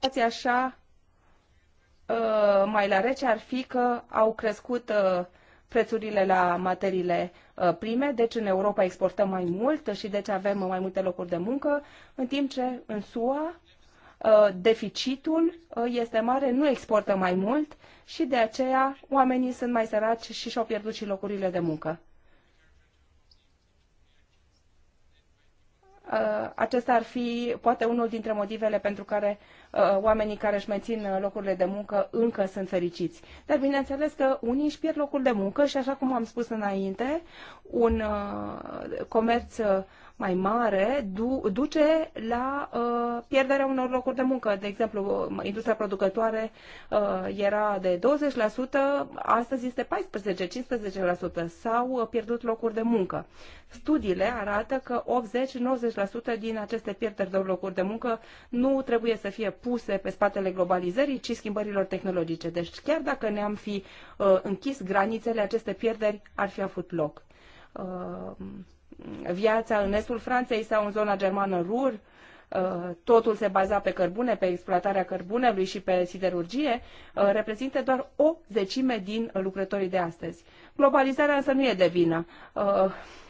ați așa uh, mai la rece ar fi că au crescut uh, prețurile la materiile uh, prime, deci în Europa exportăm mai mult și deci avem mai multe locuri de muncă, în timp ce în SUA uh, deficitul uh, este mare, nu exportă mai mult și de aceea oamenii sunt mai săraci și și-au pierdut și locurile de muncă. Uh, acesta ar fi poate unul dintre motivele pentru care uh, oamenii care își mențin uh, locurile de muncă încă sunt fericiți. Dar bineînțeles că unii își pierd locul de muncă și, așa cum am spus înainte, un comerț mai mare du- duce la uh, pierderea unor locuri de muncă. De exemplu, industria producătoare uh, era de 20%, astăzi este 14-15%. sau au uh, pierdut locuri de muncă. Studiile arată că 80-90% din aceste pierderi de locuri de muncă nu trebuie să fie puse pe spatele globalizării, ci schimbărilor tehnologice. Deci chiar dacă ne-am fi uh, închis granițele, aceste pierderi ar fi avut loc. Uh, viața în estul Franței sau în zona germană Rur. Uh, totul se baza pe cărbune, pe exploatarea cărbunelui și pe siderurgie, uh, reprezintă doar o zecime din lucrătorii de astăzi. Globalizarea însă nu e de vină. Uh,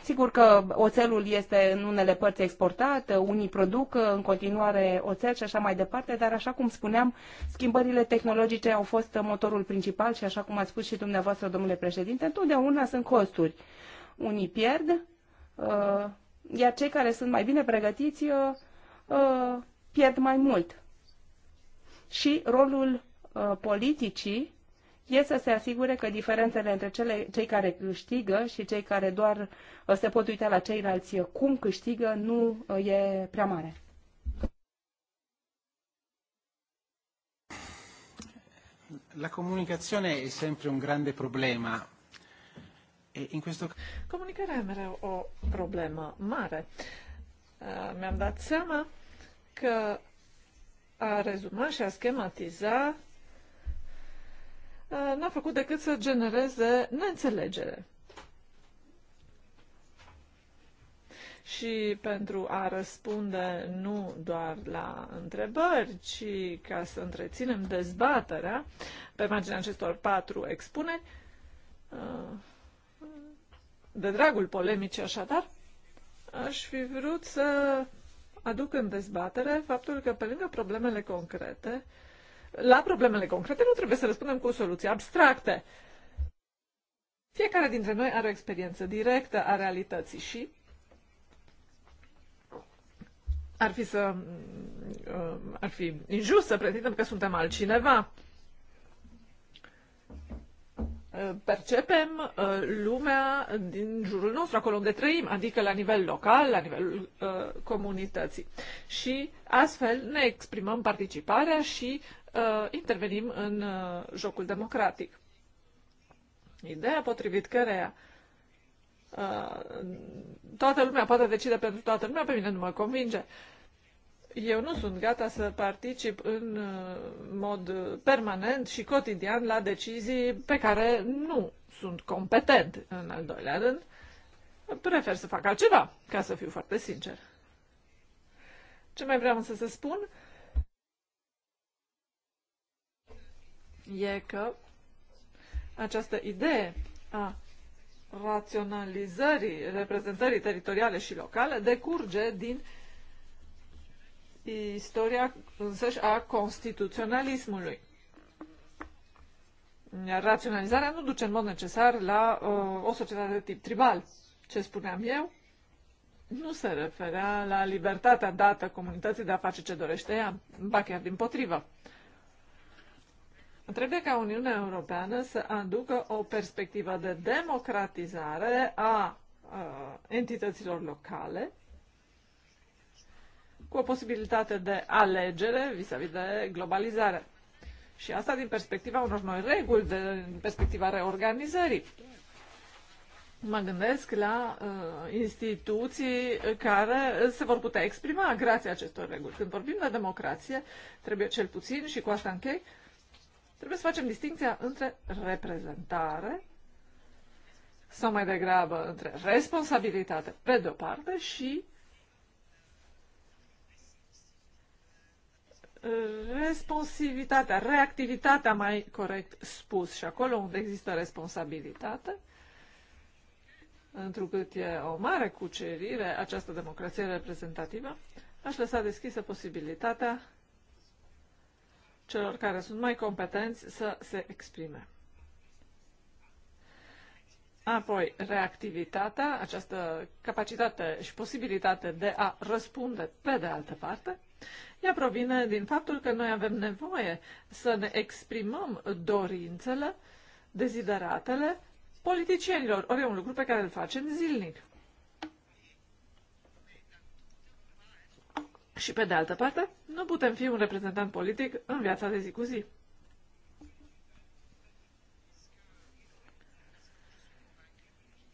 sigur că oțelul este în unele părți exportat, unii produc în continuare oțel și așa mai departe, dar așa cum spuneam, schimbările tehnologice au fost motorul principal și așa cum ați spus și dumneavoastră, domnule președinte, întotdeauna sunt costuri. Unii pierd, Uh, iar cei care sunt mai bine pregătiți uh, uh, pierd mai mult. Și rolul politicii e să se asigure că diferențele între cele, cei care câștigă și cei care doar se pot uita la ceilalți cum câștigă nu e prea mare. La comunicazione è sempre un grande problema. E in questo... Comunicarea mereu o problemă mare. Uh, mi-am dat seama că a rezuma și a schematiza uh, n-a făcut decât să genereze neînțelegere. și pentru a răspunde nu doar la întrebări, ci ca să întreținem dezbaterea pe marginea acestor patru expuneri, uh, de dragul polemicii așadar, aș fi vrut să aduc în dezbatere faptul că pe lângă problemele concrete, la problemele concrete nu trebuie să răspundem cu soluții abstracte. Fiecare dintre noi are o experiență directă a realității și ar fi, să, uh, ar fi injust să pretindem că suntem altcineva. Eh, percepem eh, lumea din jurul nostru, acolo unde trăim, adică la nivel local, la nivelul eh, comunității. Și astfel ne exprimăm participarea și intervenim în jocul democratic. Ideea potrivit căreia toată lumea poate decide pentru toată lumea, pe mine nu mă convinge. Uh, eu nu sunt gata să particip în uh, mod uh, permanent și cotidian la decizii pe care nu sunt competent în al doilea rând. Prefer să fac altceva, ca să fiu foarte sincer. Ce mai vreau să se spun e că această idee a raționalizării reprezentării teritoriale și locale decurge din istoria însăși a constituționalismului. Iar raționalizarea nu duce în mod necesar la uh, o societate de tip tribal. Ce spuneam eu? Nu se referea la libertatea dată comunității de a face ce dorește ea, ba chiar din potrivă. Trebuie ca Uniunea Europeană să aducă o perspectivă de democratizare a uh, entităților locale cu o posibilitate de alegere vis-a-vis -vis de globalizare. Și asta din perspectiva unor noi reguli, de, din perspectiva reorganizării. Mă gândesc la uh, instituții care se vor putea exprima grație acestor reguli. Când vorbim de democrație, trebuie cel puțin, și cu asta închei, trebuie să facem distinția între reprezentare sau mai degrabă între responsabilitate pe de-o parte și responsivitatea, reactivitatea, mai corect spus, și acolo unde există responsabilitate, întrucât e o mare cucerire această democrație reprezentativă, aș lăsa deschisă posibilitatea celor care sunt mai competenți să se exprime. Apoi, reactivitatea, această capacitate și posibilitate de a răspunde pe de altă parte, ea provine din faptul că noi avem nevoie să ne exprimăm dorințele, dezideratele politicienilor. Ori e un lucru pe care îl facem zilnic. Și pe de altă parte, nu putem fi un reprezentant politic în viața de zi cu zi.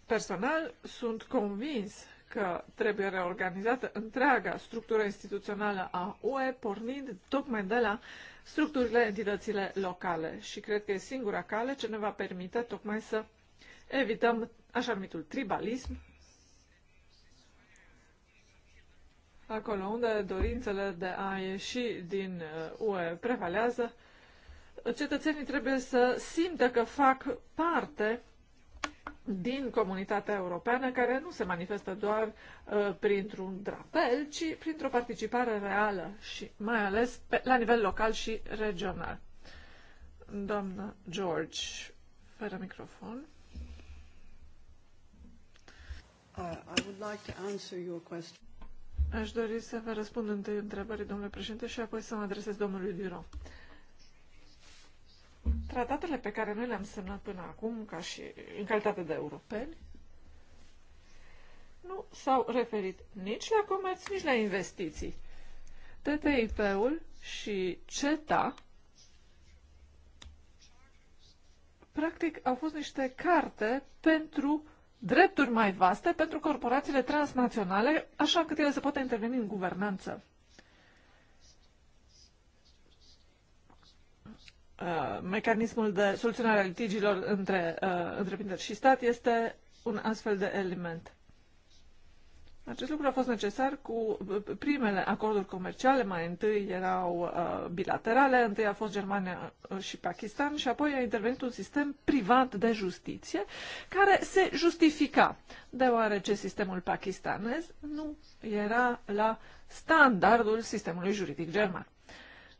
Personal, sunt convins că trebuie reorganizată întreaga structură instituțională a UE, pornind tocmai de la structurile, entitățile locale. Și cred că e singura cale ce ne va permite tocmai să evităm așa numitul tribalism, acolo unde dorințele de a ieși din uh, UE prevalează, cetățenii trebuie să simtă că fac parte din comunitatea europeană, care nu se manifestă doar uh, printr-un drapel, ci printr-o participare reală și mai ales pe, la nivel local și regional. Doamna George, fără microfon. Uh, I would like to answer your question. Aș dori să vă răspund întâi întrebării, domnule președinte, și apoi să mă adresez domnului Duron. Uh, Tratatele pe care noi le-am semnat până acum, ca și în calitate de europeni, nu s-au referit nici la comerț, nici la investiții. TTIP-ul și CETA practic au fost niște carte pentru drepturi mai vaste pentru corporațiile transnaționale, așa cât ele se poate interveni în guvernanță. Uh, mecanismul de soluționare a litigiilor între uh, întreprinderi și stat este un astfel de element. Acest lucru a fost necesar cu uh, primele acorduri comerciale, mai întâi erau uh, bilaterale, întâi a fost Germania uh, și Pakistan și apoi a intervenit un sistem privat de justiție care se justifica, deoarece sistemul pakistanez nu era la standardul sistemului juridic german.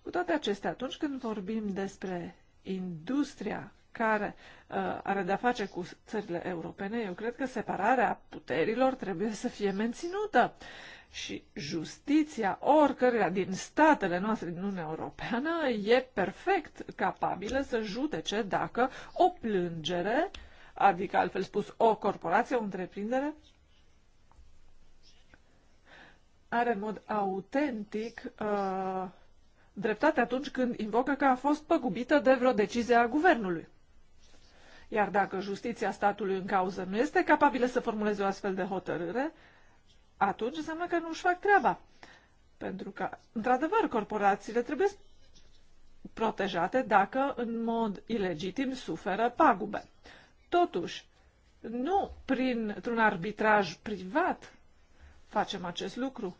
Cu toate acestea, atunci când vorbim despre industria care uh, are de-a face cu țările europene, eu cred că separarea puterilor trebuie să fie menținută și justiția oricăruia din statele noastre din Uniunea Europeană e perfect capabilă să judece dacă o plângere, adică altfel spus o corporație, o întreprindere, are în mod autentic uh, dreptate atunci când invocă că a fost păgubită de vreo decizie a guvernului. Iar dacă justiția statului în cauză nu este capabilă să formuleze o astfel de hotărâre, atunci înseamnă că nu își fac treaba. Pentru că, într-adevăr, corporațiile trebuie protejate dacă, în mod ilegitim, suferă pagube. Totuși, nu printr-un arbitraj privat facem acest lucru,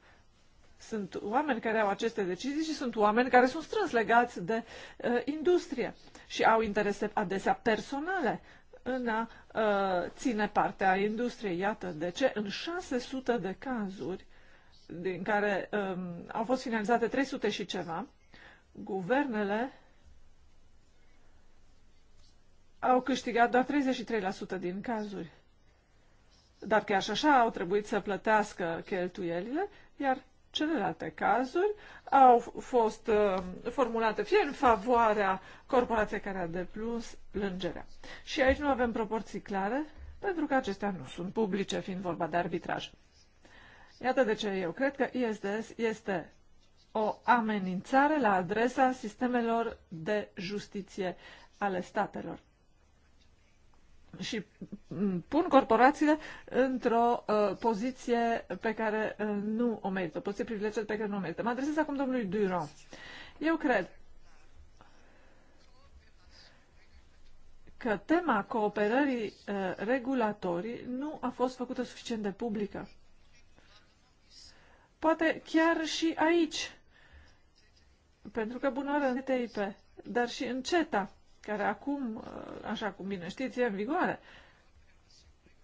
sunt oameni care au aceste decizii și sunt oameni care sunt strâns legați de uh, industrie și au interese adesea personale în a uh, ține parte a industriei. Iată de ce în 600 de cazuri din care um, au fost finalizate 300 și ceva, guvernele au câștigat doar 33% din cazuri. Dar chiar și așa au trebuit să plătească cheltuielile, iar Celelalte cazuri au fost uh, formulate fie în favoarea corporației care a deplus plângerea. Și aici nu avem proporții clare, pentru că acestea nu sunt publice, fiind vorba de arbitraj. Iată de ce eu cred că ISDS este o amenințare la adresa sistemelor de justiție ale statelor și pun corporațiile într-o uh, poziție pe care uh, nu o merită, o poziție privilegiată pe care nu o merită. Mă adresez acum domnului Duron. Eu cred că tema cooperării uh, regulatorii nu a fost făcută suficient de publică. Poate chiar și aici, pentru că bună oară în TIP, dar și în CETA care acum, așa cum bine știți, e în vigoare.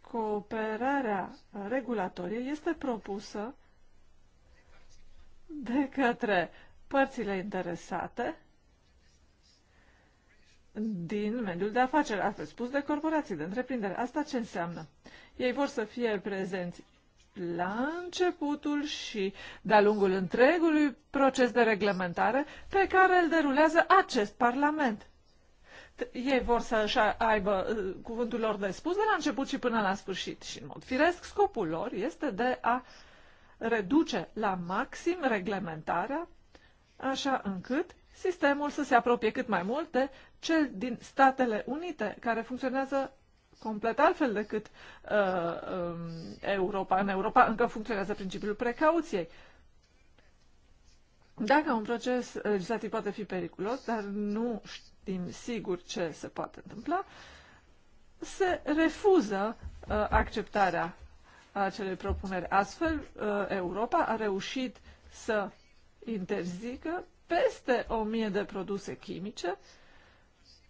Cooperarea regulatorie este propusă de către părțile interesate din mediul de afaceri, fost spus de corporații, de întreprindere. Asta ce înseamnă? Ei vor să fie prezenți la începutul și de-a lungul întregului proces de reglementare pe care îl derulează acest Parlament ei vor să își aibă uh, cuvântul lor de spus de la început și până la sfârșit. Și în mod firesc, scopul lor este de a reduce la maxim reglementarea, așa încât sistemul să se apropie cât mai mult de cel din Statele Unite, care funcționează complet altfel decât uh, um, Europa. În Europa încă funcționează principiul precauției. Dacă un proces legislativ poate fi periculos, dar nu știu știm sigur ce se poate întâmpla, se refuză uh, acceptarea acelei propuneri. Astfel, uh, Europa a reușit să interzică peste o mie de produse chimice,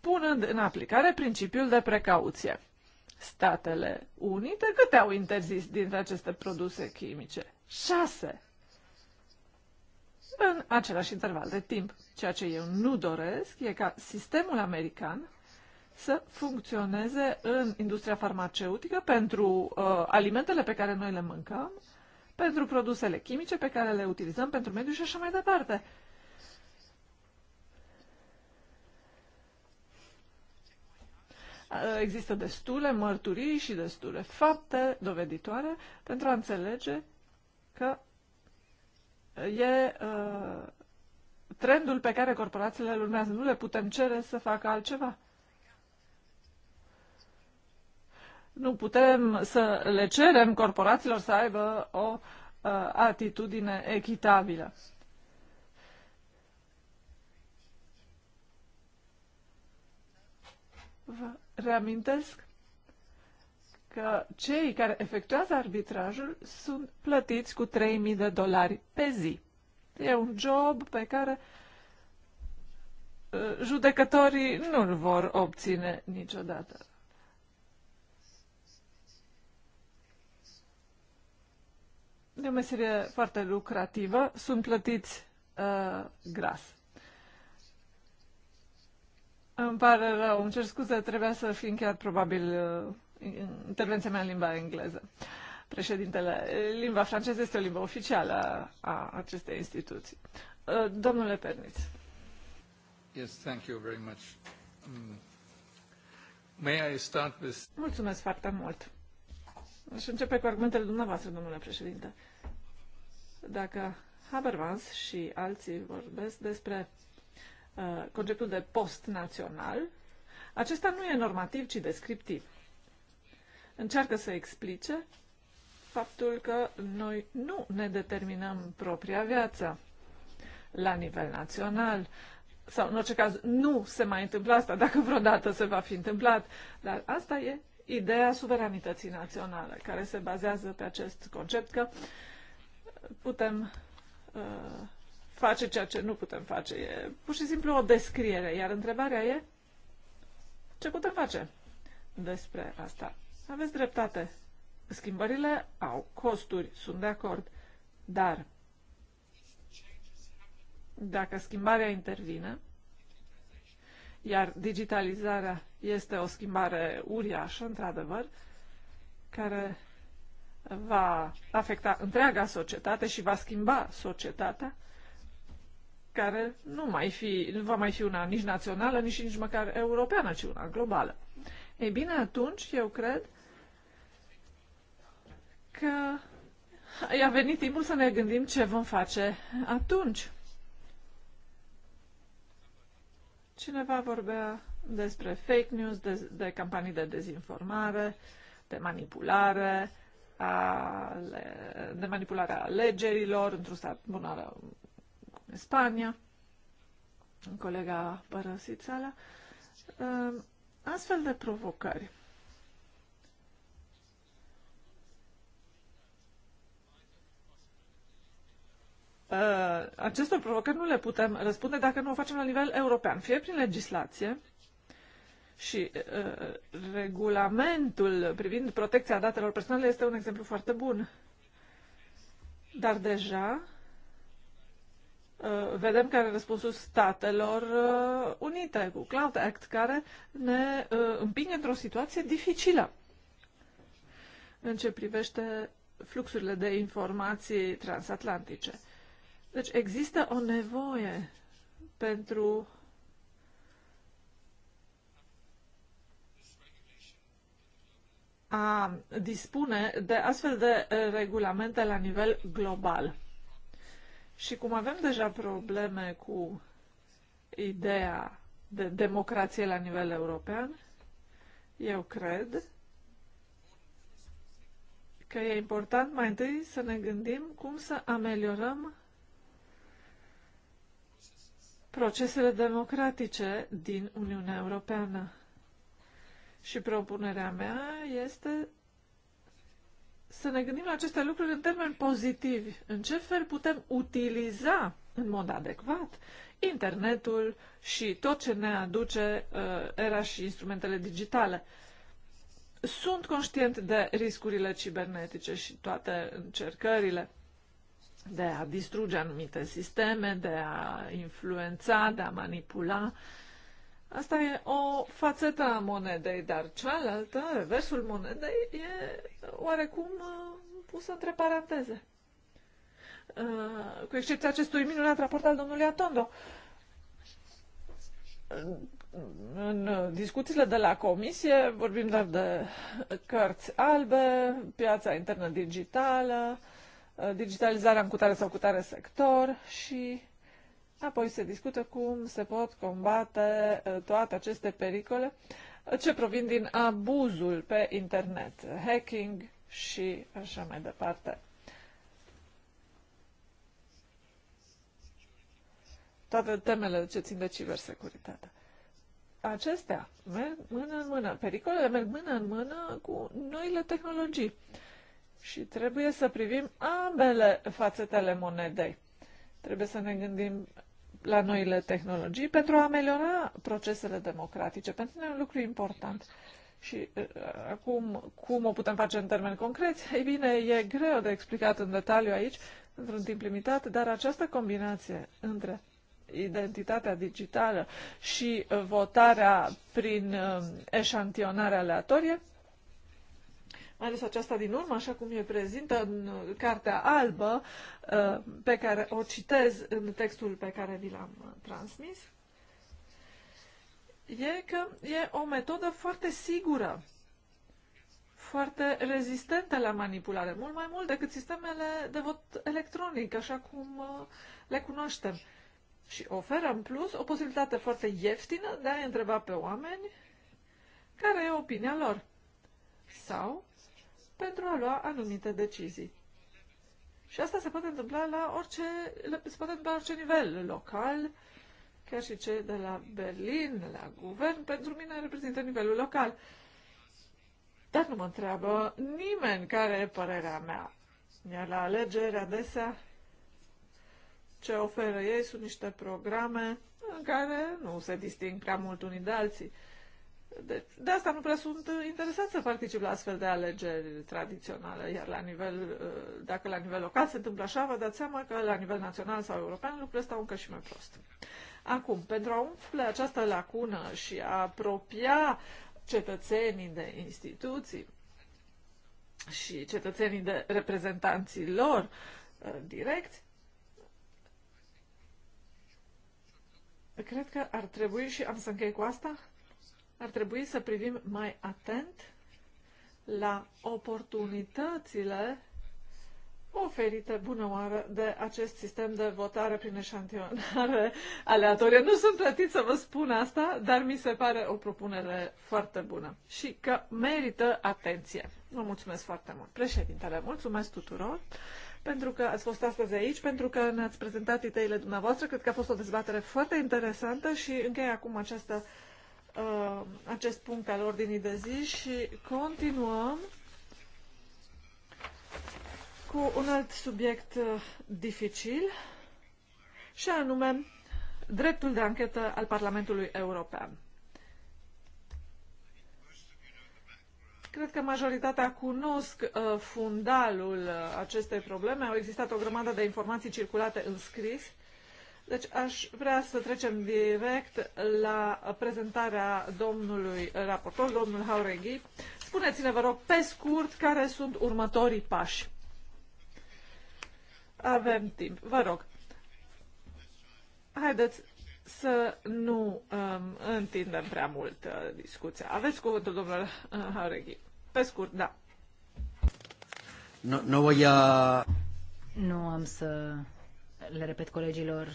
punând în aplicare principiul de precauție. Statele Unite câte au interzis dintre aceste produse chimice? Șase în același interval de timp. Ceea ce eu nu doresc e ca sistemul american să funcționeze în industria farmaceutică pentru uh, alimentele pe care noi le mâncăm, pentru produsele chimice pe care le utilizăm, pentru mediu și așa mai departe. Uh, există destule mărturii și destule fapte doveditoare pentru a înțelege că E uh, trendul pe care corporațiile îl urmează. Nu le putem cere să facă altceva. Nu putem să le cerem corporațiilor să aibă o uh, atitudine echitabilă. Vă reamintesc că cei care efectuează arbitrajul sunt plătiți cu 3.000 de dolari pe zi. E un job pe care uh, judecătorii nu-l vor obține niciodată. E o meserie foarte lucrativă, sunt plătiți uh, gras. Îmi pare rău, îmi cer scuze, trebuia să fim chiar probabil uh, intervenția mea în limba engleză. Președintele, limba franceză este o limbă oficială a acestei instituții. Uh, domnule Perniț. Yes, thank you very much. Mm. May I start with... Mulțumesc foarte mult. Și începe cu argumentele dumneavoastră, domnule președinte. Dacă Habermas și alții vorbesc despre uh, conceptul de post național, acesta nu e normativ, ci descriptiv încearcă să explice faptul că noi nu ne determinăm propria viață la nivel național, sau în orice caz nu se mai întâmplă asta, dacă vreodată se va fi întâmplat, dar asta e ideea suveranității naționale, care se bazează pe acest concept că putem uh, face ceea ce nu putem face. E pur și simplu o descriere, iar întrebarea e ce putem face despre asta. Aveți dreptate. Schimbările au costuri, sunt de acord. Dar dacă schimbarea intervine, iar digitalizarea este o schimbare uriașă, într-adevăr, care va afecta întreaga societate și va schimba societatea, care nu, mai fi, nu va mai fi una nici națională, nici nici măcar europeană, ci una globală. Ei bine, atunci eu cred că i-a venit timpul să ne gândim ce vom face atunci. Cineva vorbea despre fake news, de, de campanii de dezinformare, de manipulare, a, de manipularea alegerilor într-un stat bun cum Spania. Colega a părăsit sala. Astfel de provocări Uh, acestor provocări nu le putem răspunde dacă nu o facem la nivel european, fie prin legislație și uh, regulamentul privind protecția datelor personale este un exemplu foarte bun. Dar deja uh, vedem care răspunsul Statelor uh, Unite cu Cloud Act, care ne uh, împinge într-o situație dificilă în ce privește fluxurile de informații transatlantice. Deci există o nevoie pentru a dispune de astfel de eh, regulamente la nivel global. Și cum avem deja probleme cu ideea de democrație la nivel european, eu cred că e important mai întâi să ne gândim cum să ameliorăm procesele democratice din Uniunea Europeană. Și propunerea mea este să ne gândim la aceste lucruri în termeni pozitivi. În ce fel putem utiliza în mod adecvat internetul și tot ce ne aduce uh, era și instrumentele digitale. Sunt conștient de riscurile cibernetice și toate încercările de a distruge anumite sisteme, de a influența, de a manipula. Asta e o fațetă a monedei, dar cealaltă, reversul monedei, e oarecum uh, pusă între paranteze. Uh, cu excepția acestui minunat raport al domnului Atondo. În discuțiile de la comisie vorbim doar de cărți albe, piața internă digitală, uh, Uh, digitalizarea în cutare sau cutare sector și apoi se discută cum se pot combate uh, toate aceste pericole uh, ce provin din abuzul pe internet, hacking și așa mai departe. Toate temele ce țin de cibersecuritate. Acestea merg mână în mână, pericolele merg mână în mână cu noile tehnologii. Uh, și trebuie să privim ambele fațetele monedei. Trebuie să ne gândim la noile tehnologii pentru a ameliora procesele democratice. Pentru noi e un lucru important. Și uh, acum, cum o putem face în termeni concreți? Ei bine, e greu de explicat în detaliu aici, într-un timp limitat, dar această combinație între identitatea digitală și uh, votarea prin uh, eșantionare aleatorie mai ales aceasta din urmă, așa cum e prezintă în uh, Cartea Albă, uh, pe care o citez în textul pe care vi l-am uh, transmis, e că e o metodă foarte sigură, foarte rezistentă la manipulare, mult mai mult decât sistemele de vot electronic, așa cum le cunoaștem. Și oferă în plus o posibilitate foarte ieftină de a întreba pe oameni care e opinia lor. Sau pentru a lua anumite decizii. Și asta se poate întâmpla la orice, se poate întâmpla la orice nivel, local, chiar și cei de la Berlin, la guvern, pentru mine reprezintă nivelul local. Dar nu mă întreabă nimeni care e părerea mea. Iar la alegeri adesea ce oferă ei sunt niște programe în care nu se disting prea mult unii de alții. De, deci, de asta nu prea sunt interesat să particip la astfel de alegeri tradiționale, iar la nivel, uh, dacă la nivel local se întâmplă așa, vă dați seama că la nivel național sau european lucrurile stau încă și mai prost. Acum, pentru a umple această lacună și a apropia cetățenii de instituții și cetățenii de reprezentanții lor uh, direct, cred că ar trebui și am să închei cu asta, ar trebui să privim mai atent la oportunitățile oferite bună oară de acest sistem de votare prin eșantionare aleatorie. Nu sunt plătit să vă spun asta, dar mi se pare o propunere foarte bună și că merită atenție. Vă mulțumesc foarte mult. Președintele, mulțumesc tuturor pentru că ați fost astăzi aici, pentru că ne-ați prezentat ideile dumneavoastră. Cred că a fost o dezbatere foarte interesantă și încheie acum această Uh, acest punct al ordinii de zi și continuăm cu un alt subiect uh, dificil și anume dreptul de anchetă al Parlamentului European. Cred că majoritatea cunosc uh, fundalul acestei probleme. Au existat o grămadă de informații circulate în scris deci aș vrea să trecem direct la prezentarea domnului raportor, domnul Haureghi. Spuneți-ne, vă rog, pe scurt, care sunt următorii pași. Avem timp, vă rog. Haideți să nu um, întindem prea mult uh, discuția. Aveți cuvântul, domnul uh, Haureghi. Pe scurt, da. Nu, nu no, nu am să le repet colegilor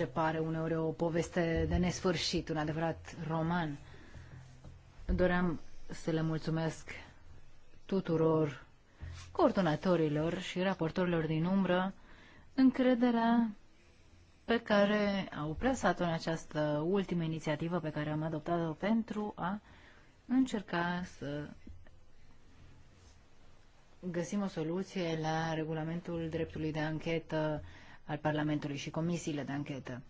ce pare uneori o poveste de nesfârșit, un adevărat roman. Doream să le mulțumesc tuturor coordonatorilor și raportorilor din umbră încrederea pe care au plasat-o în această ultimă inițiativă pe care am adoptat-o pentru a încerca să găsim o soluție la regulamentul dreptului de anchetă al Parlamentului și comisiile de anchetă.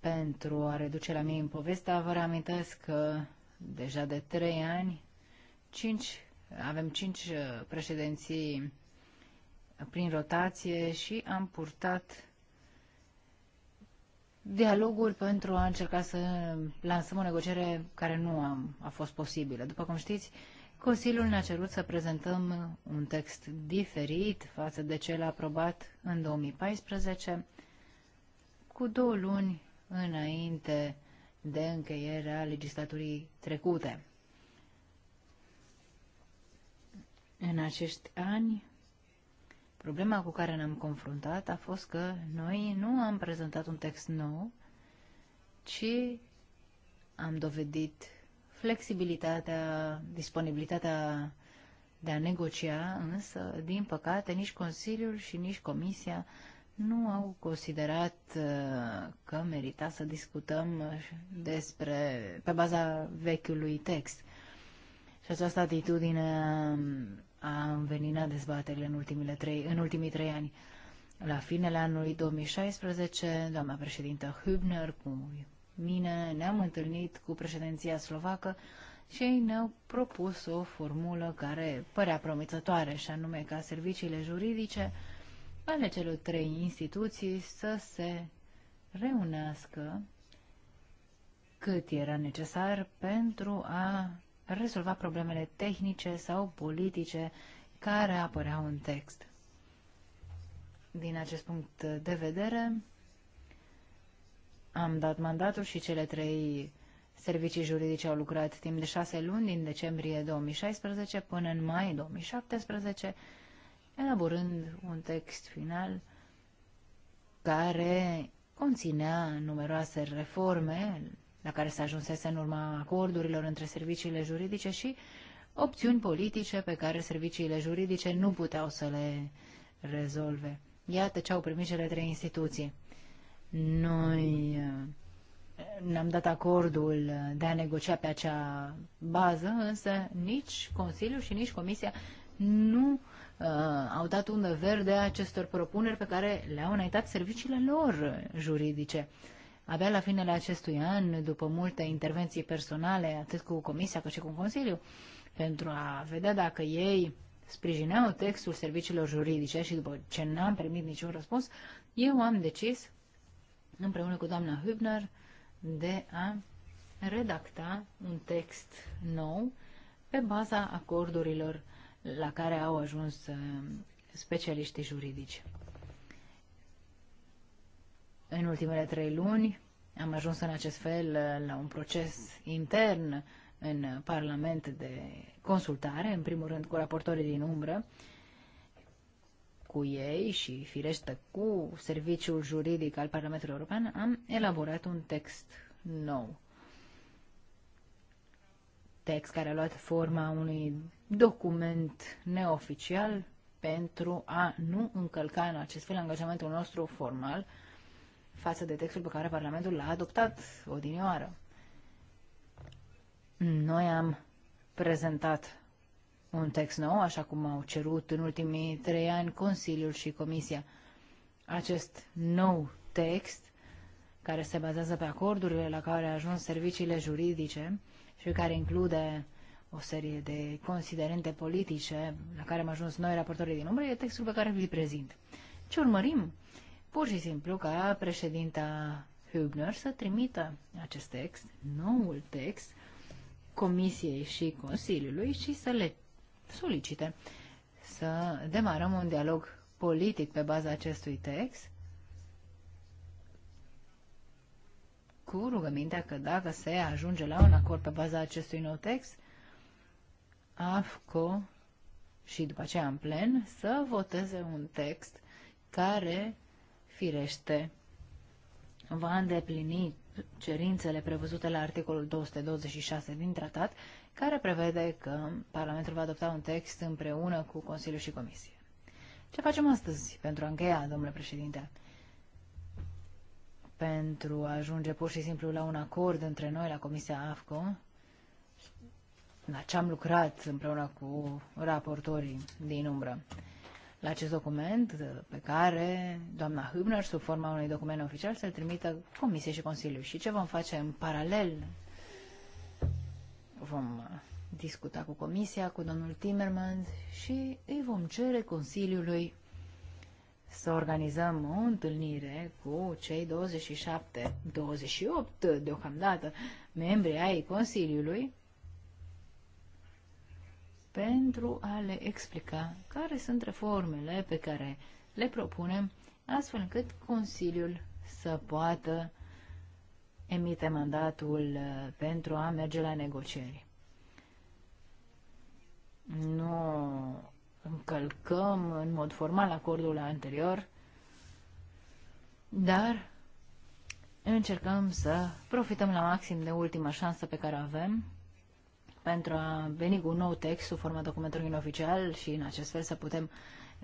Pentru a reduce la mie în povestea, vă reamintesc că deja de trei ani cinci, avem cinci uh, președinții prin rotație și am purtat dialogul pentru a încerca să lansăm o negociere care nu a, a fost posibilă. După cum știți, uh, Consiliul ne-a cerut să prezentăm un text diferit față de cel aprobat în 2014, cu două luni înainte de încheierea legislaturii trecute. În acești ani, problema cu care ne-am confruntat a fost că noi nu am prezentat un text nou, ci am dovedit flexibilitatea, disponibilitatea de a negocia, însă, din păcate, nici Consiliul și nici Comisia nu au considerat uh, că merita să discutăm despre, pe baza vechiului text. Și această atitudine a înveninat dezbaterile în, ultimile trei, în ultimii trei ani. La finele anului 2016, doamna președintă Hübner, cu mine ne-am întâlnit cu președinția slovacă și ei ne-au propus o formulă care părea promițătoare, și anume ca serviciile juridice ale celor trei instituții să se reunească cât era necesar pentru a rezolva problemele tehnice sau politice care apăreau în text. Din acest punct de vedere, am dat mandatul și cele trei servicii juridice au lucrat timp de șase luni din decembrie 2016 până în mai 2017, elaborând un text final care conținea numeroase reforme la care se ajunsese în urma acordurilor între serviciile juridice și opțiuni politice pe care serviciile juridice nu puteau să le rezolve. Iată ce au primit cele trei instituții. Noi uh, ne-am dat acordul de a negocia pe acea bază, însă nici Consiliul și nici Comisia nu uh, au dat undă verde acestor propuneri pe care le-au înaintat serviciile lor juridice. Abia la finele acestui an, după multe intervenții personale, atât cu Comisia cât și cu Consiliul, pentru a vedea dacă ei sprijineau textul serviciilor juridice și după ce n-am primit niciun răspuns, eu am decis împreună cu doamna Hübner de a redacta un text nou pe baza acordurilor la care au ajuns uh, specialiștii juridici. În ultimele trei luni am ajuns în acest fel uh, la un proces intern în Parlament de consultare, în primul rând cu raportorii din umbră, cu ei și, firește, cu Serviciul Juridic al Parlamentului European, am elaborat un text nou. Text care a luat forma unui document neoficial pentru a nu încălca în acest fel angajamentul nostru formal față de textul pe care Parlamentul l-a adoptat odinioară. Noi am prezentat un text nou, așa cum au cerut în ultimii trei ani Consiliul și Comisia. Acest nou text, care se bazează pe acordurile la care ajung ajuns serviciile juridice și care include o serie de considerente politice la care am ajuns noi, raportorii din umbră, e textul pe care vi-l prezint. Ce urmărim? Pur și simplu ca președinta Hübner să trimită acest text, noul text, Comisiei și Consiliului și să le solicite să demarăm un dialog politic pe baza acestui text cu rugămintea că dacă se ajunge la un acord pe baza acestui nou text, AFCO și după aceea în plen să voteze un text care, firește, va îndeplini cerințele prevăzute la articolul 226 din tratat care prevede că Parlamentul va adopta un text împreună cu Consiliul și Comisie. Ce facem astăzi pentru a încheia, domnule președinte? Pentru a ajunge pur și simplu la un acord între noi, la Comisia AFCO, la ce am lucrat împreună cu raportorii din umbră la acest document pe care doamna Hübner, sub forma unui document oficial, să-l trimită Comisiei și Consiliului. Și ce vom face în paralel Vom uh, discuta cu Comisia, cu domnul Timmermans și îi vom cere Consiliului să organizăm o întâlnire cu cei 27, 28 deocamdată, membri ai Consiliului pentru a le explica care sunt reformele pe care le propunem, astfel încât Consiliul să poată emite mandatul uh, pentru a merge la negocieri. Nu încălcăm în mod formal acordul anterior, dar încercăm să profităm la maxim de ultima șansă pe care o avem pentru a veni cu un nou text sub forma documentului oficial și în acest fel să putem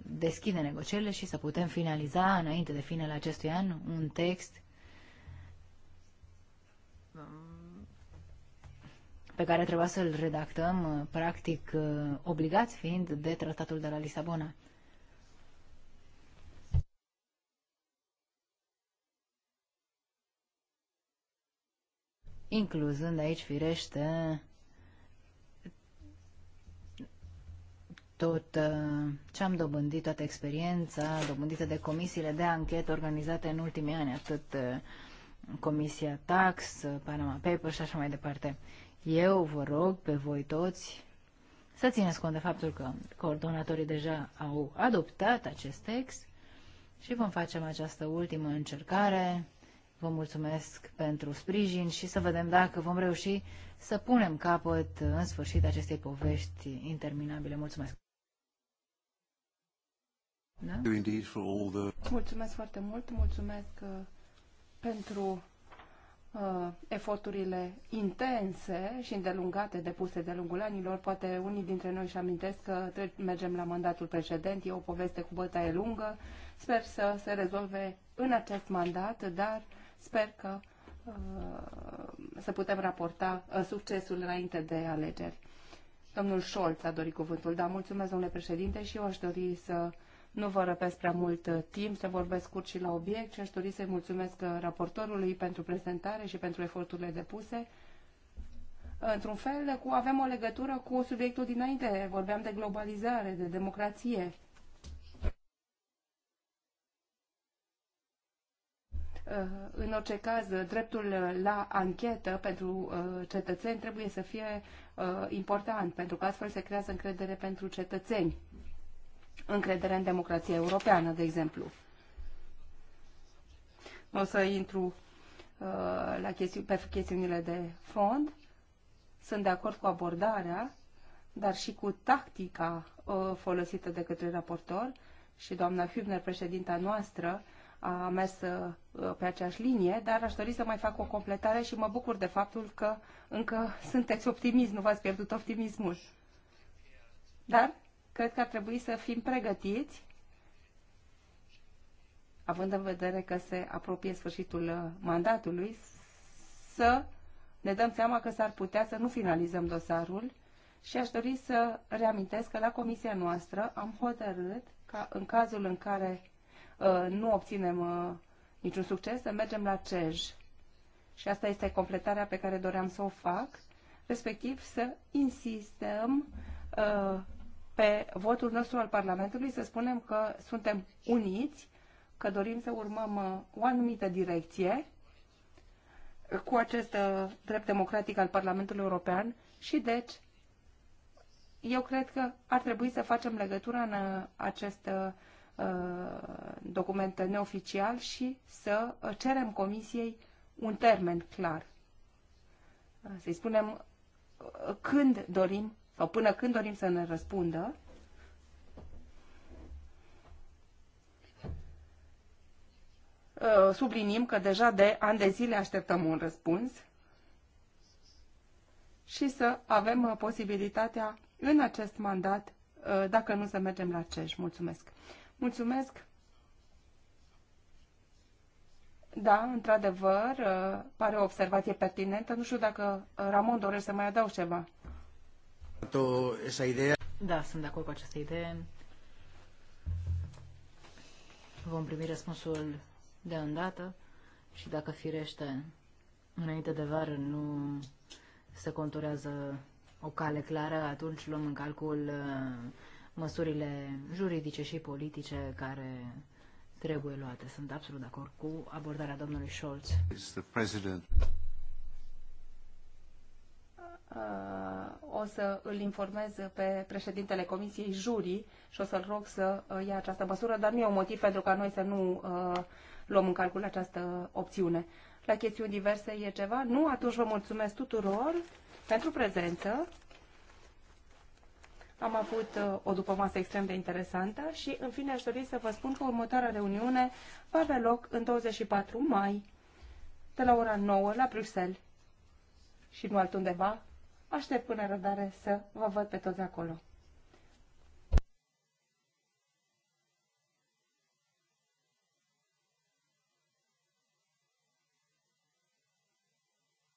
deschide negocierile și să putem finaliza înainte de finele acestui an un text pe care trebuia să-l redactăm, uh, practic uh, obligați fiind de tratatul de la Lisabona. Incluzând aici, firește, tot uh, ce am dobândit, toată experiența dobândită de comisiile de anchetă organizate în ultimii ani, atât Comisia Tax, Panama Papers și așa mai departe. Eu vă rog pe voi toți să țineți cont de faptul că coordonatorii deja au adoptat acest text și vom face această ultimă încercare. Vă mulțumesc pentru sprijin și să vedem dacă vom reuși să punem capăt în sfârșit acestei povești interminabile. Mulțumesc! Da? Mulțumesc foarte mult, mulțumesc uh, pentru uh, eforturile intense și îndelungate depuse de lungul anilor. Poate unii dintre noi își amintesc că mergem la mandatul precedent, e o poveste cu bătaie lungă. Sper să se rezolve în acest mandat, dar sper că uh, să putem raporta uh, succesul înainte de alegeri. Domnul Scholz a dorit cuvântul. Da, mulțumesc, domnule președinte, și eu aș dori să nu vă răpesc prea mult uh, timp să vorbesc scurt și la obiect și aș dori să-i mulțumesc uh, raportorului pentru prezentare și pentru eforturile depuse. Într-un fel, cu, avem o legătură cu subiectul dinainte. Vorbeam de globalizare, de democrație. Uh, în orice caz, dreptul la anchetă pentru cetățeni trebuie să fie important, pentru că astfel se creează încredere pentru cetățeni încredere în democrația europeană, de exemplu. o să intru uh, la chesti- pe chestiunile de fond. Sunt de acord cu abordarea, dar și cu tactica uh, folosită de către raportor și doamna Hübner, președinta noastră, a mers uh, pe aceeași linie, dar aș dori să mai fac o completare și mă bucur de faptul că încă sunteți optimist, nu v-ați pierdut optimismul. Dar cred că ar trebui să fim pregătiți, având în vedere că se apropie sfârșitul uh, mandatului, să ne dăm seama că s-ar putea să nu finalizăm dosarul și aș dori să reamintesc că la comisia noastră am hotărât ca în cazul în care uh, nu obținem uh, niciun succes, să mergem la CEJ. Și asta este completarea pe care doream să o fac, respectiv să insistăm uh, pe votul nostru al Parlamentului să spunem că suntem uniți, că dorim să urmăm uh, o anumită direcție cu acest uh, drept democratic al Parlamentului European și deci eu cred că ar trebui să facem legătura în uh, acest document neoficial și să cerem Comisiei un termen clar. Să-i spunem când dorim sau până când dorim să ne răspundă, uh, sublinim că deja de ani de zile așteptăm un răspuns și să avem uh, posibilitatea în acest mandat, uh, dacă nu să mergem la CEJ. Mulțumesc! Mulțumesc! Da, într-adevăr, pare o observație pertinentă. Nu știu dacă Ramon dorește să mai adaug ceva. Da, sunt de acord cu această idee. Vom primi răspunsul de îndată și dacă firește înainte de vară nu se conturează o cale clară, atunci luăm în calcul uh, măsurile juridice și politice care trebuie luate. Sunt absolut de acord cu abordarea domnului Scholz. Uh, o să îl informez pe președintele Comisiei Jurii și o să-l rog să uh, ia această măsură, dar nu e un motiv pentru ca noi să nu uh, luăm în calcul această opțiune. La chestiuni diverse e ceva? Nu? Atunci vă mulțumesc tuturor pentru prezență. Am avut o dupămasă extrem de interesantă și, în fine, aș dori să vă spun că următoarea reuniune va avea loc în 24 mai, de la ora 9 la Bruxelles și nu altundeva, Aștept până răbdare să vă văd pe toți acolo.